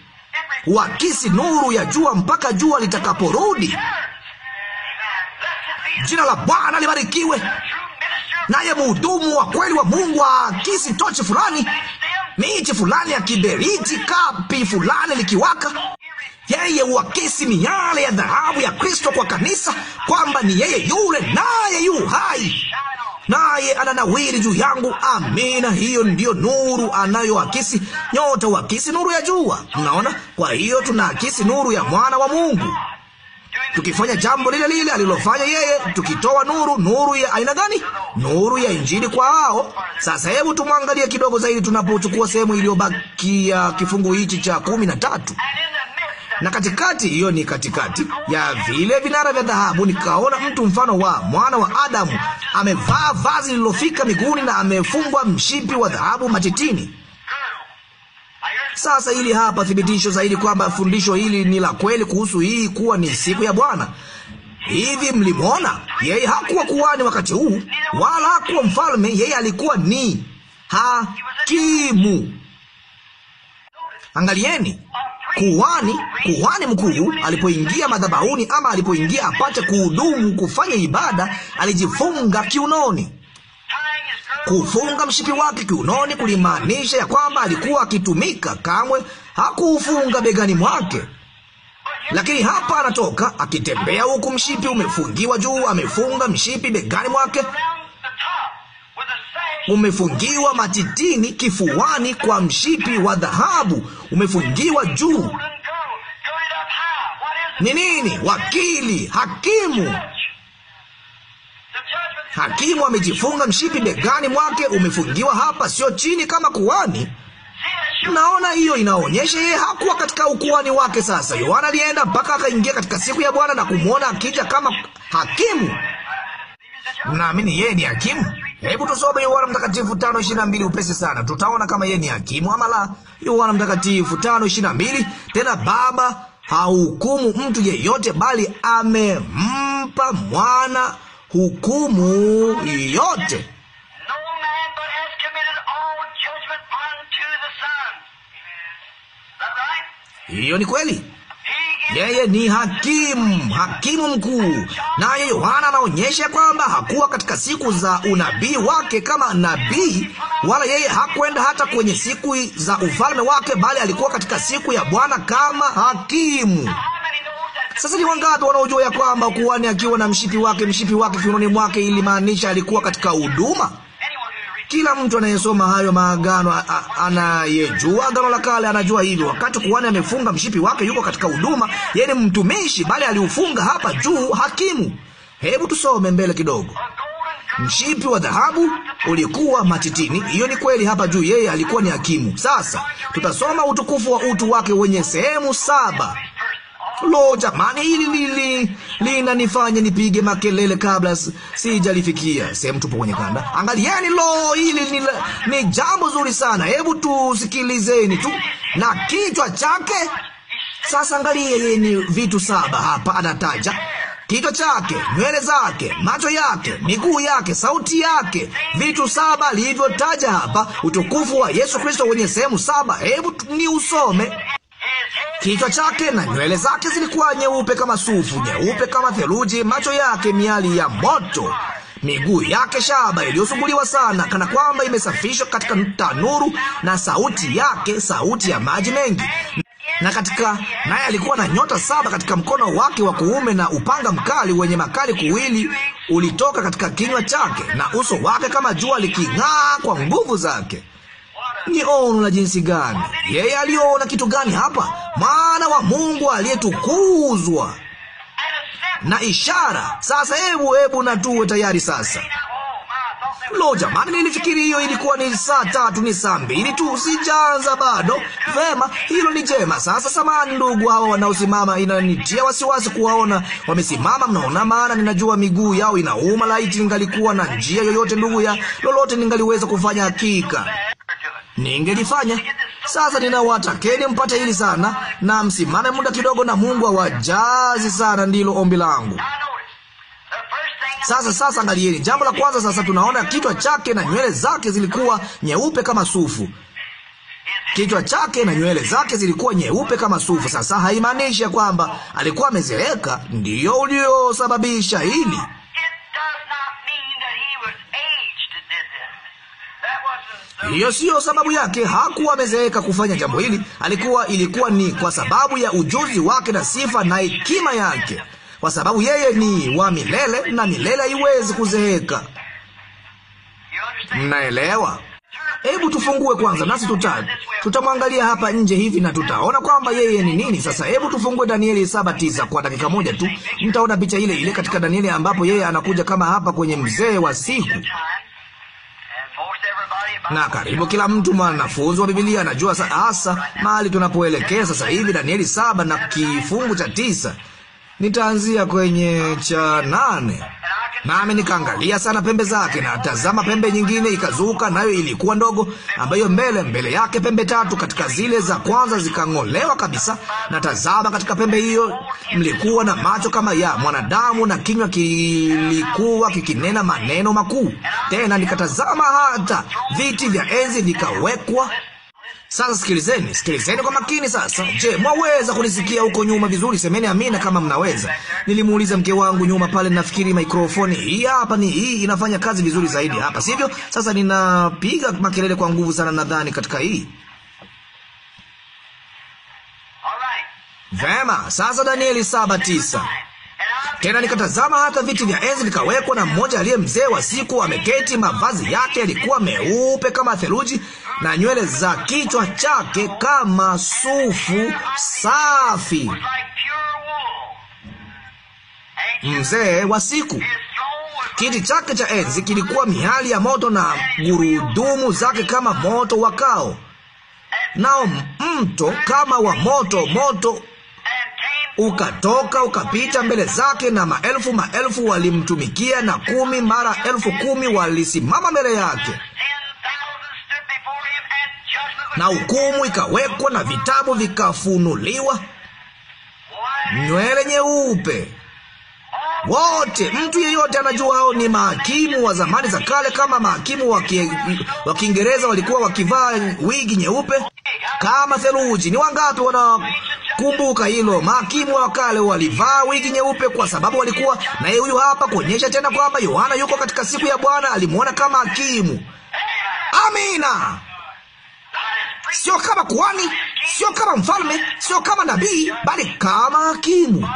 Speaker 1: Huakisi nuru ya jua mpaka jua litakaporudi. Jina la Bwana libarikiwe. Naye mhudumu wa kweli wa Mungu haakisi tochi fulani, miichi fulani ya kiberiti, kapi fulani likiwaka yeye uakisi miale ya dhahabu ya Kristo kwa kanisa, kwamba ni yeye yule, naye yu hai, naye ananawiri juu yangu. Amina. Hiyo ndiyo nuru anayoakisi. Nyota huakisi nuru ya jua, mnaona? Kwa hiyo tunaakisi nuru ya mwana wa Mungu tukifanya jambo lile lile alilofanya yeye, tukitoa nuru. Nuru ya aina gani? Nuru ya Injili kwa hao. Sasa hebu tumwangalie kidogo zaidi tunapochukua sehemu iliyobakia kifungu hichi cha kumi na tatu na katikati hiyo ni katikati ya vile vinara vya dhahabu, nikaona mtu mfano wa mwana wa Adamu amevaa vazi lililofika miguuni na amefungwa mshipi wa dhahabu matitini. Sasa hili hapa thibitisho zaidi kwamba fundisho hili ni la kweli kuhusu hii kuwa ni siku ya Bwana. Hivi mlimwona yeye? Hakuwa kuwani wakati huu, wala hakuwa mfalme. Yeye alikuwa ni hakimu. Angalieni, kuhani, kuhani mkuu alipoingia madhabahuni ama alipoingia apate kuhudumu kufanya ibada, alijifunga kiunoni. Kufunga mshipi wake kiunoni kulimaanisha ya kwamba alikuwa akitumika, kamwe hakuufunga begani mwake. Lakini hapa anatoka akitembea huku mshipi umefungiwa juu, amefunga mshipi begani mwake. Umefungiwa matitini, kifuani, kwa mshipi wa dhahabu, umefungiwa juu. Ni nini? Wakili, hakimu. Hakimu amejifunga mshipi begani mwake, umefungiwa hapa, sio chini, kama kuani. Naona hiyo inaonyesha yeye hakuwa katika ukuani wake. Sasa Yohana alienda mpaka akaingia katika siku ya Bwana na kumwona akija kama hakimu. Mnaamini yeye ni hakimu? Hebu tusome Yohana Mtakatifu 5:22 upesi sana, tutaona kama yeye ni hakimu ama la. Yohana Mtakatifu 5:22, tena Baba hahukumu mtu yeyote, bali amempa mwana hukumu yote. Hiyo ni kweli. Yeye ni hakimu, hakimu mkuu. Naye Yohana anaonyesha kwamba hakuwa katika siku za unabii wake kama nabii, wala yeye hakwenda hata kwenye siku za ufalme wake, bali alikuwa katika siku ya Bwana kama hakimu. Sasa ni wangapi wanaojua ya kwamba kuhani akiwa na mshipi wake, mshipi wake kiunoni mwake, ilimaanisha alikuwa katika huduma? Kila mtu anayesoma hayo maagano, anayejua agano la kale, anajua hivyo. Wakati kuhani amefunga mshipi wake, yuko katika huduma. Yeye ni mtumishi, bali aliufunga hapa juu hakimu. Hebu tusome mbele kidogo. Mshipi wa dhahabu ulikuwa matitini. Hiyo ni kweli hapa juu, yeye alikuwa ni hakimu. Sasa tutasoma utukufu wa utu wake wenye sehemu saba. Lo, jamani, hili lili linanifanya nipige makelele kabla sijalifikia sehemu. Tupo kwenye kanda. Angalieni, lo, hili ni, ni jambo zuri sana. Hebu tusikilizeni tu na kichwa chake. Sasa angalia, yeye ni vitu saba hapa anataja kichwa chake, nywele zake, macho yake, miguu yake, sauti yake, vitu saba alivyotaja hapa, utukufu wa Yesu Kristo kwenye sehemu saba. Hebu ni usome Kichwa chake na nywele zake zilikuwa nyeupe kama sufu, nyeupe kama theluji, macho yake miali ya moto, miguu yake shaba iliyosuguliwa sana, kana kwamba imesafishwa katika tanuru, na sauti yake sauti ya maji mengi na katika naye alikuwa na nyota saba katika mkono wake wa kuume, na upanga mkali wenye makali kuwili ulitoka katika kinywa chake, na uso wake kama jua liking'aa kwa nguvu zake ni ono la jinsi gani? Yeye aliona kitu gani hapa? Maana wa Mungu aliyetukuzwa na ishara. Sasa hebu hebu na tuwe tayari sasa. Lo, jamani, nilifikiri hiyo ilikuwa ni saa tatu, ni saa mbili tu, sijaanza bado. Vema, hilo ni jema. Sasa samani, ndugu hao wanaosimama, inanitia wasiwasi kuwaona wamesimama. Mnaona, maana ninajua miguu yao inauma. Laiti ningalikuwa na njia yoyote, ndugu, ya lolote ningaliweza kufanya, hakika ningelifanya. Sasa ninawatakeni mpate hili sana, na msimame muda kidogo, na Mungu awajazi sana, ndilo ombi langu. Sasa sasa, angalieni jambo la kwanza. Sasa tunaona kichwa chake na nywele zake zilikuwa nyeupe kama sufu. Kichwa chake na nywele zake zilikuwa nyeupe kama sufu. Sasa haimaanishi ya kwamba alikuwa amezeeka, ndiyo uliosababisha hili. Hiyo siyo sababu yake. Hakuwa amezeeka kufanya jambo hili, alikuwa, ilikuwa ni kwa sababu ya ujuzi wake na sifa na hekima yake, kwa sababu yeye ni wa milele na milele haiwezi kuzeeka. Mnaelewa? Hebu tufungue kwanza, nasi tuta tutamwangalia hapa nje hivi na tutaona kwamba yeye ni nini. Sasa hebu tufungue Danieli saba tisa kwa dakika moja tu. Mtaona picha ile ile katika Danieli ambapo yeye anakuja kama hapa kwenye mzee wa siku na karibu kila mtu mwanafunzi wa Biblia anajua hasa mahali tunapoelekea sasa hivi, Danieli saba na kifungu cha tisa. Nitaanzia kwenye cha nane. Nami nikaangalia sana pembe zake, na tazama, pembe nyingine ikazuka, nayo ilikuwa ndogo, ambayo mbele mbele yake pembe tatu katika zile za kwanza zikang'olewa kabisa. Na tazama, katika pembe hiyo mlikuwa na macho kama ya mwanadamu, na kinywa kilikuwa kikinena maneno makuu. Tena nikatazama, hata viti vya enzi vikawekwa sasa sikilizeni, sikilizeni kwa makini sasa. Je, mwaweza kunisikia huko nyuma vizuri? Semeni amina kama mnaweza. Nilimuuliza mke wangu nyuma pale, nafikiri mikrofoni hii hapa ni hii inafanya kazi vizuri zaidi hapa, sivyo? Sasa ninapiga makelele kwa nguvu sana, nadhani katika hii Vema, sasa Danieli saba tisa. Tena nikatazama hata viti vya enzi vikawekwa, na mmoja aliye mzee wa siku ameketi, mavazi yake yalikuwa meupe kama theluji, na nywele za kichwa chake kama sufu safi. Mzee wa siku, kiti chake cha enzi kilikuwa mihali ya moto na gurudumu zake kama moto wakao, nao mto kama wa moto moto ukatoka ukapita mbele zake, na maelfu maelfu walimtumikia, na kumi mara elfu kumi walisimama mbele yake na hukumu ikawekwa na vitabu vikafunuliwa. Nywele nyeupe wote, mtu yeyote anajua hao ni mahakimu wa zamani za kale, kama mahakimu wa Kiingereza walikuwa wakivaa wigi nyeupe kama theluji. Ni wangapi wanakumbuka hilo? Mahakimu wa kale walivaa wigi nyeupe kwa sababu walikuwa naye. Huyu hapa kuonyesha tena kwamba Yohana yuko katika siku ya Bwana, alimwona kama hakimu. Amina sio kama kuhani, sio kama mfalme, sio kama nabii, bali kama hakimu.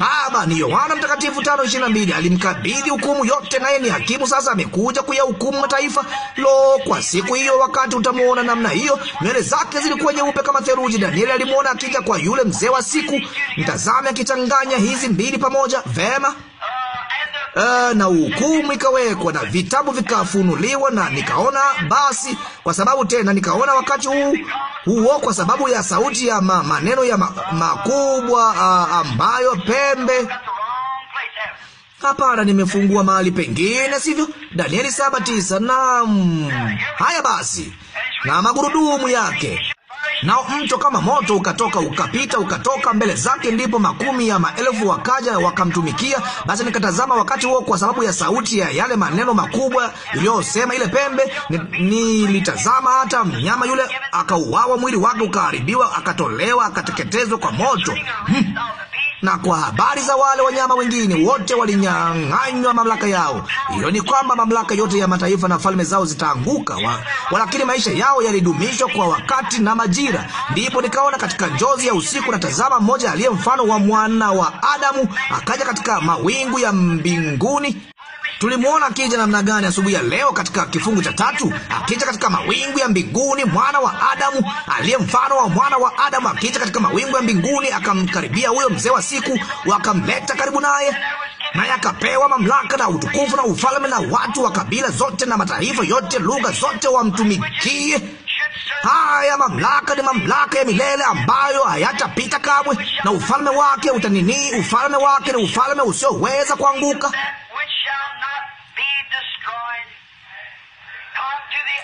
Speaker 1: Baba ni Yohana Mtakatifu tano ishirini na mbili alimkabidhi hukumu yote, naye ni hakimu. Sasa amekuja kuyahukumu mataifa. Lo, kwa siku hiyo, wakati utamwona namna hiyo, nywele zake zilikuwa nyeupe kama theluji. Danieli alimwona akija kwa yule mzee wa siku. Mtazame akichanganya hizi mbili pamoja. Vema. Eh, na hukumu ikawekwa na vitabu vikafunuliwa, na nikaona basi, kwa sababu tena nikaona wakati huu huo, kwa sababu ya sauti ya ma, maneno ya ma, makubwa a, ambayo pembe Hapana, nimefungua mahali pengine, sivyo? Danieli saba tisa. Naam, haya basi, na magurudumu yake nao mto kama moto ukatoka ukapita ukatoka mbele zake, ndipo makumi ya maelfu wakaja wakamtumikia. Basi nikatazama wakati huo, kwa sababu ya sauti ya yale maneno makubwa iliyosema ile pembe, nilitazama ni hata mnyama yule akauawa, mwili wake ukaharibiwa, akatolewa, akateketezwa kwa moto hmm. Na kwa habari za wale wanyama wengine, wote walinyang'anywa mamlaka yao. Hiyo ni kwamba mamlaka yote ya mataifa na falme zao zitaanguka, wa, walakini maisha yao yalidumishwa kwa wakati na majira. Ndipo nikaona katika njozi ya usiku, na tazama, mmoja aliye mfano wa mwana wa Adamu akaja katika mawingu ya mbinguni Tulimwona akija namna gani asubuhi ya leo katika kifungu cha tatu, akija katika mawingu ya mbinguni, mwana wa Adamu aliye mfano wa mwana wa Adamu, akija katika mawingu ya mbinguni, akamkaribia huyo mzee wa siku, wakamleta karibu naye naye akapewa mamlaka na utukufu na ufalme, na watu wa kabila zote na mataifa yote, lugha zote wamtumikie. Haya mamlaka ni mamlaka ya milele ambayo hayatapita kamwe, na ufalme wake utanini, ufalme wake ni ufalme usioweza kuanguka.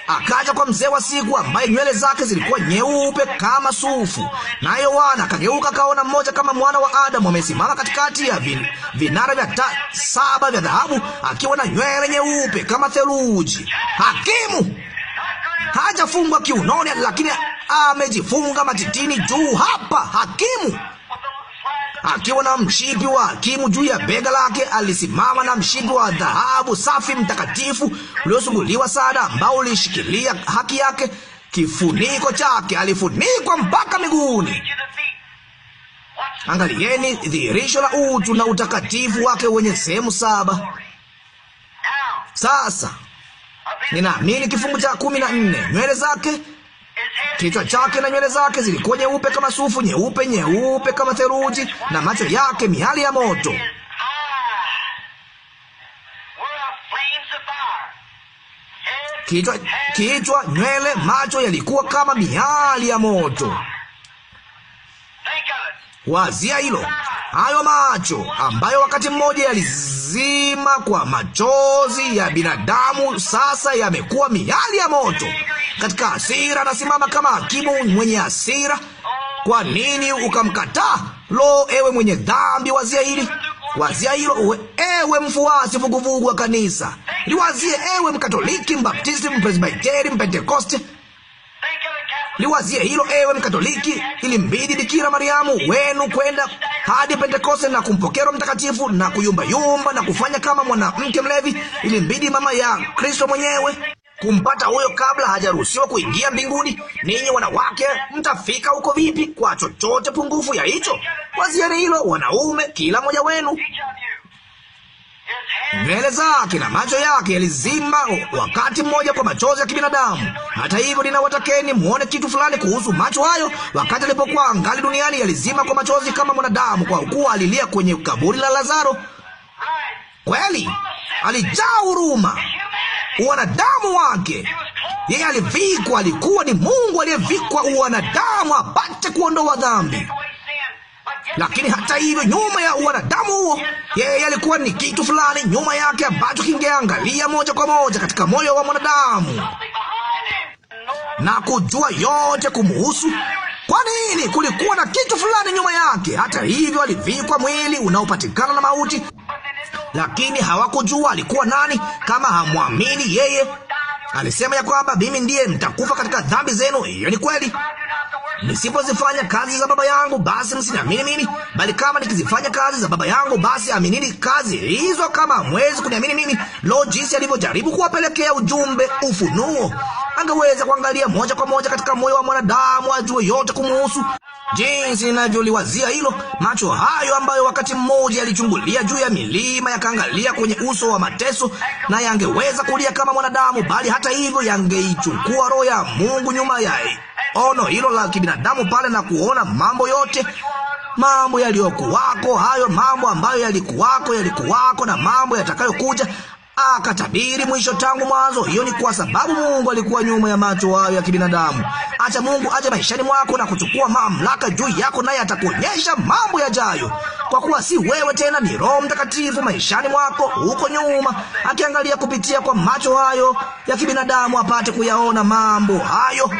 Speaker 1: Akaja ah, kwa mzee wa siku ambaye nywele zake zilikuwa nyeupe kama sufu, na Yohana akageuka akaona mmoja kama mwana wa Adamu amesimama katikati ya vin, vinara vya ta, saba vya dhahabu akiwa na nywele nyeupe kama theluji. Hakimu hajafungwa kiunoni, lakini amejifunga matitini juu hapa. Hakimu akiwa na mshipi wa hakimu juu ya bega lake. Alisimama na mshipi wa dhahabu safi mtakatifu uliosuguliwa sana, ambao ulishikilia haki yake. Kifuniko chake, alifunikwa mpaka miguuni. Angalieni dhihirisho la utu na utakatifu wake wenye sehemu saba. Sasa ninaamini kifungu cha kumi na nne nywele zake Kichwa chake na nywele zake zilikuwa nyeupe kama sufu, nyeupe nyeupe kama theluji, na macho yake miali ya moto. Kichwa, kichwa, nywele, macho yalikuwa kama miali ya moto. Wazia hilo, hayo macho ambayo wakati mmoja yaliz kuzima kwa machozi ya binadamu sasa yamekuwa miali ya moto. Katika hasira anasimama kama hakimu mwenye hasira. Kwa nini ukamkataa? Lo, ewe mwenye dhambi, wazia hili, wazia hilo. Ewe mfuasi vuguvugu wa kanisa, liwazie. Ewe Mkatoliki, Mbaptisti, Mpresbiteri, Mpentekoste Liwazie hilo ewe Mkatoliki. Ilimbidi Bikira Mariamu wenu kwenda hadi Pentekoste na kumpokea Roho Mtakatifu na kuyumbayumba na kufanya kama mwanamke mlevi. Ilimbidi mama ya Kristo mwenyewe kumpata huyo kabla hajaruhusiwa kuingia mbinguni. Ninyi wanawake mtafika huko vipi kwa chochote pungufu ya hicho? Wazieni hilo wanaume, kila mmoja wenu mbele zake na macho yake yalizima wakati mmoja kwa machozi ya kibinadamu. Hata hivyo, ninawatakeni muone kitu fulani kuhusu macho hayo. Wakati alipokuwa angali duniani, yalizima kwa machozi kama mwanadamu, kwa kuwa alilia kwenye kaburi la Lazaro. Kweli alijaa huruma uwanadamu wake. Yeye alivikwa, alikuwa ni Mungu aliyevikwa uwanadamu apate kuondoa dhambi. Lakini hata hivyo, nyuma ya wanadamu huo, yeye alikuwa ni kitu fulani nyuma yake ambacho kingeangalia moja kwa moja katika moyo wa mwanadamu na kujua yote kumuhusu. Kwa nini? Kulikuwa na kitu fulani nyuma yake. Hata hivyo, alivikwa mwili unaopatikana na mauti, lakini hawakujua alikuwa nani. Kama hamwamini yeye, alisema ya kwamba mimi ndiye mtakufa katika dhambi zenu. Hiyo ni kweli nisipozifanya kazi za Baba yangu, basi msiniamini mimi, bali kama nikizifanya kazi za Baba yangu, basi aminini kazi hizo. Kama hamwezi kuniamini mimi, lo, jinsi alivyojaribu kuwapelekea ujumbe ufunuo! Angeweza kuangalia moja kwa moja katika moyo wa mwanadamu, ajue yote kumuhusu. Jinsi ninavyoliwazia hilo, macho hayo ambayo wakati mmoja yalichungulia juu ya milima, yakaangalia kwenye uso wa mateso, na yangeweza kulia kama mwanadamu, bali hata hivyo yangeichukua roho ya Mungu nyuma yake ono oh, hilo la kibinadamu pale na kuona mambo yote mambo yaliyokuwako, hayo mambo ambayo yalikuwako, yalikuwako na mambo yatakayokuja. Akatabiri mwisho tangu mwanzo. Hiyo ni kwa sababu Mungu alikuwa nyuma ya macho hayo ya kibinadamu. Acha Mungu aje maishani mwako na kuchukua mamlaka juu yako, naye atakuonyesha mambo yajayo, kwa kuwa si wewe tena, ni Roho Mtakatifu maishani mwako huko nyuma, akiangalia kupitia kwa macho hayo ya kibinadamu apate kuyaona mambo hayo.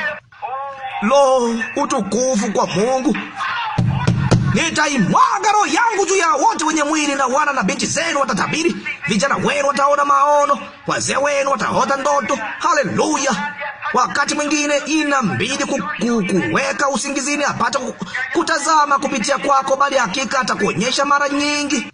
Speaker 1: Lo, utukufu kwa Mungu! Nitaimwaga roho yangu juu ya wote wenye mwili, na wana na binti zenu watatabiri, vijana wenu wataona maono, wazee wenu wataota ndoto. Haleluya! Wakati mwingine inambidi kukuweka usingizini apate kutazama kupitia kwako, bali hakika atakuonyesha mara nyingi.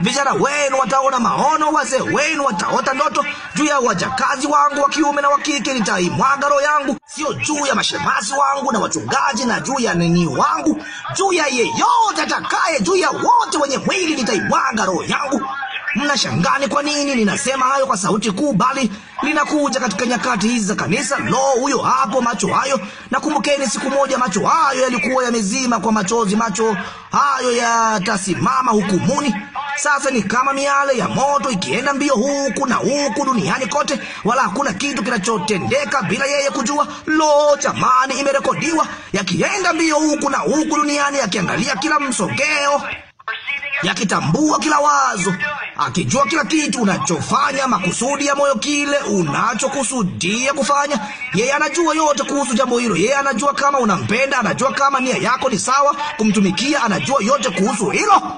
Speaker 1: Vijana wenu wataona maono, wazee wenu wataota ndoto. Juu ya wajakazi wangu wa kiume na wa kike nitaimwaga roho yangu, sio juu ya mashemasi wangu na wachungaji na juu ya nini wangu, juu ya yeyote atakaye, juu ya wote wenye mwili nitaimwaga roho yangu. Mnashangaa ni kwa nini ninasema hayo kwa sauti kuu, bali linakuja katika nyakati hizi za kanisa. Lo, huyo hapo, macho hayo. Nakumbukeni siku moja macho hayo yalikuwa yamezima kwa machozi. Macho hayo yatasimama hukumuni. Sasa ni kama miale ya moto ikienda mbio huku na huku duniani kote, wala hakuna kitu kinachotendeka bila yeye kujua. Lo, jamani, imerekodiwa yakienda mbio huku na huku duniani, yakiangalia kila msogeo yakitambua kila wazo, akijua kila kitu unachofanya, makusudi ya moyo, kile unachokusudia kufanya. Yeye anajua yote kuhusu jambo hilo. Yeye anajua kama unampenda, anajua kama nia yako ni sawa kumtumikia, anajua yote kuhusu hilo.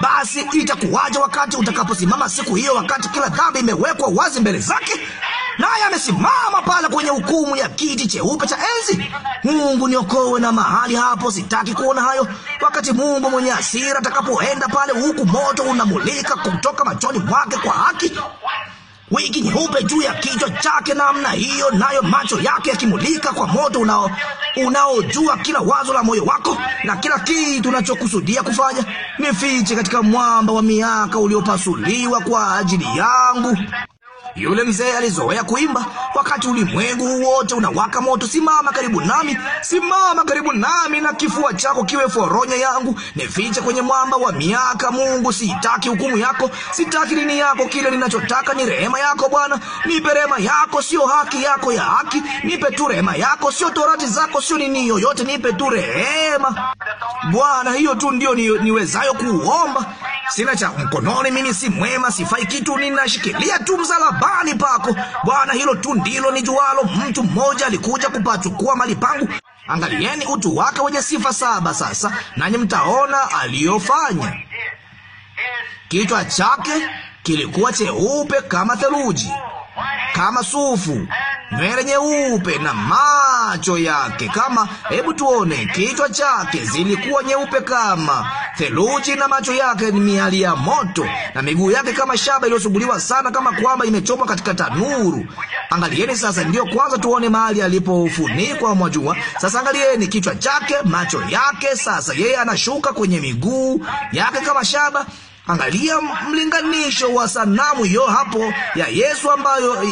Speaker 1: Basi itakuwaje wakati utakaposimama siku hiyo, wakati kila dhambi imewekwa wazi mbele zake? naye amesimama pale kwenye hukumu ya kiti cheupe cha enzi. Mungu niokoe na mahali hapo, sitaki kuona hayo. Wakati Mungu mwenye hasira atakapoenda pale, huku moto unamulika kutoka machoni mwake kwa haki wigi nyeupe juu ya kichwa chake namna hiyo, nayo macho yake yakimulika kwa moto unao unaojua kila wazo la moyo wako na kila kitu unachokusudia kufanya. Nifiche katika mwamba wa miaka uliopasuliwa kwa ajili yangu. Yule mzee alizoea kuimba, wakati ulimwengu wote unawaka moto, simama karibu nami, simama karibu nami, na kifua chako kiwe foronya yangu, nifiche kwenye mwamba wa miaka. Mungu, sitaki hukumu yako, sitaki dini yako. Kile ninachotaka ni rehema yako Bwana, nipe rehema yako, sio haki yako ya haki, nipe tu rehema yako, sio torati zako, sio nini yoyote, nipe tu rehema Bwana. Hiyo tu ndio ni, niwezayo kuomba. Sina cha mkononi, mimi si mwema, sifai kitu, ninashikilia tu msalaba nyumbani pako. Bwana, hilo tu ndilo jualo. Mtu mmoja alikuja kupachukua mali pangu. Angalieni utu wake wenye sifa saba sasa, nanyi mtaona aliyofanya. Kichwa chake kilikuwa cheupe kama theluji, kama sufu, nywele nyeupe na macho yake kama, hebu tuone, kichwa chake zilikuwa nyeupe kama theluji na macho yake ni miali ya moto, na miguu yake kama shaba iliyosuguliwa sana, kama kwamba imechomwa katika tanuru. Angalieni sasa, ndiyo kwanza tuone mahali alipofunikwa, mwajua. Sasa angalieni kichwa chake, macho yake. Sasa yeye anashuka kwenye miguu yake kama shaba Angalia mlinganisho wa sanamu hiyo hapo ya Yesu ambayo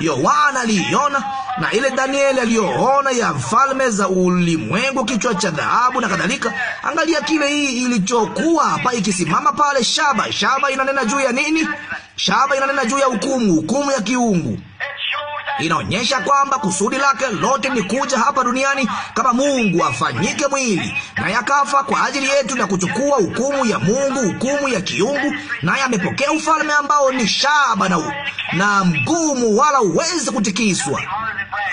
Speaker 1: Yohana aliiona na ile Danieli aliyoona ya falme za ulimwengu, kichwa cha dhahabu na kadhalika. Angalia kile hii ilichokuwa hapa ikisimama pale. Shaba, shaba inanena juu ya nini? Shaba inanena juu ya hukumu, hukumu ya kiungu. Inaonyesha kwamba kusudi lake lote ni kuja hapa duniani kama Mungu afanyike mwili, naye akafa kwa ajili yetu na kuchukua hukumu ya Mungu, hukumu ya kiungu, naye amepokea ufalme ambao ni shaba na, na mgumu wala huwezi kutikiswa.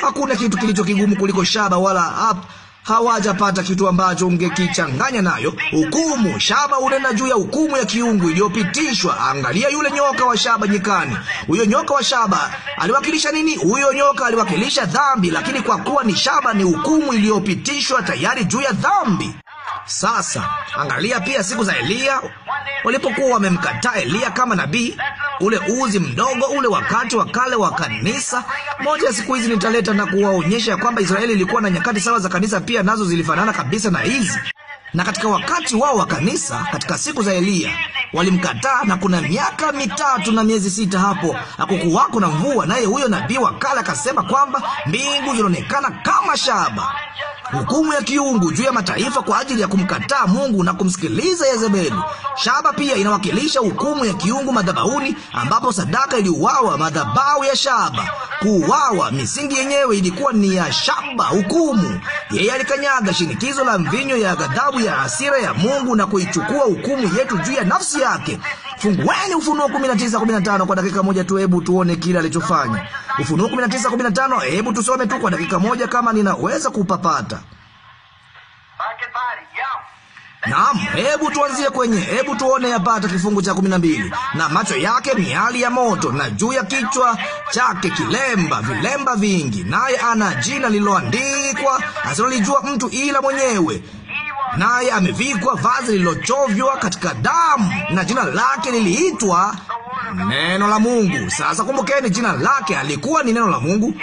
Speaker 1: Hakuna kitu kilicho kigumu kuliko shaba wala hapa hawajapata kitu ambacho ungekichanganya nayo. Hukumu shaba unena juu ya hukumu ya kiungu iliyopitishwa. Angalia yule nyoka wa shaba nyikani. Huyo nyoka wa shaba aliwakilisha nini? Huyo nyoka aliwakilisha dhambi, lakini kwa kuwa ni shaba, ni hukumu iliyopitishwa tayari juu ya dhambi. Sasa angalia pia siku za Eliya walipokuwa wamemkataa Eliya kama nabii, ule uzi mdogo ule wakati wa kale wa kanisa. Moja ya siku hizi nitaleta na kuwaonyesha ya kwamba Israeli ilikuwa na nyakati sawa za kanisa, pia nazo zilifanana kabisa na hizi na katika wakati wao wa kanisa, katika siku za Eliya, Walimkataa, na kuna miaka mitatu na miezi sita hapo hakukuwako na mvua, naye huyo nabii wakala akasema kwamba mbingu ilionekana kama shaba. Hukumu ya kiungu juu ya mataifa kwa ajili ya kumkataa Mungu na kumsikiliza Yezebeli. Shaba pia inawakilisha hukumu ya kiungu madhabahuni, ambapo sadaka iliuawa, madhabahu ya shaba kuuawa. Misingi yenyewe ilikuwa ni ya shaba, hukumu. Yeye alikanyaga shinikizo la mvinyo ya ghadhabu ya hasira ya Mungu na kuichukua hukumu yetu juu ya nafsi nafsi yake. Fungueni Ufunuo 19:15 kwa dakika moja tu, hebu tuone kile alichofanya. Ufunuo 19:15, hebu tusome tu kwa dakika moja kama ninaweza kupapata. Naam, hebu tuanzie kwenye, hebu tuone yapata kifungu cha kumi na mbili. Na macho yake miali ya moto, na juu ya kichwa chake kilemba, vilemba vingi, naye ana jina lililoandikwa asilolijua mtu ila mwenyewe, naye amevikwa vazi lilochovywa katika damu, na jina lake liliitwa neno la Mungu. Sasa kumbukeni, jina lake alikuwa ni neno la Mungu,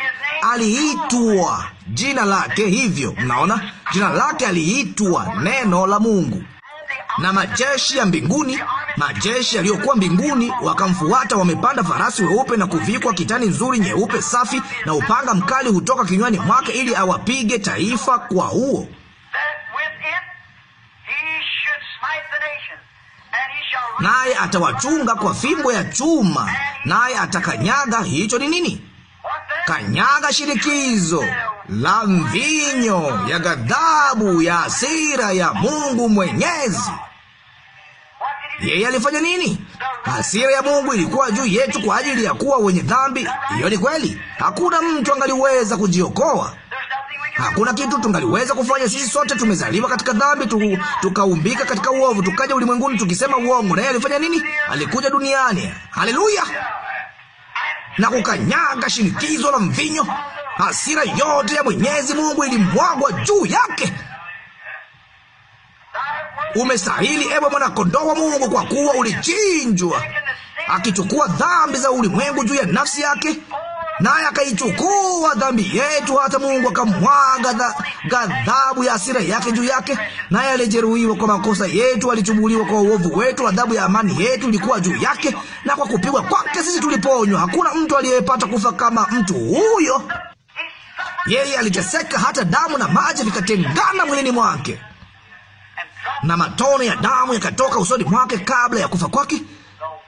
Speaker 1: aliitwa jina lake hivyo. Mnaona, jina lake aliitwa neno la Mungu, na majeshi ya mbinguni, majeshi yaliyokuwa mbinguni wakamfuata, wamepanda farasi weupe na kuvikwa kitani nzuri nyeupe safi, na upanga mkali hutoka kinywani mwake, ili awapige taifa kwa huo naye atawachunga kwa fimbo ya chuma, naye atakanyaga. Hicho ni nini? Kanyaga shirikizo la mvinyo ya ghadhabu ya hasira ya Mungu Mwenyezi. Yeye alifanya nini? Hasira ya Mungu ilikuwa juu yetu kwa ajili ya kuwa wenye dhambi. Hiyo ni kweli, hakuna mtu angaliweza kujiokoa. Hakuna kitu tungaliweza kufanya. Sisi sote tumezaliwa katika dhambi tu, tukaumbika katika uovu, tukaja ulimwenguni tukisema uongo. Naye alifanya nini? Alikuja duniani, haleluya, na kukanyaga shinikizo la mvinyo. Hasira yote ya Mwenyezi Mungu ilimwagwa juu yake. Umestahili, ewe kondoo wa Mungu, kwa kuwa ulichinjwa, akichukua dhambi za ulimwengu juu ya nafsi yake naye akaichukua dhambi yetu, hata Mungu akamwaga ghadhabu ya asira yake juu yake. Naye alijeruhiwa kwa makosa yetu, alichubuliwa kwa uovu wetu, adhabu ya amani yetu ilikuwa juu yake, na kwa kupigwa kwake sisi tuliponywa. Hakuna mtu aliyepata kufa kama mtu huyo. Yeye aliteseka hata damu na maji vikatengana mwilini mwake, na matone ya damu yakatoka usoni mwake kabla ya kufa kwake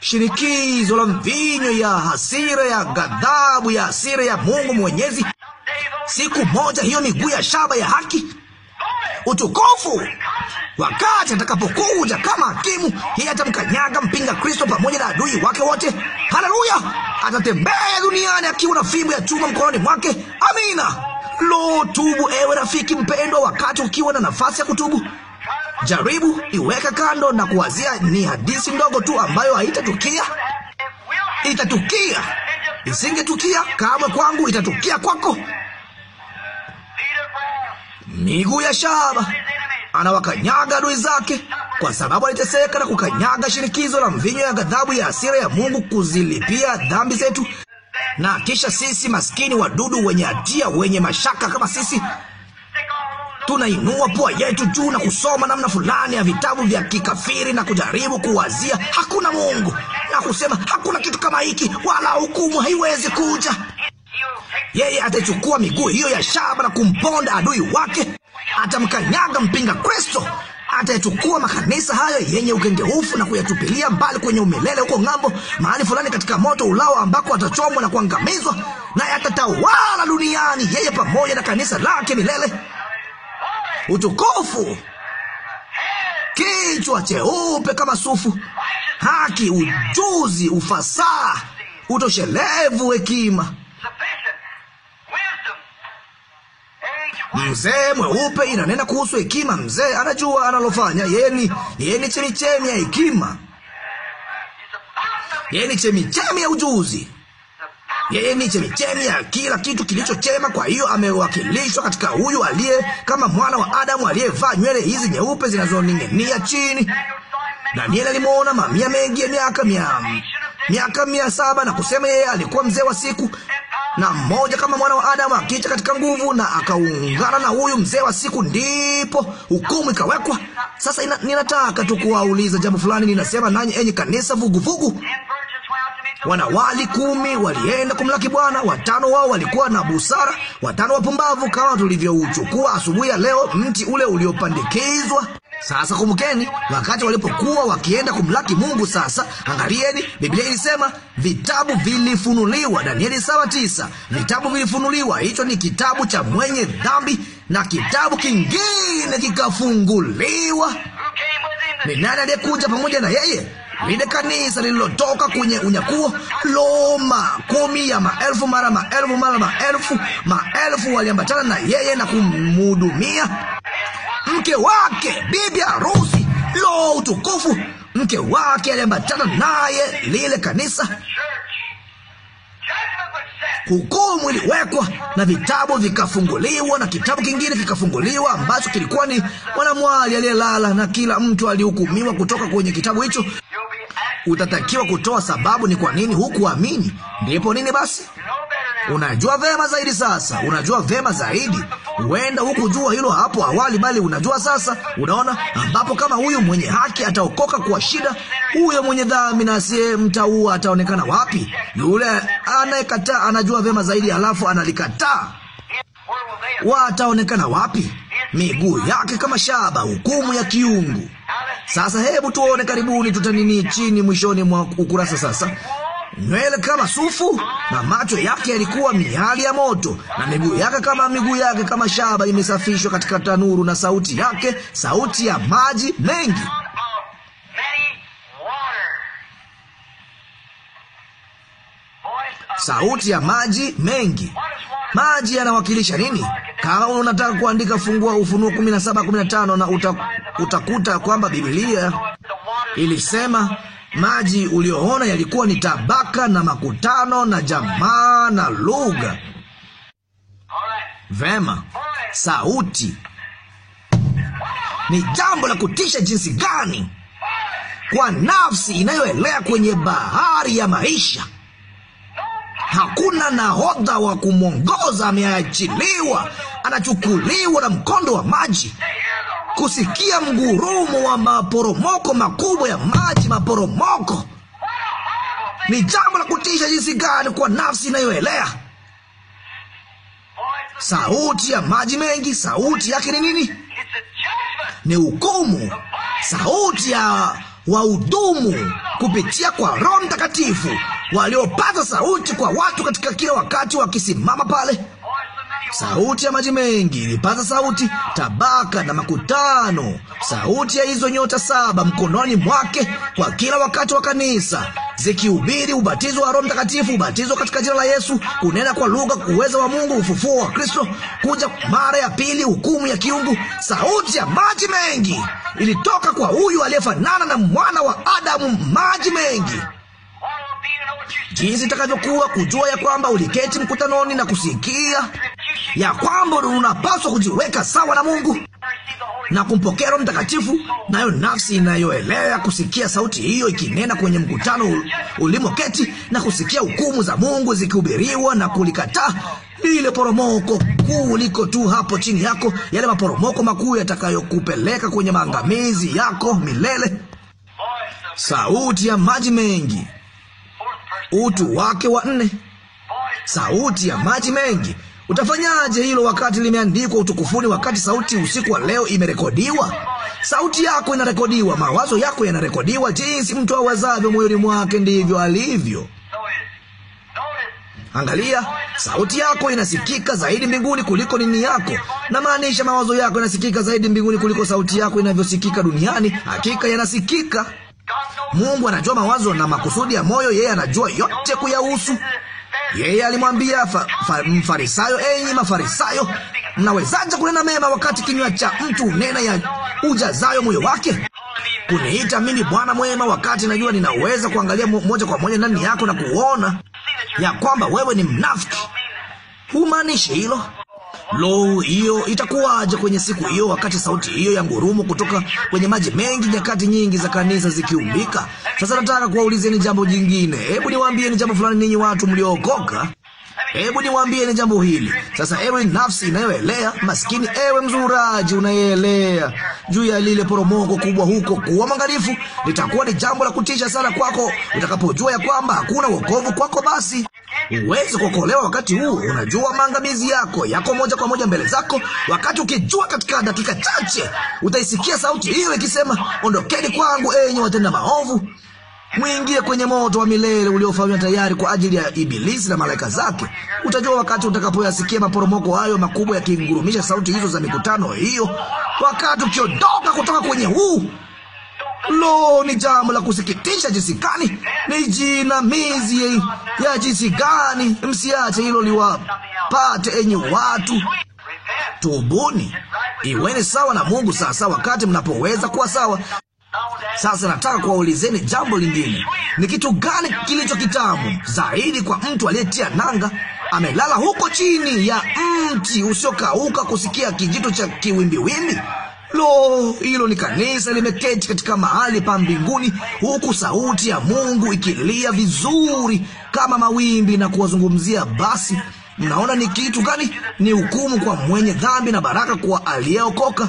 Speaker 1: shinikizo la mvinyo ya hasira ya ghadhabu ya hasira ya Mungu Mwenyezi. Siku moja hiyo miguu ya shaba ya haki, utukufu, wakati atakapokuja kama hakimu, yeye atamkanyaga mpinga Kristo pamoja na adui wake wote. Haleluya! Atatembea duniani akiwa na fimbo ya chuma mkononi mwake. Amina. Lo, tubu ewe rafiki mpendwa, wakati ukiwa na nafasi ya kutubu. Jaribu iweka kando na kuwazia, ni hadithi ndogo tu ambayo haitatukia. Itatukia, isingetukia kamwe kwangu, itatukia kwako. Miguu ya shaba anawakanyaga adui zake, kwa sababu aliteseka na kukanyaga shinikizo la mvinyo ya ghadhabu ya hasira ya Mungu kuzilipia dhambi zetu, na kisha sisi maskini, wadudu wenye hatia, wenye mashaka kama sisi tunainua pua yetu juu na kusoma namna fulani ya vitabu vya kikafiri na kujaribu kuwazia hakuna Mungu na kusema hakuna kitu kama hiki, wala hukumu haiwezi kuja. Yeye atachukua miguu hiyo ya shaba na kumponda adui wake, atamkanyaga mpinga Kristo. atayechukua makanisa hayo yenye ukengeufu na kuyatupilia mbali kwenye umilele huko ng'ambo, mahali fulani katika moto ulao, ambako atachomwa na kuangamizwa, naye atatawala duniani, yeye pamoja na kanisa lake milele utukufu, kichwa cheupe kama sufu, haki, ujuzi, ufasaha, utoshelevu, hekima Mzee mweupe inanena kuhusu hekima. Mzee anajua analofanya. yeni yeni chemichemi ya hekima, yeni chemichemi ya ujuzi. Yeye ni chemichemi ya kila kitu kilicho chema. Kwa hiyo amewakilishwa katika huyu aliye kama mwana wa Adamu aliyevaa nywele hizi nyeupe zinazoning'inia chini. Danieli alimwona mamia mengi ya miaka mia miaka mia saba na kusema yeye alikuwa mzee wa siku na mmoja kama mwana wa Adamu akija katika nguvu na akaungana na huyu mzee wa siku, ndipo hukumu ikawekwa. Sasa ina, ninataka tu kuwauliza jambo fulani. Ninasema nanyi enyi kanisa vuguvugu vugu wanawali kumi walienda kumlaki Bwana. Watano wao walikuwa na busara, watano wapumbavu, kama tulivyouchukua asubuhi ya leo, mti ule uliopandikizwa. Sasa kumbukeni, wakati walipokuwa wakienda kumlaki Mungu. Sasa angalieni, Biblia ilisema vitabu vilifunuliwa, Danieli saba tisa. Vitabu vilifunuliwa, hicho ni kitabu cha mwenye dhambi na kitabu kingine kikafunguliwa. Ni nani aliyekuja pamoja na yeye? lile kanisa lililotoka kwenye unyakuo. Lo, makumi ya maelfu mara maelfu mara maelfu maelfu waliambatana na yeye na kumhudumia, mke wake, bibi harusi. Lo, utukufu! Mke wake aliambatana naye, lile kanisa hukumu iliwekwa na vitabu vikafunguliwa, na kitabu kingine kikafunguliwa ambacho kilikuwa ni mwanamwali aliyelala, na kila mtu alihukumiwa kutoka kwenye kitabu hicho. Utatakiwa kutoa sababu ni kwa nini hukuamini. Ndipo nini basi? Unajua vema zaidi sasa, unajua vema zaidi. Huenda hukujua hilo hapo awali, bali unajua sasa. Unaona, ambapo kama huyu mwenye haki ataokoka kwa shida, huyo mwenye dhambi na asiye mtaua ataonekana wapi? Yule anayekataa anajua vema zaidi, halafu analikataa wataonekana wapi? Miguu yake kama shaba, hukumu ya kiungu. Sasa hebu tuone, karibuni, tutanini chini mwishoni mwa ukurasa sasa nywele kama sufu, na macho yake yalikuwa miali ya moto, na miguu yake kama miguu yake kama shaba imesafishwa katika tanuru, na sauti yake sauti ya maji mengi. Sauti ya maji mengi. Maji yanawakilisha nini? Kama unataka kuandika, fungua Ufunuo 17:15 na utakuta kwamba Biblia ilisema Maji ulioona yalikuwa ni tabaka na makutano na jamaa na lugha. Vema, sauti ni jambo la kutisha jinsi gani kwa nafsi inayoelea kwenye bahari ya maisha. Hakuna nahodha wa kumwongoza, ameachiliwa, anachukuliwa na mkondo wa maji kusikia mgurumo wa maporomoko makubwa ya maji. Maporomoko ni jambo la kutisha jinsi gani kwa nafsi inayoelea. Sauti ya maji mengi, sauti yake ni nini? Ni hukumu, sauti ya wahudumu kupitia kwa Roho Mtakatifu waliopata sauti kwa watu katika kila wakati, wakisimama pale sauti ya maji mengi ilipaza sauti, tabaka na makutano, sauti ya hizo nyota saba mkononi mwake kwa kila wakati wa kanisa, zikihubiri ubatizo wa Roho Mtakatifu, ubatizo katika jina la Yesu, kunena kwa lugha, uweza wa Mungu, ufufuo wa Kristo, kuja mara ya pili, hukumu ya kiungu. Sauti ya maji mengi ilitoka kwa huyu aliyefanana na mwana wa Adamu, maji mengi jinsi itakavyokuwa kujua ya kwamba uliketi mkutanoni na kusikia ya kwamba unapaswa kujiweka sawa na Mungu na kumpokea Roho Mtakatifu, nayo nafsi inayoelewa kusikia sauti hiyo ikinena kwenye mkutano ulimoketi na kusikia hukumu za Mungu zikihubiriwa na kulikataa lile poromoko kuu liko tu hapo chini yako, yale maporomoko makuu yatakayokupeleka kwenye maangamizi yako milele. Sauti ya maji mengi utu wake wa nne, sauti ya maji mengi. Utafanyaje hilo wakati limeandikwa utukufuni, wakati sauti usiku wa leo imerekodiwa? Sauti yako inarekodiwa, mawazo yako yanarekodiwa. Jinsi mtu awazavyo moyoni mwake ndivyo alivyo. Angalia, sauti yako inasikika zaidi mbinguni kuliko nini yako. Na maanisha mawazo yako yanasikika zaidi mbinguni kuliko sauti yako inavyosikika duniani. Hakika yanasikika Mungu anajua mawazo na makusudi ya moyo, yeye anajua yote kuyahusu. Yeye alimwambia Mfarisayo, enyi Mafarisayo, mnawezaje kunena mema wakati kinywa cha mtu unena ya ujazayo moyo wake? Kuniita mimi bwana mwema, wakati najua ninaweza kuangalia moja kwa moja ndani yako na kuona ya kwamba wewe ni mnafiki. Humaanishi hilo. Lo, hiyo itakuwaje kwenye siku hiyo, wakati sauti hiyo ya ngurumo kutoka kwenye maji mengi, nyakati nyingi za kanisa zikiumbika? Sasa nataka kuwaulizeni jambo jingine. Hebu ni jambo fulani, ninyi watu mliokoka Hebu ni jambo hili sasa. Ewe nafsi inayoelea maskini, ewe mzuraji unayeelea juu ya lile poromoko kubwa huko, kuwa mwangalifu. Litakuwa ni jambo la kutisha sana kwako utakapojua ya kwamba hakuna wokovu kwako. Basi huwezi kuokolewa wakati huu. Unajua maangamizi yako yako moja kwa moja mbele zako, wakati ukijua katika dakika chache utaisikia sauti hiyo ikisema, ondokeni kwangu enyi watenda maovu mwingie kwenye moto wa milele uliofanywa tayari kwa ajili ya Ibilisi na malaika zake. Utajua wakati utakapoyasikia maporomoko hayo makubwa yakingurumisha sauti hizo za mikutano hiyo, wakati ukiondoka kutoka kwenye huu Lo, ni jambo la kusikitisha jinsi gani! Ni jinamizi ya jinsi gani! Msiache hilo liwapate, enyi watu, tubuni, iweni sawa na Mungu sasa, wakati mnapoweza kuwa sawa. Sasa nataka kuwaulizeni jambo lingine: ni kitu gani kilicho kitamu zaidi kwa mtu aliyetia nanga amelala huko chini ya mti usiokauka kusikia kijito cha kiwimbiwimbi? Lo, hilo ni kanisa limeketi katika mahali pa mbinguni, huku sauti ya Mungu ikilia vizuri kama mawimbi na kuwazungumzia. Basi mnaona ni kitu gani? Ni hukumu kwa mwenye dhambi na baraka kwa aliyeokoka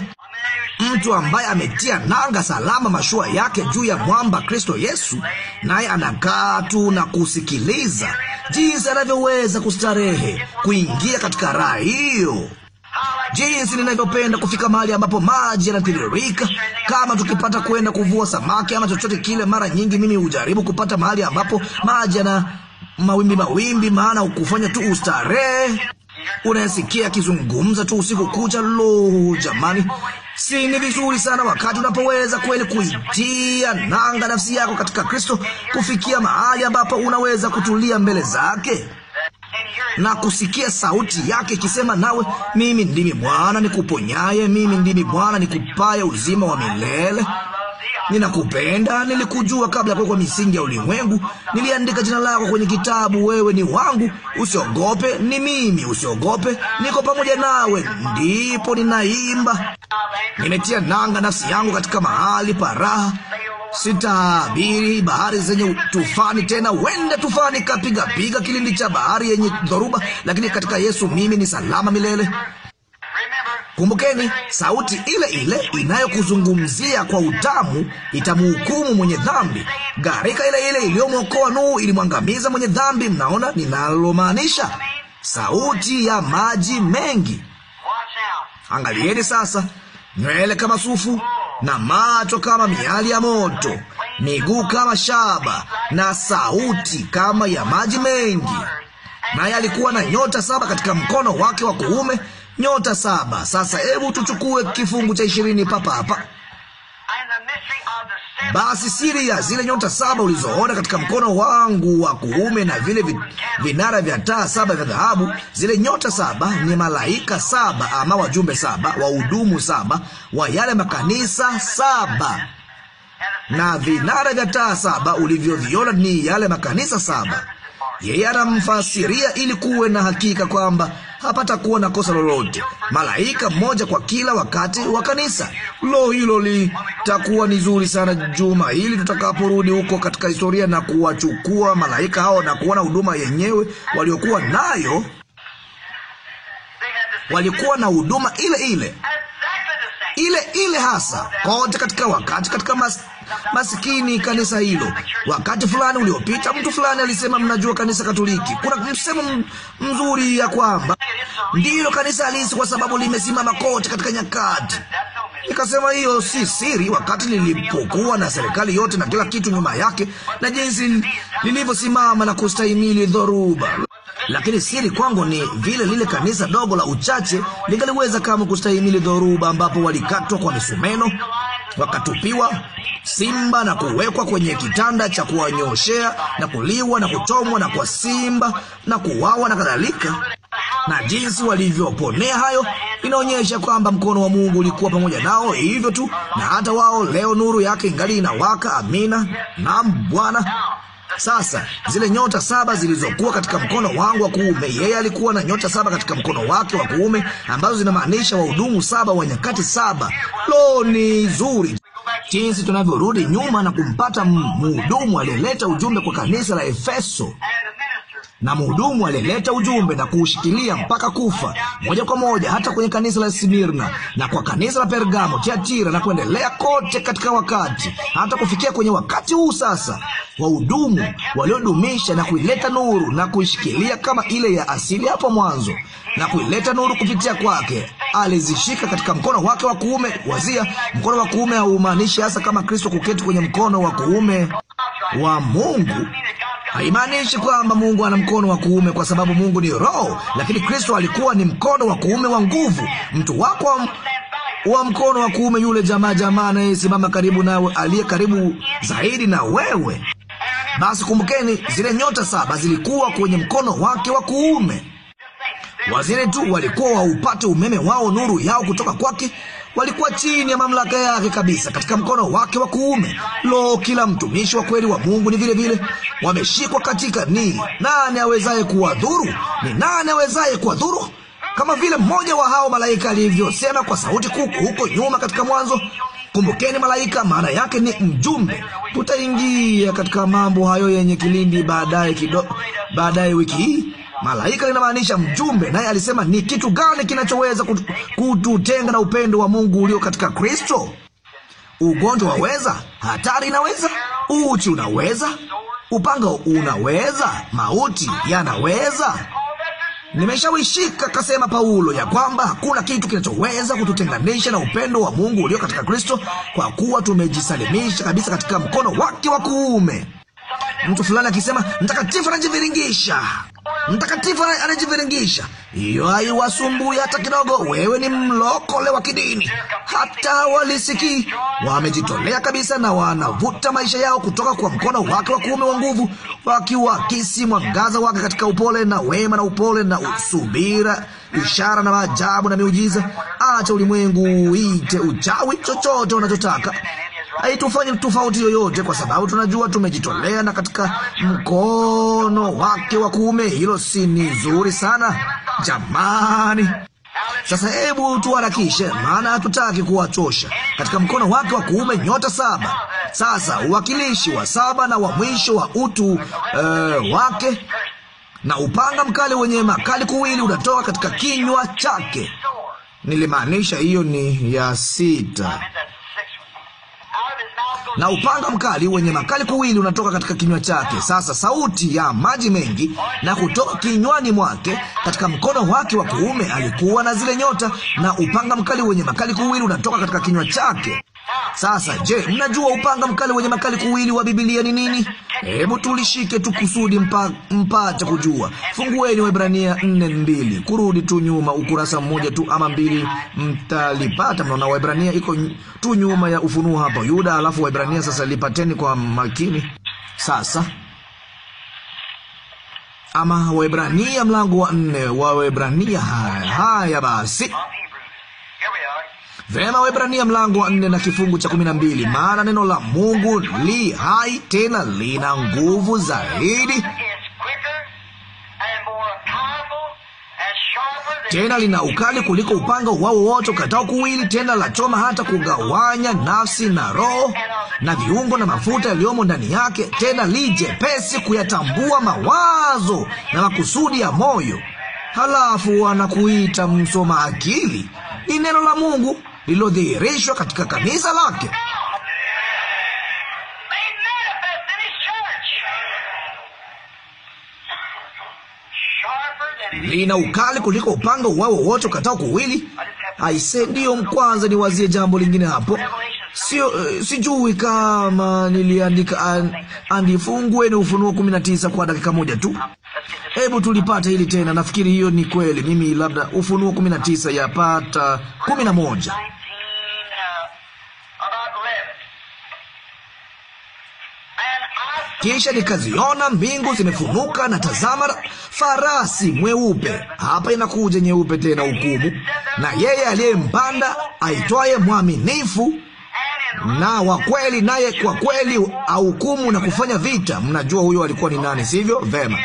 Speaker 1: mtu ambaye ametia nanga salama mashua yake juu ya mwamba Kristo Yesu, naye anakaa tu na kusikiliza jinsi anavyoweza kustarehe kuingia katika raha hiyo. Jinsi ninavyopenda kufika mahali ambapo maji yanatiririka. Kama tukipata kwenda kuvua samaki ama chochote kile, mara nyingi mimi hujaribu kupata mahali ambapo maji yana mawimbi mawimbi, maana ukufanya tu ustarehe unayesikia akizungumza tu usiku kucha. Lo, jamani, si ni vizuri sana wakati unapoweza kweli kuitia nanga nafsi yako katika Kristo, kufikia mahali ambapo unaweza kutulia mbele zake na kusikia sauti yake ikisema nawe, mimi ndimi Bwana nikuponyaye, mimi ndimi Bwana nikupaye uzima wa milele. Ninakupenda, nilikujua kabla ya kuwekwa misingi ya ulimwengu, niliandika jina lako kwenye kitabu. Wewe ni wangu, usiogope. Ni mimi, usiogope, niko pamoja nawe. Ndipo ninaimba, nimetia nanga nafsi yangu katika mahali pa raha. Sitaabiri bahari zenye tufani tena, wende tufani kapigapiga kilindi cha bahari yenye dhoruba, lakini katika Yesu mimi ni salama milele. Kumbukeni, sauti ile ile inayokuzungumzia kwa utamu itamhukumu mwenye dhambi. Gharika ile ile iliyomwokoa Nuhu ilimwangamiza mwenye dhambi. Mnaona ninalomaanisha? Sauti ya maji mengi. Angalieni sasa, nywele kama sufu na macho kama miali ya moto, miguu kama shaba na sauti kama ya maji mengi. Naye alikuwa na nyota saba katika mkono wake wa kuume nyota saba. Sasa hebu tuchukue kifungu cha ishirini papa hapa. Basi siri ya zile nyota saba ulizoona katika mkono wangu wa kuume na vile vinara vya taa saba vya dhahabu, zile nyota saba ni malaika saba ama wajumbe saba, wahudumu saba wa yale makanisa saba, na vinara vya taa saba ulivyoviona ni yale makanisa saba. Yeye anamfasiria ili kuwe na hakika kwamba hapata na kosa lolote, malaika mmoja kwa kila wakati wa kanisa. Lo, hilo litakuwa ni zuri sana juma hili tutakaporudi huko katika historia na kuwachukua malaika hao na kuona huduma yenyewe waliokuwa nayo. Walikuwa na huduma ile ile ile ile hasa kote katika wakati, katika mas Masikini kanisa hilo. Wakati fulani uliopita, mtu fulani alisema, mnajua kanisa Katoliki kuna msemo mzuri ya kwamba ndilo kanisa halisi kwa sababu limesimama kote katika nyakati. Nikasema hiyo si siri, wakati lilipokuwa na serikali yote na kila kitu nyuma yake na jinsi lilivyosimama na kustahimili dhoruba. Lakini siri kwangu ni vile lile kanisa dogo la uchache lingaliweza kama kustahimili dhoruba, ambapo walikatwa kwa misumeno wakatupiwa simba na kuwekwa kwenye kitanda cha kuwanyoshea na kuliwa na kuchomwa na kwa simba na kuwawa na kadhalika. Na jinsi walivyoponea hayo inaonyesha kwamba mkono wa Mungu ulikuwa pamoja nao, hivyo tu. Na hata wao leo nuru yake ingali inawaka. Amina. Naam Bwana. Sasa zile nyota saba zilizokuwa katika mkono wangu wa kuume, yeye alikuwa na nyota saba katika mkono wake wa kuume, ambazo zinamaanisha wahudumu saba wa nyakati saba. Lo, ni zuri jinsi tunavyorudi nyuma na kumpata mhudumu aliyeleta ujumbe kwa kanisa la Efeso na mhudumu alileta ujumbe na kuushikilia mpaka kufa, moja kwa moja hata kwenye kanisa la Smirna na kwa kanisa la Pergamo, Tiatira na kuendelea kote katika wakati, hata kufikia kwenye wakati huu sasa. Wahudumu waliodumisha na kuileta nuru na kuishikilia kama ile ya asili hapo mwanzo na kuileta nuru kupitia kwake. Alizishika katika mkono wake wa kuume. Wazia, mkono wa kuume haumaanishi hasa kama Kristo kuketi kwenye mkono wa kuume wa Mungu, haimaanishi kwamba Mungu ana mkono wa kuume, kwa sababu Mungu ni Roho, lakini Kristo alikuwa ni mkono wa kuume wa nguvu. Mtu wako wa mkono wa kuume, yule jamaa jamaa anayesimama karibu nawe, aliye karibu zaidi na wewe. Basi kumbukeni, zile nyota saba zilikuwa kwenye mkono wake wa kuume. Wazee tu walikuwa waupate umeme wao, nuru yao kutoka kwake walikuwa chini ya mamlaka yake kabisa, katika mkono wake wa kuume. Lo, kila mtumishi wa kweli wa Mungu ni vile vile wameshikwa katika. Ni nani awezaye kuwadhuru? Ni nani awezaye kuwadhuru? Kama vile mmoja wa hao malaika alivyosema kwa sauti kuku huko nyuma katika Mwanzo. Kumbukeni, malaika maana yake ni mjumbe. Tutaingia katika mambo hayo yenye kilindi baadaye kidogo, baadaye wiki hii. Malaika linamaanisha mjumbe, naye alisema ni kitu gani kinachoweza kututenga na upendo wa Mungu ulio katika Kristo? Ugonjwa waweza, hatari inaweza, uchi unaweza, upanga unaweza, mauti yanaweza. Nimeshawishika, kasema Paulo, ya kwamba hakuna kitu kinachoweza kututenganisha na upendo wa Mungu ulio katika Kristo, kwa kuwa tumejisalimisha kabisa katika mkono wake wa kuume. Mtu fulani akisema mtakatifu anajiviringisha Mtakatifu anajiviringisha. Hiyo haiwasumbui hata kidogo. Wewe ni mlokole wa kidini, hata walisikii. Wamejitolea kabisa, na wanavuta maisha yao kutoka kwa mkono wake wa kuume wa nguvu, wakiwakisi mwangaza wake katika upole na wema na upole na usubira ishara na maajabu na miujiza. Acha ulimwengu uite uchawi chochote unachotaka haitufanyi tofauti yoyote, kwa sababu tunajua tumejitolea, na katika mkono wake wa kuume. Hilo si ni zuri sana jamani? Sasa hebu tuharakishe, maana hatutaki kuwachosha. Katika mkono wake wa kuume nyota saba. Sasa uwakilishi wa saba na wa mwisho wa utu uh, wake na upanga mkali wenye makali kuwili unatoka katika kinywa chake. Nilimaanisha hiyo ni ya sita na upanga mkali wenye makali kuwili unatoka katika kinywa chake. Sasa sauti ya maji mengi na kutoka kinywani mwake, katika mkono wake wa kuume alikuwa na zile nyota, na upanga mkali wenye makali kuwili unatoka katika kinywa chake. Sasa je, mnajua upanga mkali wenye makali kuwili wa Biblia ni nini? Hebu tulishike tukusudi mpa, mpate kujua. Fungueni Waebrania 4:2. Kurudi tu nyuma ukurasa mmoja tu ama mbili mtalipata. Mnaona Waebrania iko tu nyuma ya Ufunuo hapo. Yuda alafu Waebrania sasa lipateni kwa makini. Sasa ama Waebrania mlango wa nne wa Waebrania haya, haya basi Vema, Waebrania mlango wa nne na kifungu cha kumi na mbili maana neno la Mungu li hai tena lina nguvu zaidi tena lina ukali kuliko upanga wao wote ukatao kuwili, tena la choma hata kugawanya nafsi na roho na viungo na mafuta yaliyomo ndani yake, tena li jepesi kuyatambua mawazo na makusudi ya moyo. Halafu anakuita msoma akili. Ni neno la Mungu lililodhihirishwa katika kanisa lake. Lina ukali kuliko upanga wao wote ukatao kuwili. Aise, ndiyo, kwanza niwazie jambo lingine hapo. Sio, eh, sijui kama niliandika an, andifungueni Ufunuo tisa kwa dakika moja tu. Hebu tulipata hili tena. Nafikiri hiyo ni kweli. Mimi labda Ufunuo tisa yapata moja Kisha nikaziona mbingu zimefunuka, na tazama, farasi mweupe. Hapa inakuja nyeupe tena, hukumu. Na yeye aliyempanda aitwaye mwaminifu na wa kweli, naye kwa kweli ahukumu na kufanya vita. Mnajua huyo alikuwa ni nani, sivyo? Vema.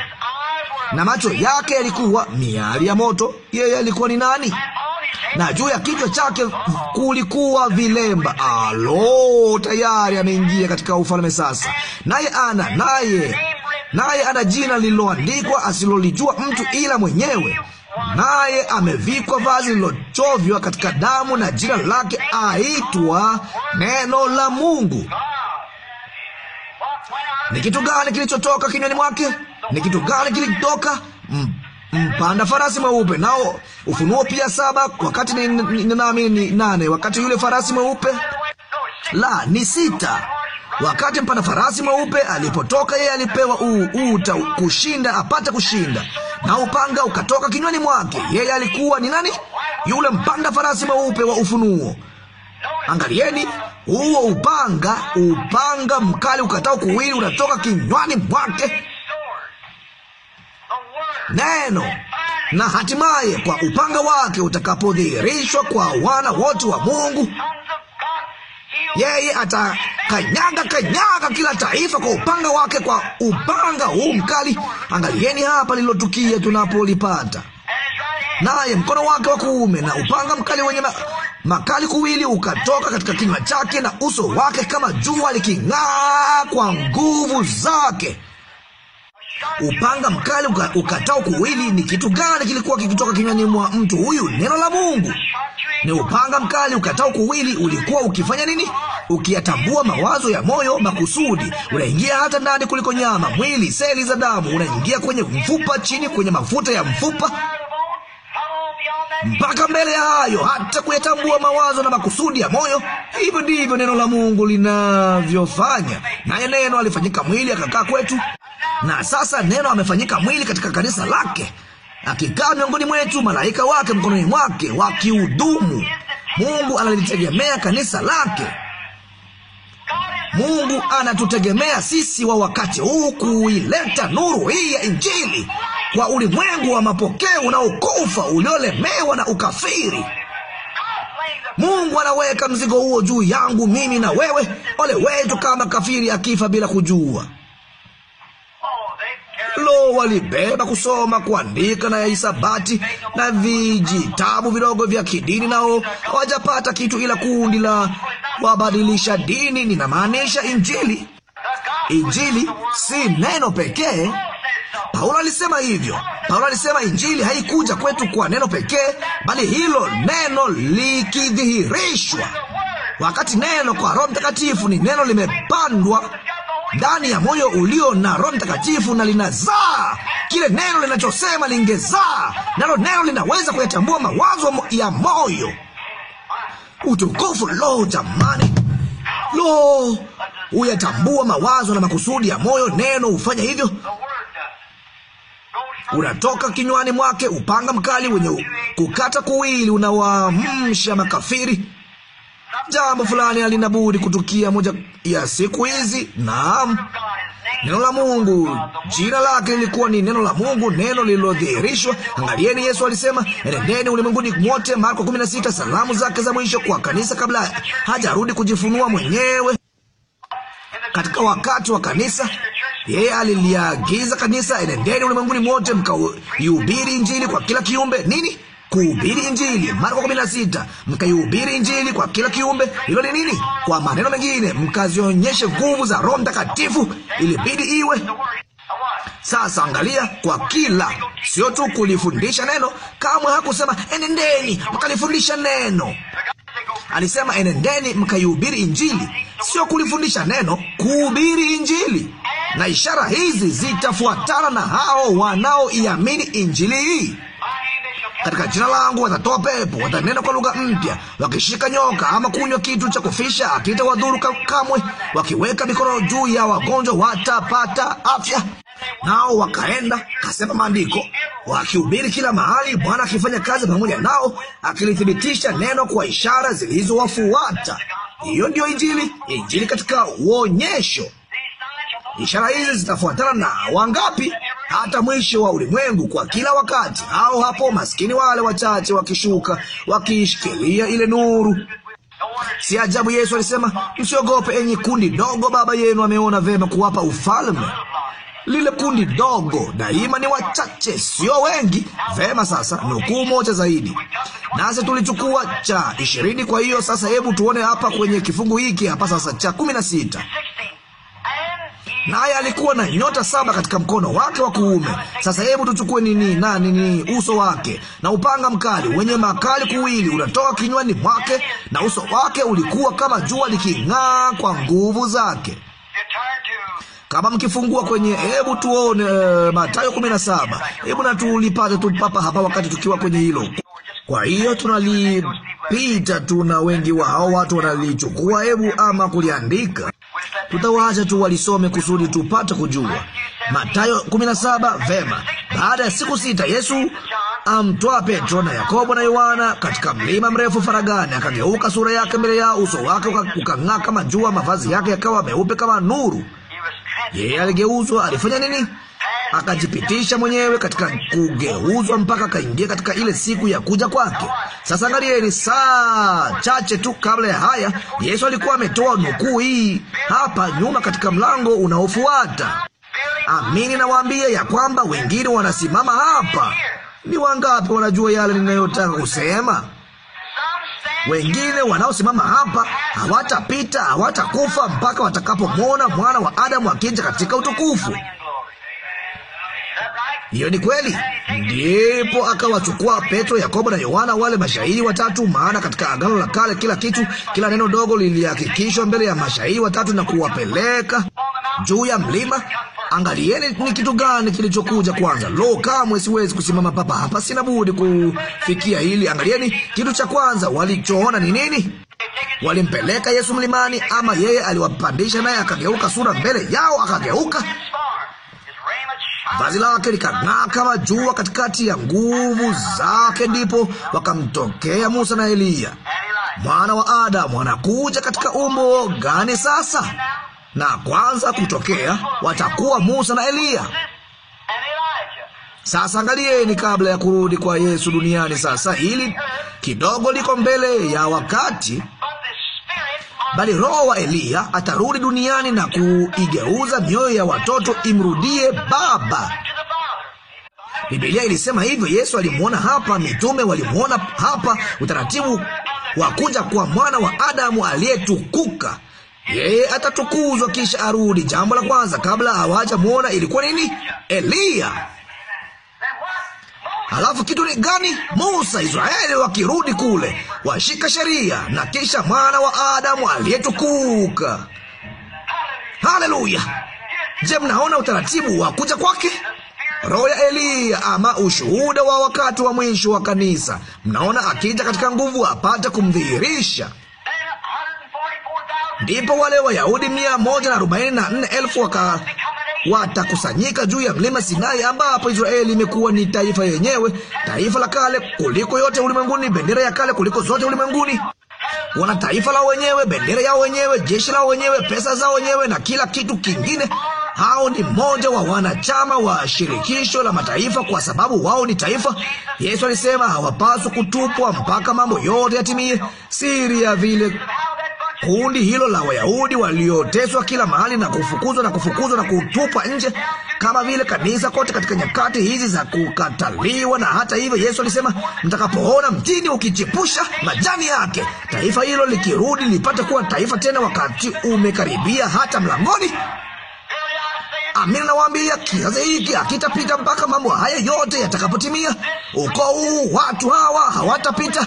Speaker 1: Na macho yake yalikuwa miali ya moto. Yeye alikuwa ni nani? Na juu ya kichwa chake kulikuwa vilemba. Alo, tayari ameingia katika ufalme sasa. Naye ana naye naye ana jina lililoandikwa asilolijua mtu ila mwenyewe naye amevikwa vazi lilochovywa katika damu, na jina lake aitwa neno la Mungu. Ni kitu gani kilichotoka kinywani mwake? Ni kitu gani kilitoka mpanda farasi mweupe? Nao Ufunuo pia saba, wakati nami ni nane, wakati yule farasi mweupe la ni sita Wakati mpanda farasi mweupe alipotoka, yeye alipewa uta kushinda apate kushinda, na upanga ukatoka kinywani mwake. Yeye alikuwa ni nani? Yule mpanda farasi mweupe wa ufunuo. Angalieni huo upanga, upanga mkali ukatao kuwili unatoka kinywani mwake neno na hatimaye kwa upanga wake utakapodhihirishwa kwa wana wote wa Mungu, yeye atakanyaga kanyaga kila taifa kwa upanga wake, kwa upanga huu mkali. Angalieni hapa lilotukia tunapolipata naye mkono wake wa kuume na upanga mkali wenye ma, makali kuwili ukatoka katika kinywa chake, na uso wake kama jua liking'aa kwa nguvu zake upanga mkali ukatao kuwili. Ni kitu gani kilikuwa kikitoka kinywani mwa mtu huyu? Neno la Mungu ni upanga mkali ukatao kuwili. Ulikuwa ukifanya nini? Ukiyatambua mawazo ya moyo, makusudi. Unaingia hata ndani kuliko nyama, mwili, seli za damu. Unaingia kwenye mfupa, chini kwenye mafuta ya mfupa mpaka mbele ya hayo, hata kuyatambua mawazo na makusudi ya moyo. Hivyo ndivyo neno la Mungu linavyofanya. Naye neno alifanyika mwili akakaa kwetu, na sasa neno amefanyika mwili katika kanisa lake, akikaa miongoni mwetu, malaika wake mkononi mwake wakihudumu. Mungu analitegemea kanisa lake. Mungu anatutegemea sisi wa wakati huu kuileta nuru hii ya Injili wa ulimwengu wa mapokeo unaokufa uliolemewa na ukafiri. Mungu anaweka mzigo huo juu yangu mimi na wewe. Ole wetu kama kafiri akifa bila kujua. Lo, walibeba kusoma, kuandika na hisabati na vijitabu vidogo vya kidini, nao hawajapata kitu ila kundi la wabadilisha dini. Ninamaanisha Injili. Injili si neno pekee Paulo alisema hivyo. Paulo alisema injili haikuja kwetu kwa neno pekee, bali hilo neno likidhihirishwa. Wakati neno kwa Roho Mtakatifu ni neno limepandwa ndani ya moyo ulio na Roho Mtakatifu na linazaa kile neno linachosema lingezaa, nalo neno linaweza kuyatambua mawazo ya moyo. Utukufu! Lo, jamani, lo, huyatambua mawazo na makusudi ya moyo. Neno hufanya hivyo unatoka kinywani mwake, upanga mkali wenye kukata kuwili, unawaamsha makafiri. Jambo fulani alinabudi kutukia moja ya siku hizi. Naam, neno la Mungu, jina lake lilikuwa ni neno la Mungu, neno lililodhihirishwa. Angalieni, Yesu alisema, enendeni ulimwenguni mwote, Marko 16, salamu zake za mwisho kwa kanisa kabla hajarudi kujifunua mwenyewe katika wakati wa kanisa. Yeye aliliagiza kanisa, enendeni ulimwenguni mote mkaihubiri Injili kwa kila kiumbe. Nini? kuhubiri Injili. Marko 16, mkaihubiri Injili kwa kila kiumbe. Hilo ni nini? Kwa maneno mengine, mkazionyeshe nguvu za Roho Mtakatifu, ilibidi iwe sasa angalia, kwa kila, sio tu kulifundisha neno. Kamwe hakusema enendeni mkalifundisha neno. Alisema, enendeni mkaihubiri Injili, sio kulifundisha neno, kuhubiri Injili, na ishara hizi zitafuatana na hao wanaoiamini Injili hii katika jina langu watatoa pepo, watanena kwa lugha mpya, wakishika nyoka ama kunywa kitu cha kufisha wadhuru kamwe, wakiweka mikono juu ya wagonjwa watapata afya. Nao wakaenda kasema maandiko, wakihubiri kila mahali, Bwana akifanya kazi pamoja nao, akilithibitisha neno kwa ishara zilizowafuata. Hiyo ndiyo Injili, Injili katika uonyesho. Ishara hizi zitafuatana na wangapi? Hata mwisho wa ulimwengu, kwa kila wakati. Hao hapo maskini wale wachache wakishuka, wakiishikilia ile nuru. Si ajabu Yesu alisema, msiogope enyi kundi dogo, baba yenu ameona vema kuwapa ufalme lile kundi dogo daima ni wachache, sio wengi. Vema, sasa nukuu moja zaidi, nasi tulichukua cha ishirini. Kwa hiyo sasa, hebu tuone hapa kwenye kifungu hiki hapa sasa cha kumi na sita naye alikuwa na nyota saba katika mkono wake wa kuume. Sasa hebu tuchukue nini na nini, uso wake na upanga mkali wenye makali kuwili unatoka kinywani mwake, na uso wake ulikuwa kama jua liking'aa kwa nguvu zake. Kama mkifungua kwenye, hebu tuone eh, Mathayo saba. Hebu na tulipate tu papa hapa wakati tukiwa kwenye hilo. Kwa hiyo tunalipita, tuna wengi wa hao watu wanalichukua, hebu ama kuliandika, tutawaacha tu walisome kusudi tupate kujua. Mathayo 17. Vema, baada ya siku sita Yesu amtoa Petro na Yakobo na Yohana katika mlima mrefu faragani. Akageuka sura yake mbele yao, uso wake ukang'aa kama jua, mavazi yake yakawa meupe kama nuru. Yeye aligeuzwa, alifanya nini? Akajipitisha mwenyewe katika kugeuzwa mpaka akaingia katika ile siku ya kuja kwake. Sasa angalieni, saa chache tu kabla ya haya, Yesu alikuwa ametoa nukuu hii hapa nyuma katika mlango unaofuata. Amini nawaambia ya kwamba wengine wanasimama hapa. Ni wangapi wanajua yale ninayotaka kusema? Wengine wanaosimama hapa hawatapita, hawatakufa mpaka watakapomwona mwana wa Adamu akija katika utukufu. Hiyo ni kweli. Ndipo akawachukua Petro, Yakobo na Yohana, wale mashahidi watatu, maana katika Agano la Kale kila kitu, kila neno dogo lilihakikishwa mbele ya mashahidi watatu na kuwapeleka juu ya mlima. Angalieni ni kitu gani kilichokuja kwanza. Lo, kamwe siwezi kusimama papa hapa, sina budi kufikia hili. Angalieni kitu cha kwanza walichoona ni nini? Walimpeleka Yesu mlimani, ama yeye aliwapandisha, naye akageuka sura mbele yao, akageuka vazi lake likang'aa kama jua katikati ya nguvu zake. Ndipo wakamtokea Musa na Eliya. Mwana wa Adamu anakuja katika umbo gani sasa? Na kwanza kutokea watakuwa Musa na Eliya. Sasa angalieni, kabla ya kurudi kwa Yesu duniani sasa, hili kidogo liko mbele ya wakati bali roho wa Eliya atarudi duniani na kuigeuza mioyo ya watoto imrudie Baba. Biblia ilisema hivyo. Yesu alimwona hapa, mitume walimwona hapa, utaratibu wa kuja kwa mwana wa Adamu aliyetukuka. Yeye atatukuzwa kisha arudi. Jambo la kwanza kabla hawaja ilikuwa nini? Eliya. Halafu kitu ni gani? Musa, Israeli wakirudi kule, washika sheria na kisha mwana wa Adamu aliyetukuka. Haleluya! Je, mnaona utaratibu wa kuja kwake? Roho ya Eliya ama ushuhuda wa wakati wa mwisho wa kanisa. Mnaona akija katika nguvu apate kumdhihirisha. Ndipo wale Wayahudi mia moja na arobaini na nne elfu waka watakusanyika juu ya mlima Sinai, ambapo Israeli imekuwa ni taifa yenyewe, taifa la kale kuliko yote ulimwenguni, bendera ya kale kuliko zote ulimwenguni. Wana taifa lao wenyewe, bendera yao wenyewe, jeshi lao wenyewe, pesa zao wenyewe na kila kitu kingine. Hao ni mmoja wa wanachama wa shirikisho la mataifa, kwa sababu wao ni taifa. Yesu alisema hawapaswi kutupwa mpaka mambo yote yatimie. Siri ya vile kundi hilo la Wayahudi walioteswa kila mahali na kufukuzwa na kufukuzwa na kutupwa nje, kama vile kanisa kote katika nyakati hizi za kukataliwa. Na hata hivyo, Yesu alisema, mtakapoona mtini ukichipusha majani yake, taifa hilo likirudi lipate kuwa taifa tena, wakati umekaribia hata mlangoni. Amina, nawaambia kizazi hiki hakitapita mpaka mambo haya yote yatakapotimia. Ukoo huu, watu hawa hawatapita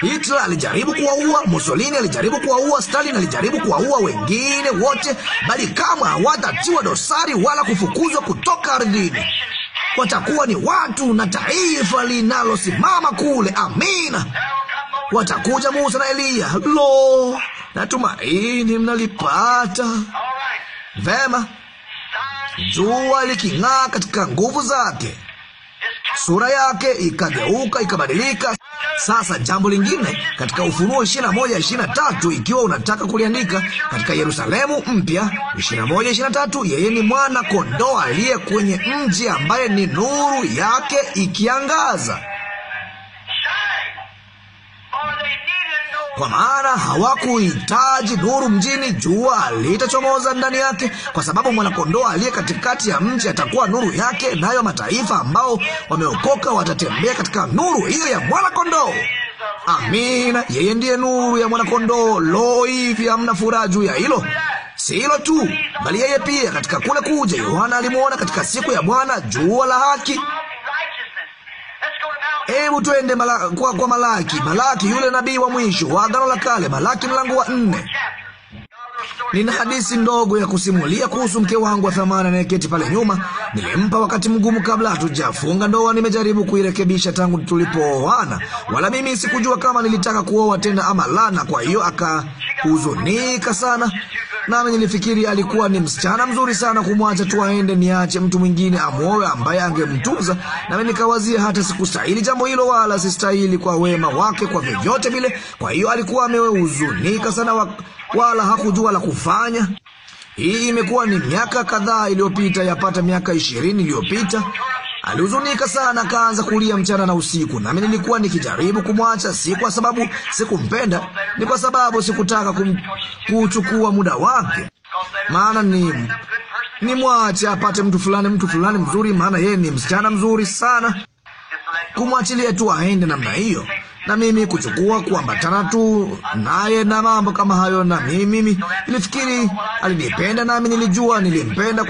Speaker 1: Hitler alijaribu kuwaua, Mussolini alijaribu kuwaua, Stalin alijaribu kuwaua wengine wote, bali kama hawatatiwa dosari wala kufukuzwa kutoka ardhini, watakuwa ni watu na taifa linalosimama kule. Amina. Watakuja Musa na Eliya. Lo, natumaini mnalipata vema. Jua liking'aa katika nguvu zake, sura yake ikageuka, ikabadilika. Sasa jambo lingine katika Ufunuo 21 23, ikiwa unataka kuliandika katika Yerusalemu mpya 21 yeye ni mwana kondoo aliye kwenye mji ambaye ni nuru yake ikiangaza kwa maana hawakuhitaji nuru mjini, jua litachomoza ndani yake, kwa sababu mwanakondoo aliye katikati ya mji atakuwa nuru yake, nayo mataifa ambao wameokoka watatembea katika nuru hiyo ya mwanakondoo. Amina. Yeye ndiye nuru ya mwanakondoo. Lo, hivi hamna furaha juu ya hilo! Si hilo tu, bali yeye pia katika kule kuja, Yohana alimwona katika siku ya Bwana, jua la haki. Hebu twende mala, kwa, kwa Malaki, Malaki yule nabii wa mwisho wa Agano la Kale, Malaki mlango wa nne. Nina hadithi ndogo ya kusimulia kuhusu mke wangu wa thamani anayeketi pale nyuma. Nilimpa wakati mgumu kabla hatujafunga ndoa. Nimejaribu kuirekebisha tangu tulipooana, wala mimi sikujua kama nilitaka kuoa tena ama na Kwa hiyo akahuzunika sana, nami nilifikiri alikuwa ni msichana mzuri sana kumwacha tu aende, niache mtu mwingine amwoe ambaye angemtunza. Nami nikawazia hata sikustahili jambo hilo, wala sistahili kwa wema wake kwa vyovyote vile. Kwa hiyo alikuwa amehuzunika sana wa wala hakujua la kufanya. Hii imekuwa ni miaka kadhaa iliyopita, yapata miaka ishirini iliyopita. Alihuzunika sana, akaanza kulia mchana na usiku, nami nilikuwa nikijaribu kumwacha, si kwa sababu sikumpenda, ni kwa sababu sikutaka kuchukua muda wake, maana ni ni mwache apate mtu fulani, mtu fulani mzuri, maana yeye ni msichana mzuri sana. Kumwachilia tu aende namna hiyo na mimi kuchukua kuambatana tu naye na mambo kama hayo. Na mimi mimi nilifikiri alinipenda, nami nilijua nilimpenda.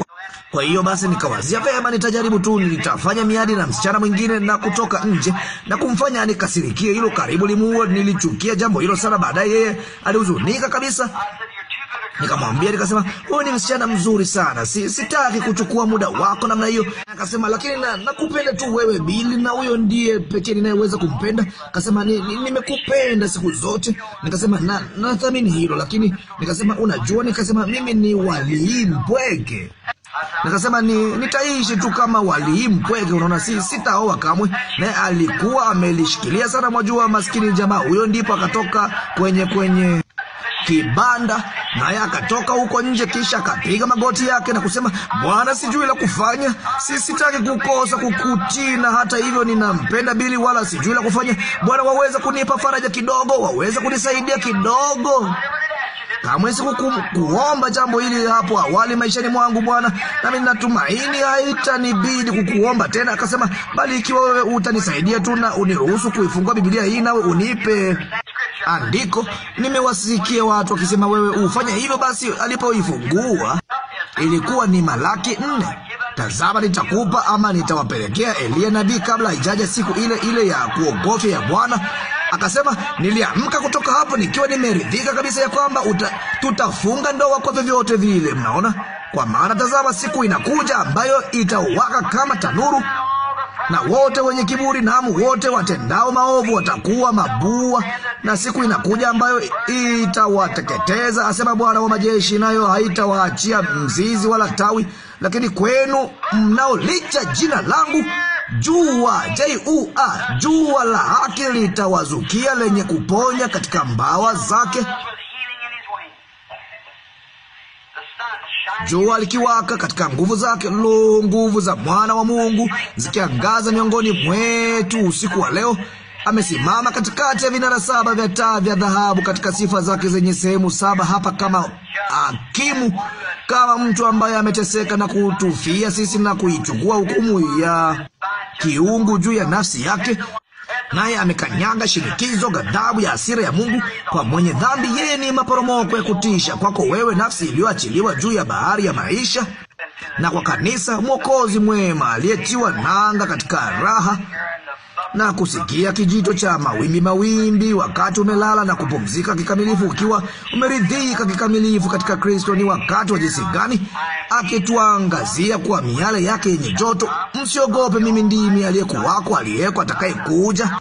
Speaker 1: Kwa hiyo basi nikawazia vema, nitajaribu tu, nitafanya miadi na msichana mwingine na kutoka nje na kumfanya anikasirikie. Hilo karibu limuua. Nilichukia jambo hilo sana. Baadaye yeye alihuzunika kabisa. Nikamwambia nikasema, wewe ni msichana mzuri sana, si sitaki kuchukua muda wako namna hiyo. Akasema, lakini na nakupenda tu wewe Bili, na huyo ndiye pekee ninayeweza kumpenda. Akasema, nimekupenda ni, ni siku zote. Nikasema, na nathamini hilo, lakini nikasema, unajua, nikasema mimi ni walii mpweke Nikasema ni nitaishi tu kama waliimpweke, unaona, si sitaoa kamwe. Naye alikuwa amelishikilia sana, mwajua, maskini jamaa huyo. Ndipo akatoka kwenye kwenye kibanda, naye akatoka huko nje, kisha akapiga magoti yake na kusema, Bwana, sijui la kufanya, sisitaki sitaki kukosa kukutii, na hata hivyo ninampenda Bili, wala sijui la kufanya. Bwana, waweza kunipa faraja kidogo? Waweza kunisaidia kidogo? hamwezi sikukuomba jambo hili hapo awali maishani mwangu, Bwana, nami ninatumaini haitanibidi kukuomba tena. Akasema, bali ikiwa wewe utanisaidia tu na uniruhusu kuifungua Biblia hii nawe unipe andiko. Nimewasikia watu wakisema wewe ufanye hivyo. Basi alipoifungua ilikuwa ni Malaki nne. Tazama, nitakupa ama nitawapelekea Eliya nabii kabla haijaja siku ile ile ya kuogofya ya Bwana. Akasema, niliamka kutoka hapo nikiwa nimeridhika kabisa ya kwamba tutafunga ndoa kwa vyovyote vile. Mnaona, kwa maana tazama, siku inakuja ambayo itawaka kama tanuru, na wote wenye kiburi namu wote watendao maovu watakuwa mabua, na siku inakuja ambayo itawateketeza, asema Bwana wa majeshi, nayo haitawaachia mzizi wala tawi lakini kwenu mnaolicha jina langu jua jua jua la haki litawazukia lenye kuponya katika mbawa zake. Jua likiwaka katika nguvu zake. Lo, nguvu za mwana wa Mungu zikiangaza miongoni mwetu usiku wa leo amesimama katikati ya vinara saba vya taa vya dhahabu katika sifa zake zenye sehemu saba hapa, kama hakimu, kama mtu ambaye ameteseka na kutufia sisi na kuichukua hukumu ya kiungu juu ya nafsi yake naye amekanyaga shinikizo, ghadhabu ya hasira ya Mungu. Kwa mwenye dhambi, yeye ni maporomoko ya kutisha. Kwako wewe, nafsi iliyoachiliwa juu ya bahari ya maisha, na kwa kanisa, mwokozi mwema aliyetiwa nanga katika raha na kusikia kijito cha mawimbi mawimbi, wakati umelala na kupumzika kikamilifu, ukiwa umeridhika kikamilifu katika Kristo. Ni wakati wa jinsi gani akituangazia kwa miale yake yenye joto. Msiogope, mimi ndimi aliyekuwako, aliyeko, atakayekuja.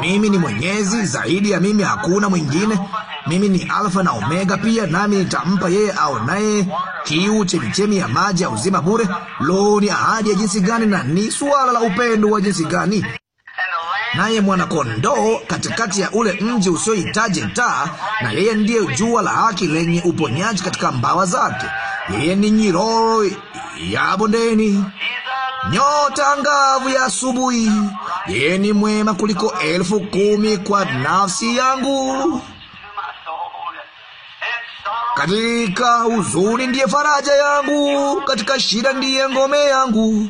Speaker 1: Mimi ni Mwenyezi, zaidi ya mimi hakuna mwingine. Mimi ni Alfa na Omega pia, nami nitampa yeye aonaye kiu chemichemi ya maji ya uzima bure. Lo, ni ahadi ya jinsi gani, na ni suala la upendo wa jinsi gani! naye mwana-kondoo katikati ya ule mji usiohitaji taa, na yeye ndiye jua la haki lenye uponyaji katika mbawa zake. Yeye ni nyiroro ya bondeni, nyota angavu ya asubuhi. Yeye ni mwema kuliko elfu kumi kwa nafsi yangu. Katika huzuni ndiye faraja yangu, katika shida ndiye ngome yangu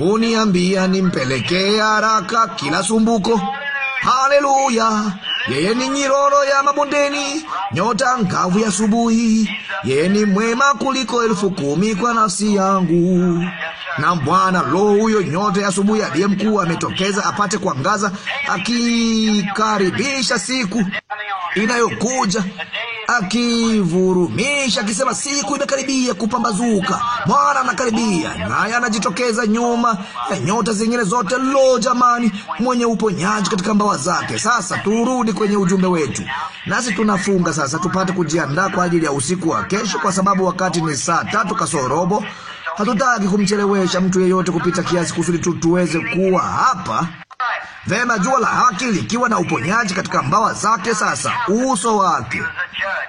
Speaker 1: uniambia nimpelekee haraka kila sumbuko. Haleluya! Yeye ni nyiroro ya mabondeni, nyota ngavu ya asubuhi. Yeye ni mwema kuliko elfu kumi kwa nafsi yangu. Na Bwana, lo, huyo nyota ya asubuhi aliye mkuu ametokeza apate kuangaza, akikaribisha siku inayokuja, akivurumisha akisema, siku imekaribia kupambazuka, Bwana anakaribia, naye anajitokeza nyuma ya nyota zingine zote. Lo, jamani, mwenye uponyaji katika mbawa zake. Sasa turudi kwenye ujumbe wetu, nasi tunafunga sasa, tupate kujiandaa kwa ajili ya usiku wa kesho, kwa sababu wakati ni saa tatu kasorobo. Hatutaki kumchelewesha mtu yeyote kupita kiasi, kusudi tu tuweze kuwa hapa Vema, jua la haki likiwa na uponyaji katika mbawa zake. Sasa uso wake,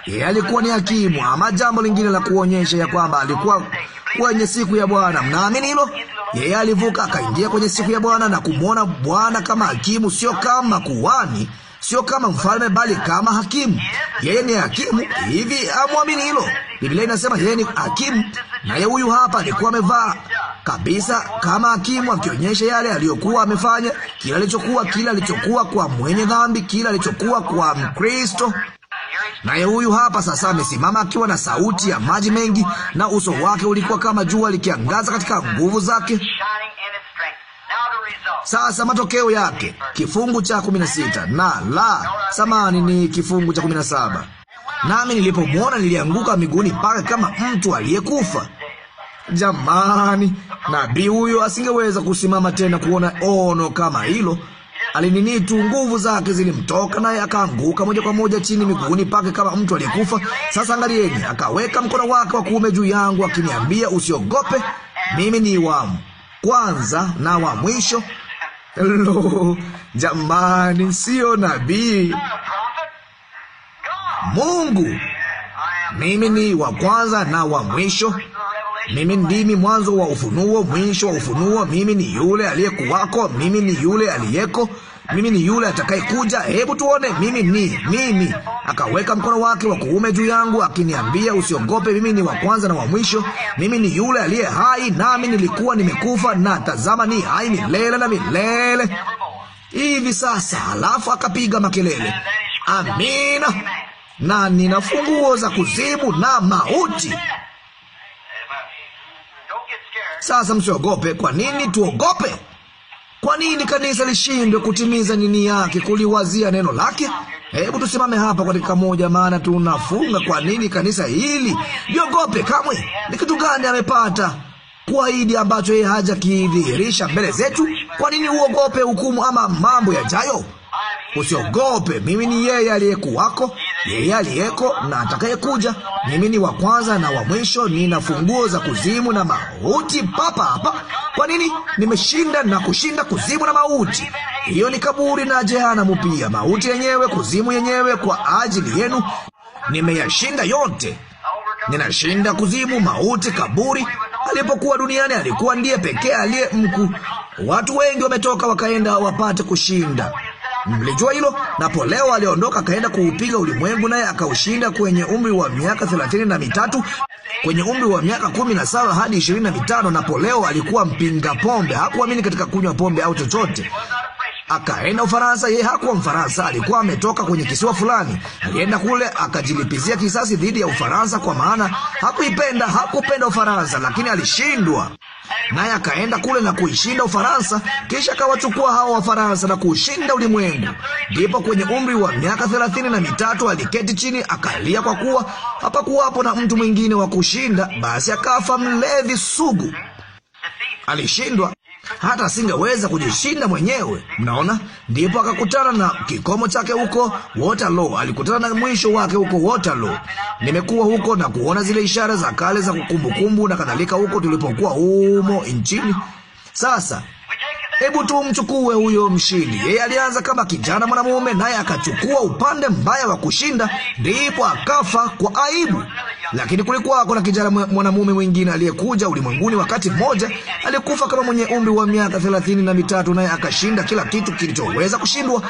Speaker 1: yeye alikuwa ni hakimu, ama jambo lingine la kuonyesha ya kwamba alikuwa kwenye siku ya Bwana. Mnaamini hilo? Yeye alivuka akaingia kwenye siku ya Bwana na kumwona Bwana kama hakimu, sio kama kuhani sio kama mfalme, bali kama hakimu. Yeye ni hakimu. Hivi amwamini hilo? Biblia inasema yeye ni hakimu, naye huyu hapa alikuwa amevaa kabisa kama hakimu, akionyesha yale aliyokuwa amefanya, kila alichokuwa, kila alichokuwa kwa mwenye dhambi, kila alichokuwa kwa Mkristo. Naye huyu hapa sasa amesimama akiwa na sauti ya maji mengi, na uso wake ulikuwa kama jua likiangaza katika nguvu zake. Sasa matokeo yake kifungu cha 16 na la samani ni kifungu cha 17. Nami nilipomwona nilianguka miguuni pake kama mtu aliyekufa. Jamani, nabii huyo asingeweza kusimama tena kuona ono kama hilo. Alinini tu, nguvu zake zilimtoka, naye akaanguka moja kwa moja chini miguuni pake kama mtu aliyekufa. Sasa angalieni, akaweka mkono wake wa kuume juu yangu akiniambia, usiogope, mimi ni wamu kwanza na wa mwisho Lo, jamani, sio nabii. Mungu, mimi ni wa kwanza na wa mwisho. Mimi ndimi mwanzo wa ufunuo, mwisho wa ufunuo. Mimi ni yule aliyekuwako, mimi ni yule aliyeko, mimi ni yule atakayekuja, hebu tuone, mimi ni mimi. Akaweka mkono wake wa kuume juu yangu akiniambia, usiogope, mimi ni wa kwanza na wa mwisho, mimi ni yule aliye hai, nami nilikuwa nimekufa, na tazama, ni hai milele na milele hivi sasa. Alafu akapiga makelele, amina, na nina funguo za kuzimu na mauti. Sasa msiogope. Kwa nini tuogope? Kwa nini kanisa lishindwe kutimiza nini yake, kuliwazia neno lake? Hebu tusimame hapa kwa dakika moja, maana tunafunga. Kwa nini kanisa hili liogope kamwe? Ni kitu gani amepata kuahidi ambacho yeye hajakidhihirisha mbele zetu? Kwa nini uogope hukumu ama mambo yajayo? Usiogope, mimi ni yeye aliyekuwako, yeye aliyeko na atakayekuja. Mimi ni wa kwanza na wa mwisho, nina funguo za kuzimu na mauti papa hapa. Kwa nini? Nimeshinda na kushinda kuzimu na mauti. Hiyo ni kaburi na jehanamu pia, mauti yenyewe, kuzimu yenyewe, kwa ajili yenu nimeyashinda yote. Ninashinda kuzimu, mauti, kaburi. Alipokuwa duniani alikuwa ndiye pekee aliye mku Watu wengi wametoka wakaenda wapate kushinda. Mlijua hilo? Napoleo aliondoka akaenda kuupiga ulimwengu, naye akaushinda kwenye umri wa miaka thelathini na mitatu. Kwenye umri wa miaka kumi na saba hadi ishirini na mitano Napoleo alikuwa mpinga pombe. Hakuamini katika kunywa pombe au chochote akaenda Ufaransa. Yeye hakuwa Mfaransa, alikuwa ametoka kwenye kisiwa fulani. Alienda kule akajilipizia kisasi dhidi ya Ufaransa, kwa maana hakuipenda, hakupenda Ufaransa, lakini alishindwa. Naye akaenda kule na kuishinda Ufaransa, kisha akawachukua hao Wafaransa na kuushinda ulimwengu. Ndipo kwenye umri wa miaka thelathini na mitatu aliketi chini akalia, kwa kuwa hapakuwapo na mtu mwingine wa kushinda. Basi akafa mlevi sugu, alishindwa hata asingeweza kujishinda mwenyewe. Mnaona, ndipo akakutana na kikomo chake huko Waterloo, alikutana na mwisho wake huko Waterloo. Nimekuwa huko na kuona zile ishara za kale za kumbukumbu na kadhalika, huko tulipokuwa humo nchini. Sasa Hebu tumchukue huyo mshindi. Yeye alianza kama kijana mwanamume, naye akachukua upande mbaya wa kushinda, ndipo akafa kwa aibu. Lakini kulikuwa kuna kijana mwanamume mwingine aliyekuja ulimwenguni wakati mmoja, alikufa kama mwenye umri wa miaka thelathini na mitatu, naye akashinda kila kitu kilichoweza kushindwa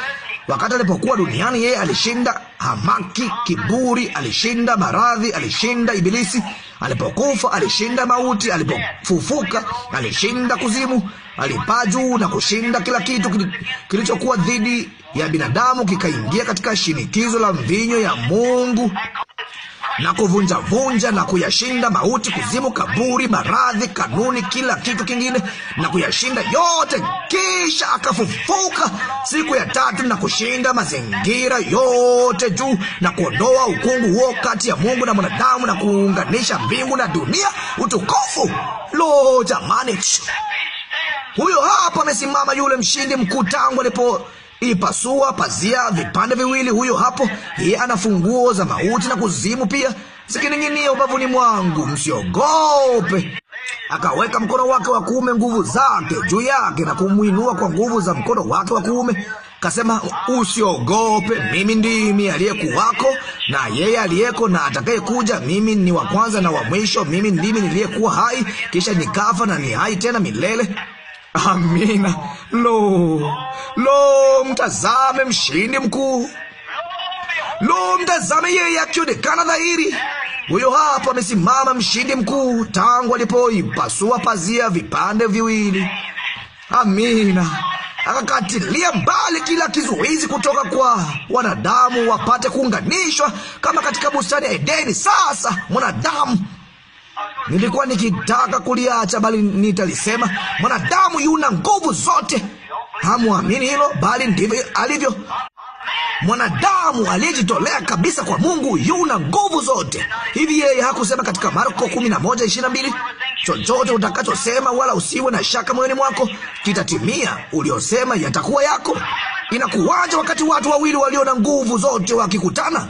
Speaker 1: wakati alipokuwa duniani. Yeye alishinda hamaki, kiburi, alishinda maradhi, alishinda Ibilisi. Alipokufa alishinda mauti, alipofufuka alishinda kuzimu alipaa juu na kushinda kila kitu kilichokuwa dhidi ya binadamu, kikaingia katika shinikizo la mvinyo ya Mungu na kuvunjavunja na kuyashinda mauti, kuzimu, kaburi, maradhi, kanuni, kila kitu kingine na kuyashinda yote. Kisha akafufuka siku ya tatu na kushinda mazingira yote juu na kuondoa ukungu huo kati ya Mungu na mwanadamu na kuunganisha mbingu na dunia. Utukufu! Lo, jamani! Huyo hapa amesimama yule mshindi mkuu tangu ipasua pazia vipande viwili. Huyo hapo, yeye ana funguo za mauti na kuzimu pia zikining'inia ubavuni mwangu. Msiogope. Akaweka mkono wake wa kuume, nguvu zake juu yake, na kumwinua kwa nguvu za mkono wake wa kuume. Kasema, usiogope, mimi ndimi aliyekuwako na yeye aliyeko na atakayekuja. Mimi ni wa kwanza na wa mwisho, mimi ndimi niliyekuwa hai, kisha nikafa, na ni hai tena milele. Amina. Lo, lo, mtazame mshindi mkuu. Lo, mtazame yeye akionekana dhahiri. Huyo hapo amesimama mshindi mkuu, tangu alipoipasua pazia vipande viwili. Amina. Akakatilia mbali kila kizuizi kutoka kwa wanadamu wapate kuunganishwa kama katika bustani ya Edeni. Sasa mwanadamu Nilikuwa nikitaka kuliacha, bali nitalisema. Mwanadamu yuna nguvu zote. Hamwamini hilo, bali ndivyo alivyo. Mwanadamu aliyejitolea kabisa kwa Mungu yuna nguvu zote. Hivi yeye hakusema katika Marko 11:22, chochote utakachosema wala usiwe na shaka moyoni mwako, kitatimia; uliosema yatakuwa yako. Inakuwaje wakati watu wawili walio na nguvu zote wakikutana?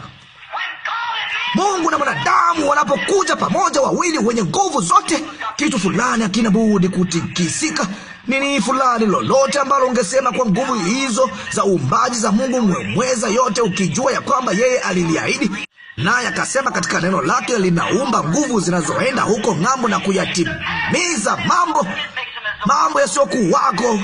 Speaker 1: Mungu na mwanadamu wanapokuja pamoja, wawili wenye nguvu zote, kitu fulani hakina budi kutikisika. Nini fulani lolote ambalo ungesema kwa nguvu hizo za uumbaji za Mungu mwemweza yote, ukijua ya kwamba yeye aliliahidi naye akasema katika neno lake linaumba nguvu zinazoenda huko ng'ambo na kuyatimiza mambo mambo yasiyokuwako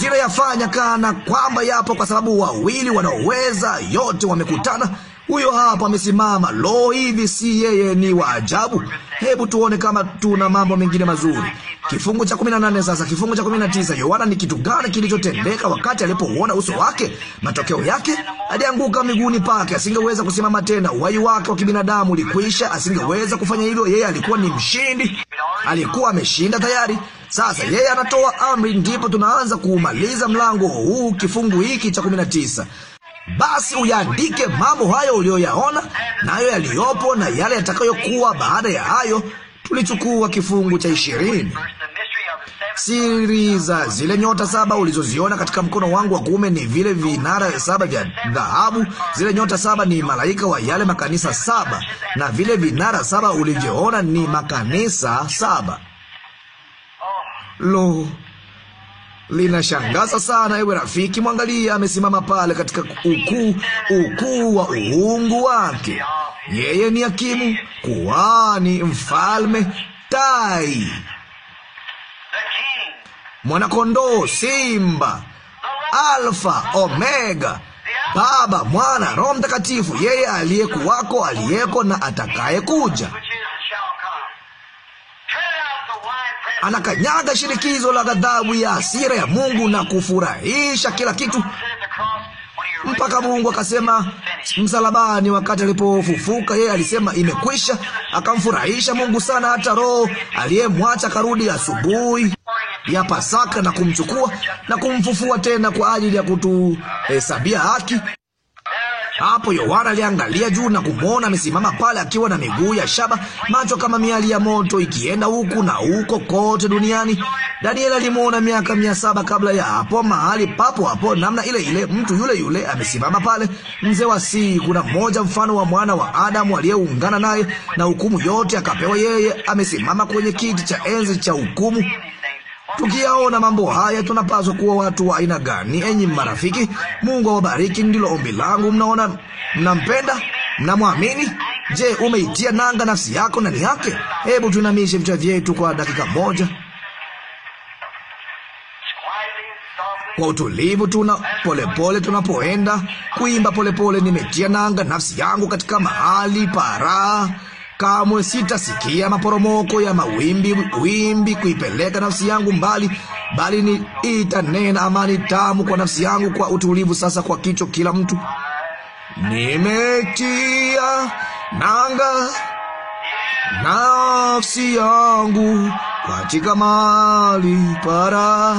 Speaker 1: zile yafanya kana kwamba yapo, kwa sababu wawili wanaoweza yote wamekutana. Huyo hapa amesimama. Lo, hivi si yeye ni wa ajabu? Hebu tuone kama tuna mambo mengine mazuri. Kifungu cha 18 sasa, kifungu cha 19. Yohana, ni kitu gani kilichotendeka wakati alipouona uso wake? Matokeo yake alianguka miguuni pake, asingeweza kusimama tena. Uhai wake wa kibinadamu ulikwisha, asingeweza kufanya hilo. Yeye alikuwa ni mshindi, alikuwa ameshinda tayari. Sasa yeye anatoa amri, ndipo tunaanza kuumaliza mlango huu, kifungu hiki cha 19. Basi uyaandike mambo hayo uliyoyaona, nayo yaliyopo na yale yatakayokuwa baada ya hayo. Tulichukua kifungu cha ishirini, siri za zile nyota saba ulizoziona katika mkono wangu wa kuume ni vile vinara saba vya dhahabu. Zile nyota saba ni malaika wa yale makanisa saba, na vile vinara saba ulivyoona ni makanisa saba. Lo, linashangaza sana. Ewe rafiki, mwangalie, amesimama pale katika ukuu ukuu wa uungu wake. Yeye ni hakimu, kuhani, mfalme, tai, mwanakondoo, simba, Alfa, Omega, Baba, Mwana, Roho Mtakatifu, yeye aliyekuwako, aliyeko na atakaye kuja. anakanyaga shinikizo la ghadhabu ya hasira ya Mungu na kufurahisha kila kitu mpaka Mungu akasema msalabani, wakati alipofufuka yeye alisema imekwisha. Akamfurahisha Mungu sana, hata roho aliyemwacha karudi asubuhi ya, ya Pasaka na kumchukua na kumfufua tena kwa ajili ya kutuhesabia haki. Hapo Yohana aliangalia juu na kumwona amesimama pale akiwa na miguu ya shaba, macho kama miali ya moto ikienda huku na huko kote duniani. Danieli alimwona miaka mia saba kabla ya hapo, mahali papo hapo, namna ile ile, mtu yule yule amesimama pale, mzee wa siku na mmoja, mfano wa mwana wa Adamu aliyeungana naye, na hukumu yote akapewa yeye. Amesimama kwenye kiti cha enzi cha hukumu. Tukiyaona mambo haya, tunapaswa kuwa watu wa aina gani? Enyi marafiki, Mungu awabariki, ndilo ombi langu. Mnaona, mnampenda, mnamwamini. Je, umeitia nanga nafsi yako ndani yake? Hebu tuinamishe vichwa vyetu kwa dakika moja. Kwa utulivu tuna polepole, tunapoenda kuimba polepole, nimetia nanga nafsi yangu katika mahali paraa. Kamwe sitasikia maporomoko ya mawimbi wimbi kuipeleka nafsi yangu mbali, bali ni itanena amani tamu kwa nafsi yangu kwa utulivu. Sasa kwa kicho kila mtu nimetia nanga nafsi yangu katika mali para,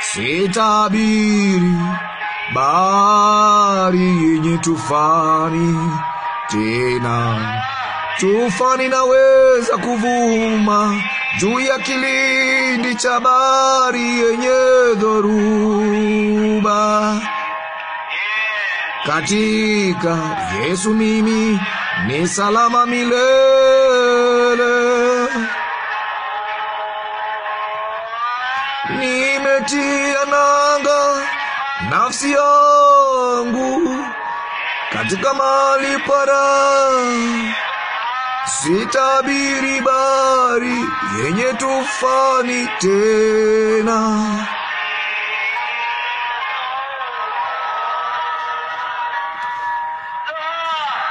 Speaker 1: sitabiri bali yenye tufani tena tufani naweza kuvuma juu ya kilindi cha bahari yenye dhoruba. Katika Yesu mimi ni salama milele. Nimetia nanga nafsi yangu katika mali para sitabiri bari yenye tufani tena.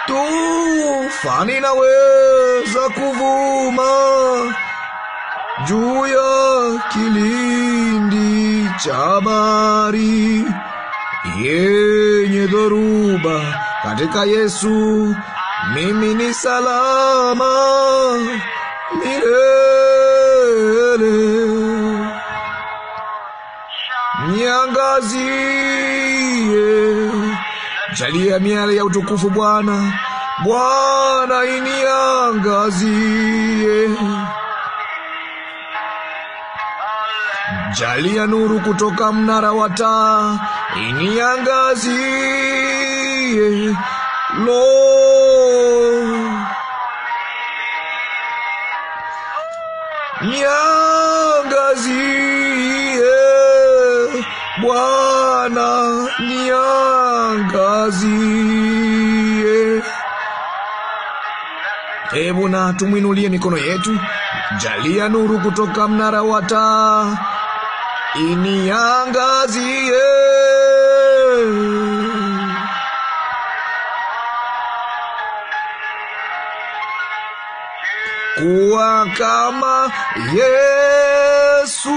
Speaker 1: Tufani naweza kuvuma juu ya kilindi cha bari yenye dhoruba katika Yesu mimi ni salama milele. Niangazie, jalia miale ya utukufu Bwana. Bwana iniangazie, jalia nuru kutoka mnara wa taa iniangazie, Lord niangazie Bwana, niangazie. Hebu na tumwinulie mikono yetu, jalia nuru kutoka mnara wa taa iniangazie kuwa kama Yesu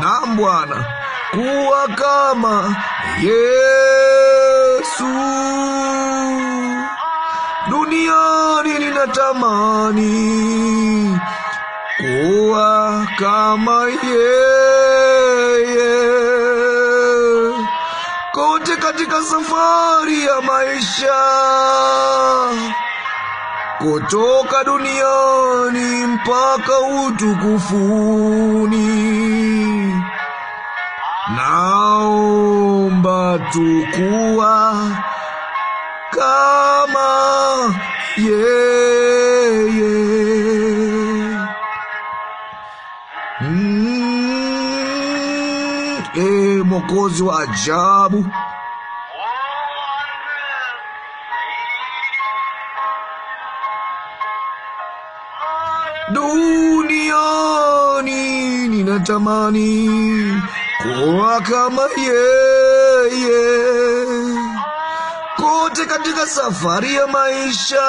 Speaker 1: na Bwana, kuwa kama Yesu. Duniani ninatamani kuwa kama yeye kote katika safari ya maisha kutoka duniani mpaka utukufuni. Naomba tukuwa kama yeye mm, e, Mwokozi wa ajabu duniani, ninatamani kuwa kama yeye kote katika safari ya maisha,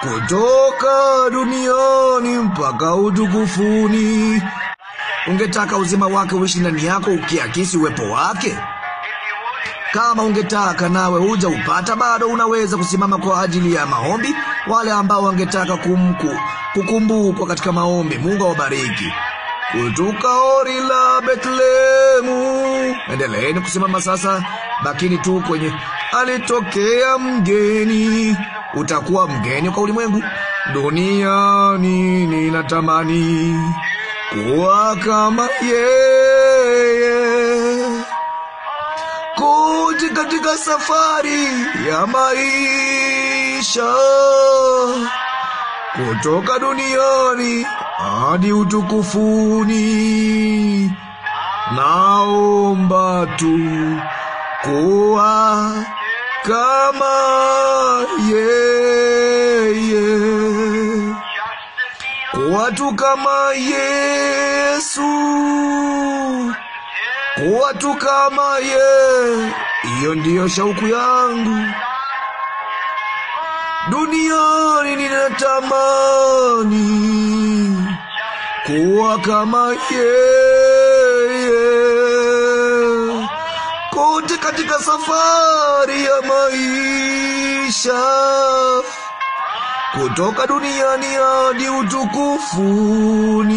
Speaker 1: kutoka duniani mpaka utukufuni. Ungetaka uzima wake uishi ndani yako ukiakisi uwepo wake. Kama ungetaka nawe hujaupata bado, unaweza kusimama kwa ajili ya maombi. Wale ambao wangetaka kumku, kukumbukwa katika maombi, Mungu awabariki. Kutoka ori la betlehemu Endeleeni kusimama sasa, bakini tu kwenye alitokea mgeni. Utakuwa mgeni kwa ulimwengu duniani. Ninatamani kuwa kama yeye kuti katika safari ya maisha kutoka duniani hadi utukufuni. Naomba tu kuwa kama yeye, kuwa tu kama Yesu kuwa tu kama ye. Hiyo ndiyo shauku yangu duniani, ninatamani kuwa kama ye. kote katika safari ya maisha, kutoka duniani hadi utukufuni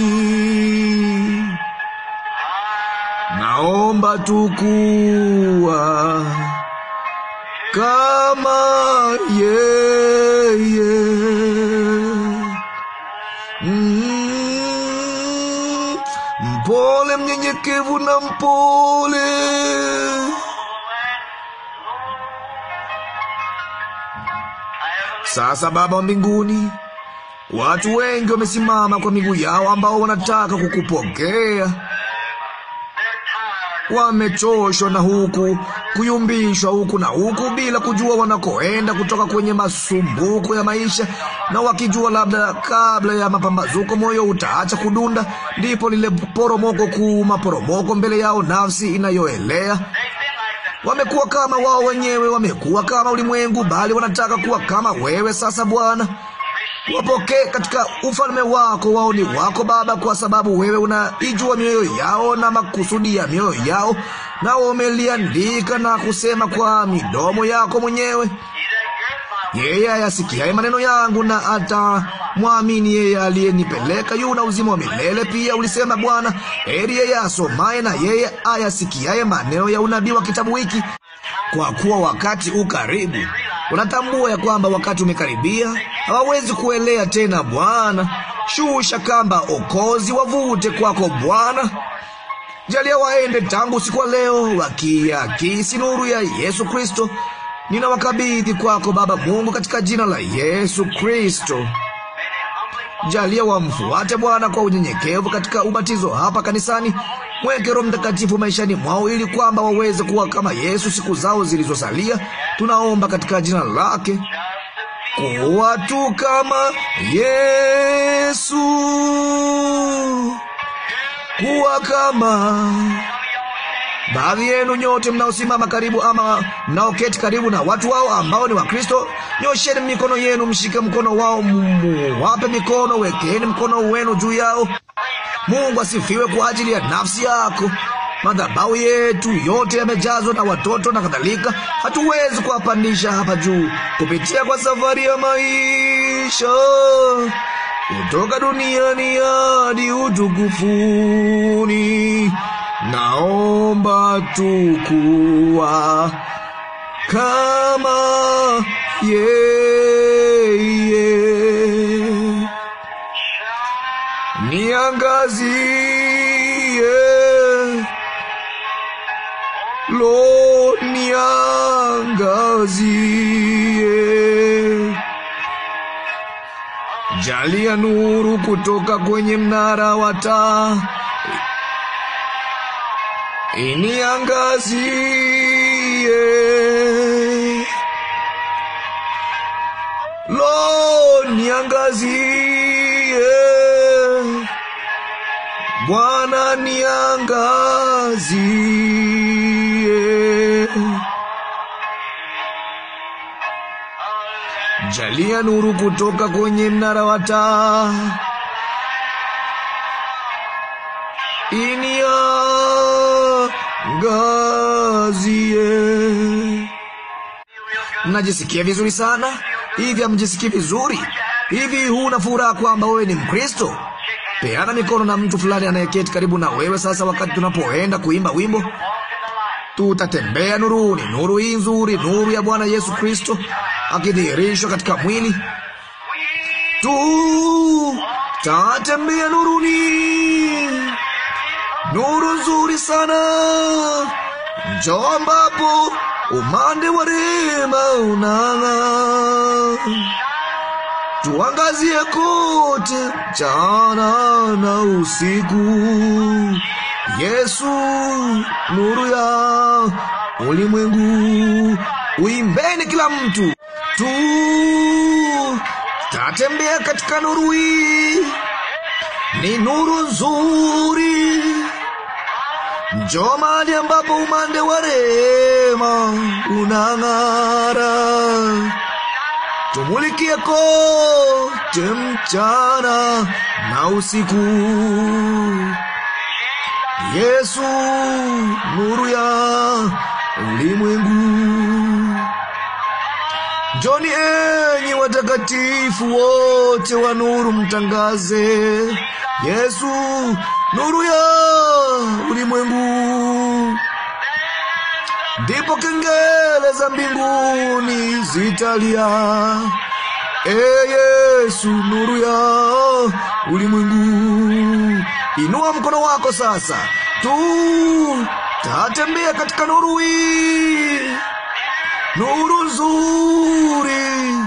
Speaker 1: naomba tukua kama yeye mm, mpole mnyenyekevu na mpole Sasa Baba wa mbinguni, watu wengi wamesimama kwa miguu yao ambao wanataka kukupokea wamechoshwa na huku kuyumbishwa huku na huku, bila kujua wanakoenda, kutoka kwenye masumbuko ya maisha, na wakijua labda kabla ya mapambazuko moyo utaacha kudunda, ndipo lile poromoko kuu, maporomoko mbele yao, nafsi inayoelea wamekuwa kama wao wenyewe, wamekuwa kama ulimwengu, bali wanataka kuwa kama wewe. Sasa Bwana wapokee katika ufalme wako waoni wako Baba, kwa sababu wewe unaijua mioyo yao na makusudi ya mioyo yao, na umeliandika na kusema kwa midomo yako mwenyewe yeye ayasikiaye maneno yangu na atamwamini yeye aliyenipeleka yuna uzima wa milele. Pia ulisema Bwana, heri yeye asomaye na yeye ayasikiaye maneno ya unabii wa kitabu hiki, kwa kuwa wakati u karibu. Wanatambua ya kwamba wakati umekaribia, hawawezi kuelea tena. Bwana, shusha kamba okozi, wavute kwako Bwana. Jalia waende tangu siku ya leo, wakiakisi nuru ya Yesu Kristo. Ninawakabidhi kwako Baba Mungu, katika jina la Yesu Kristo. Jalia wamfuate Bwana kwa unyenyekevu katika ubatizo hapa kanisani. Mweke Roho Mtakatifu maishani mwao ili kwamba waweze kuwa kama Yesu siku zao zilizosalia. Tunaomba katika jina lake kuwa tu kama Yesu, kuwa kama Baadhi yenu nyote mnaosimama karibu ama mnaoketi karibu na watu wao ambao ni Wakristo, nyosheni mikono yenu, mshike mkono wao, muwape mikono, wekeni mkono wenu juu yao. Mungu asifiwe kwa ajili ya nafsi yako. Madhabahu yetu yote yamejazwa na watoto na kadhalika. Hatuwezi kuwapandisha hapa juu kupitia kwa safari ya maisha kutoka duniani hadi utukufuni naomba tukuwa kama yeye, niangazie lo, niangazie, jalia nuru kutoka kwenye mnara wa taa iniangazie, lo niangazie, Bwana niangazie, jalia nuru kutoka kwenye mnara wa taa inia Mwangazie. Mnajisikia vizuri sana hivi? Hamjisikii vizuri hivi? Huna furaha kwamba wewe ni Mkristo? Peana mikono na mtu fulani anayeketi karibu na wewe sasa, wakati tunapoenda kuimba wimbo tutatembea nuruni, nuru hii nzuri, nuru ya Bwana Yesu Kristo akidhihirishwa katika mwili. Tutatembea nuruni nuru nzuri sana, njoo ambapo umande wa rehema unang'a, Tuangazie kote, jana na usiku. Yesu, nuru ya ulimwengu, uimbeni kila mtu tu tatembea katika nuru hii, ni nuru nzuri Njoo mahali ambapo umande wa rehema unang'ara, tumulikie kote mchana na usiku. Yesu, nuru ya ulimwengu. Njoni enyi watakatifu wote wa nuru, mtangaze Yesu nuru ya ulimwengu. Ndipo kengele za mbinguni zitalia. E Yesu nuru ya ulimwengu. Inua mkono wako sasa. Tu tatembea katika nuru hii. Nuru nzuri.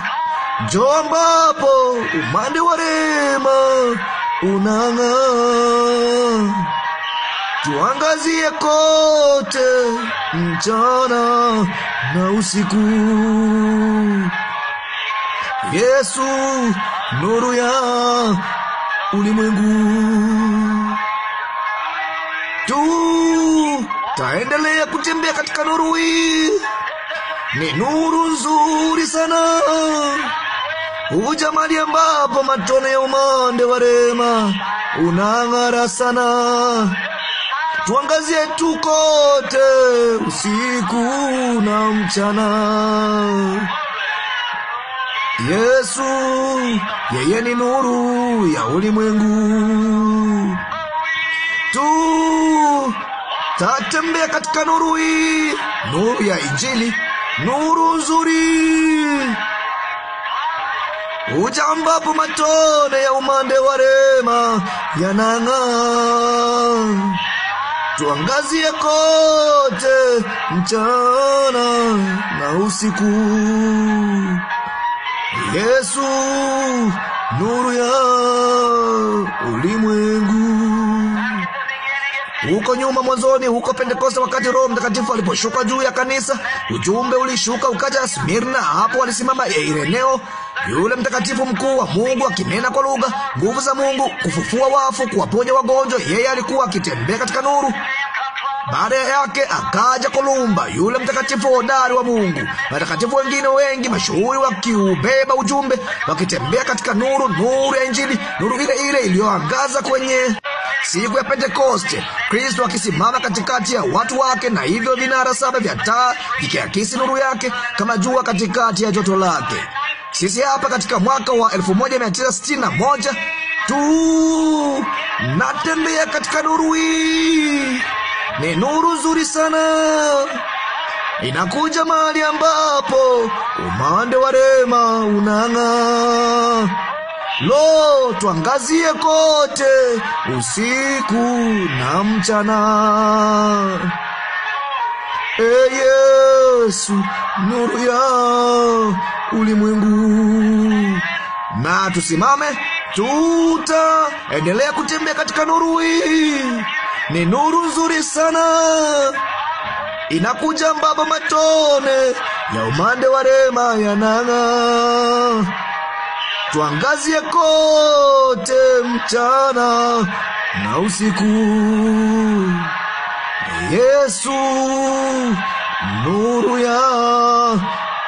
Speaker 1: Njoo ambapo umande wa rema unang'aa, tuangazie kote, mchana na usiku. Yesu, nuru ya ulimwengu, tu taendelea kutembea katika nuru hii. Ni nuru nzuri sana. Huvuja mahali ambapo matone ya umande wa rema unang'ara sana. Tuangazie tu kote usiku na mchana. Yesu yeye ni nuru ya ulimwengu. Tu tatembea katika nuru hii, nuru ya Injili, nuru nzuri huja, ambapo matone ya umande wa rema yanang'aa. Tuangazie kote mchana na usiku, Yesu nuru ya ulimwengu. Huko nyuma mwanzoni, huko Pentekoste, wakati Roho Mtakatifu aliposhuka juu ya kanisa, ujumbe ulishuka ukaja Smirna. Hapo walisimama Ireneo yule mtakatifu mkuu wa Mungu akinena kwa lugha, nguvu za Mungu, kufufua wafu, kuwaponya wagonjwa. Yeye alikuwa akitembea katika nuru. Baada yake akaja Kolumba, yule mtakatifu hodari wa Mungu. Watakatifu wengine wengi mashuhuri wakiubeba ujumbe, wakitembea katika nuru, nuru ya Injili, nuru ile ile iliyoangaza kwenye siku ya Pentekoste, Kristo akisimama katikati ya watu wake, na hivyo vinara saba vya taa vikiakisi nuru yake kama jua katikati ya joto lake. Sisi hapa katika mwaka wa 1961 tu natembea katika nuru hii. Ni nuru nzuri sana, inakuja mahali ambapo umande wa rema unang'aa. Lo, tuangazie kote usiku na mchana e Yesu, nuru ya ulimwengu. Na tusimame, tutaendelea kutembea katika nuru hii. Ni nuru nzuri sana, inakuja ambapo matone ya umande wa rema yanang'a Tuangazie kote mchana na usiku. Yesu nuru ya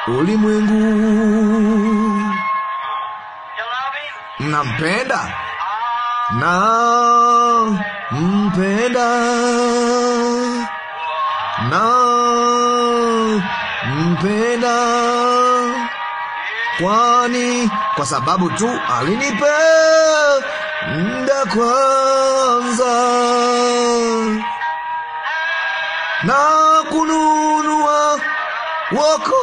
Speaker 1: ulimwengu. nampenda na mpenda na mpenda, kwani kwa sababu tu alinipenda kwanza. na kununua wokovu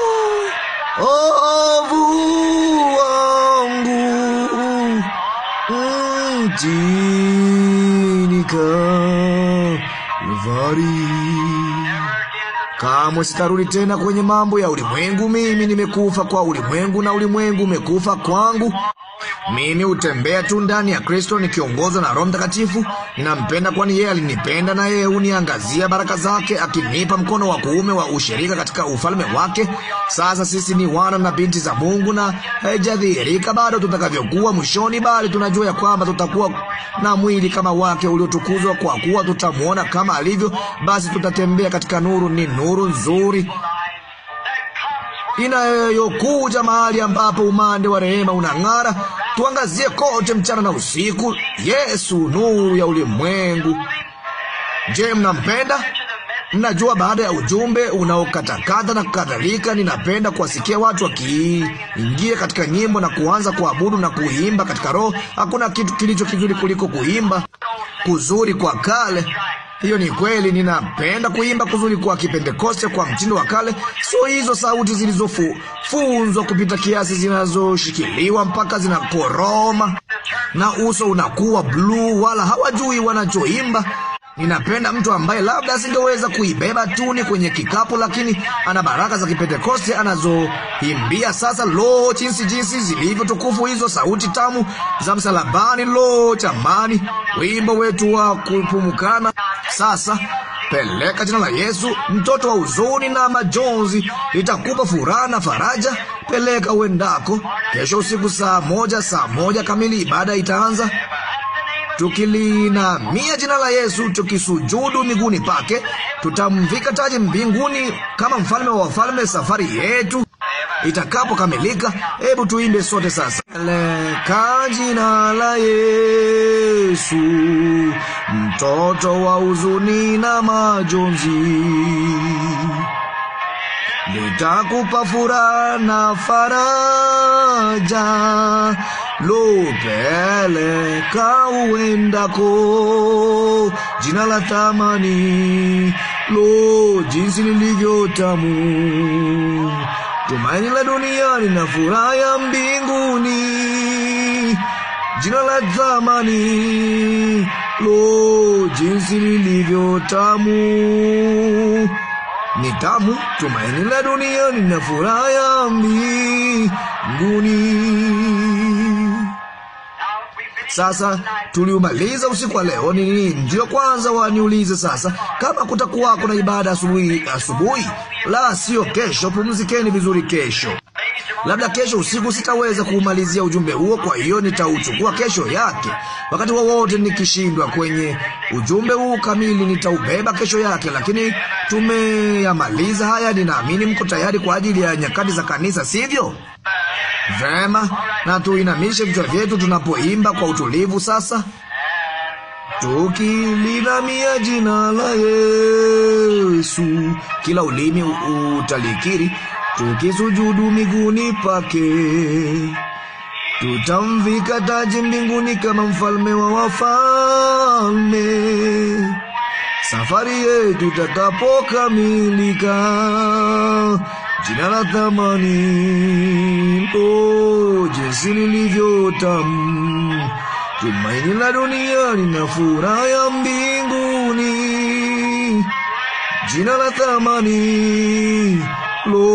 Speaker 1: wangu mjini Kalvari. Kamwe sitarudi tena kwenye mambo ya ulimwengu. Mimi nimekufa kwa ulimwengu na ulimwengu umekufa kwangu. Mimi utembea tu ndani ya Kristo nikiongozwa na Roho Mtakatifu. Ninampenda kwani yeye alinipenda, na yeye uniangazia baraka zake, akinipa mkono wa kuume wa ushirika katika ufalme wake. Sasa sisi ni wana na binti za Mungu, na haijadhihirika bado tutakavyokuwa mwishoni, bali tunajua ya kwamba tutakuwa na mwili kama wake uliotukuzwa, kwa kuwa tutamwona kama alivyo. Basi tutatembea katika nuru, ni nuru nuru nzuri inayokuja mahali ambapo umande wa rehema unang'ara. Tuangazie kote mchana na usiku. Yesu nuru ya ulimwengu. Je, mnampenda? Mnajua, baada ya ujumbe unaokatakata na kadhalika, ninapenda kuwasikia watu wakiingia katika nyimbo na kuanza kuabudu na kuimba katika roho. Hakuna kitu kilicho kizuri kuliko kuimba kuzuri kwa kale hiyo ni kweli. Ninapenda kuimba kuzuri kwa Kipentekoste, kwa mtindo wa kale, sio hizo sauti zilizofunzwa kupita kiasi, zinazoshikiliwa mpaka zinakoroma na uso unakuwa bluu, wala hawajui wanachoimba. Ninapenda mtu ambaye labda asingeweza kuibeba tuni kwenye kikapu, lakini ana baraka za Kipentekoste anazoimbia sasa. Lo, jinsi jinsi zilivyo tukufu hizo sauti tamu za msalabani! Lo, chamani, wimbo wetu wa kupumukana sasa Peleka jina la Yesu, mtoto wa huzuni na majonzi, litakupa furaha na faraja. Peleka uendako. Kesho usiku saa moja, saa moja kamili ibada itaanza tukilinamia jina la Yesu, tukisujudu miguuni pake, tutamvika taji mbinguni kama mfalme wa wafalme. Safari yetu itakapokamilika, hebu tuimbe sote sasa, leka jina la Yesu, mtoto wa huzuni na majonzi, nitakupa furaha na faraja lupeleka uendako, jina la thamani, lo jinsi lilivyo tamu, tumaini la duniani na furaha ya mbinguni, jina la thamani, lo jinsi lilivyo tamu ni tamu, tumaini la duniani na furaha ya mbinguni. Sasa tuliumaliza usiku wa leo. Ni nini ndio kwanza waniulize sasa, kama kutakuwa kuna ibada asubuhi asubuhi, la sio kesho. Pumzikeni vizuri kesho. Labda kesho usiku sitaweza kuumalizia ujumbe huo, kwa hiyo nitauchukua kesho yake. Wakati wowote nikishindwa kwenye ujumbe huu kamili, nitaubeba kesho yake, lakini tumeyamaliza haya. Ninaamini mko tayari kwa ajili ya nyakati za kanisa, sivyo? Vema, na tuinamishe vichwa vyetu tunapoimba kwa utulivu sasa, tukilinamia jina la Yesu. Kila ulimi utalikiri, tukisujudu miguuni pake, tutamvika taji mbinguni kama mfalme wa wafalme. Safari yetu takapokamilika jina la thamani. mpo jinsi lilivyo tumaini la duniani na furaha ya mbinguni. Jina la thamani, lo,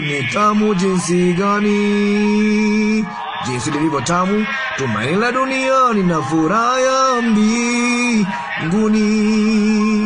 Speaker 1: ni tamu jinsi gani! Jinsi lilivyo tamu, tumaini la duniani na furaha ya mbinguni.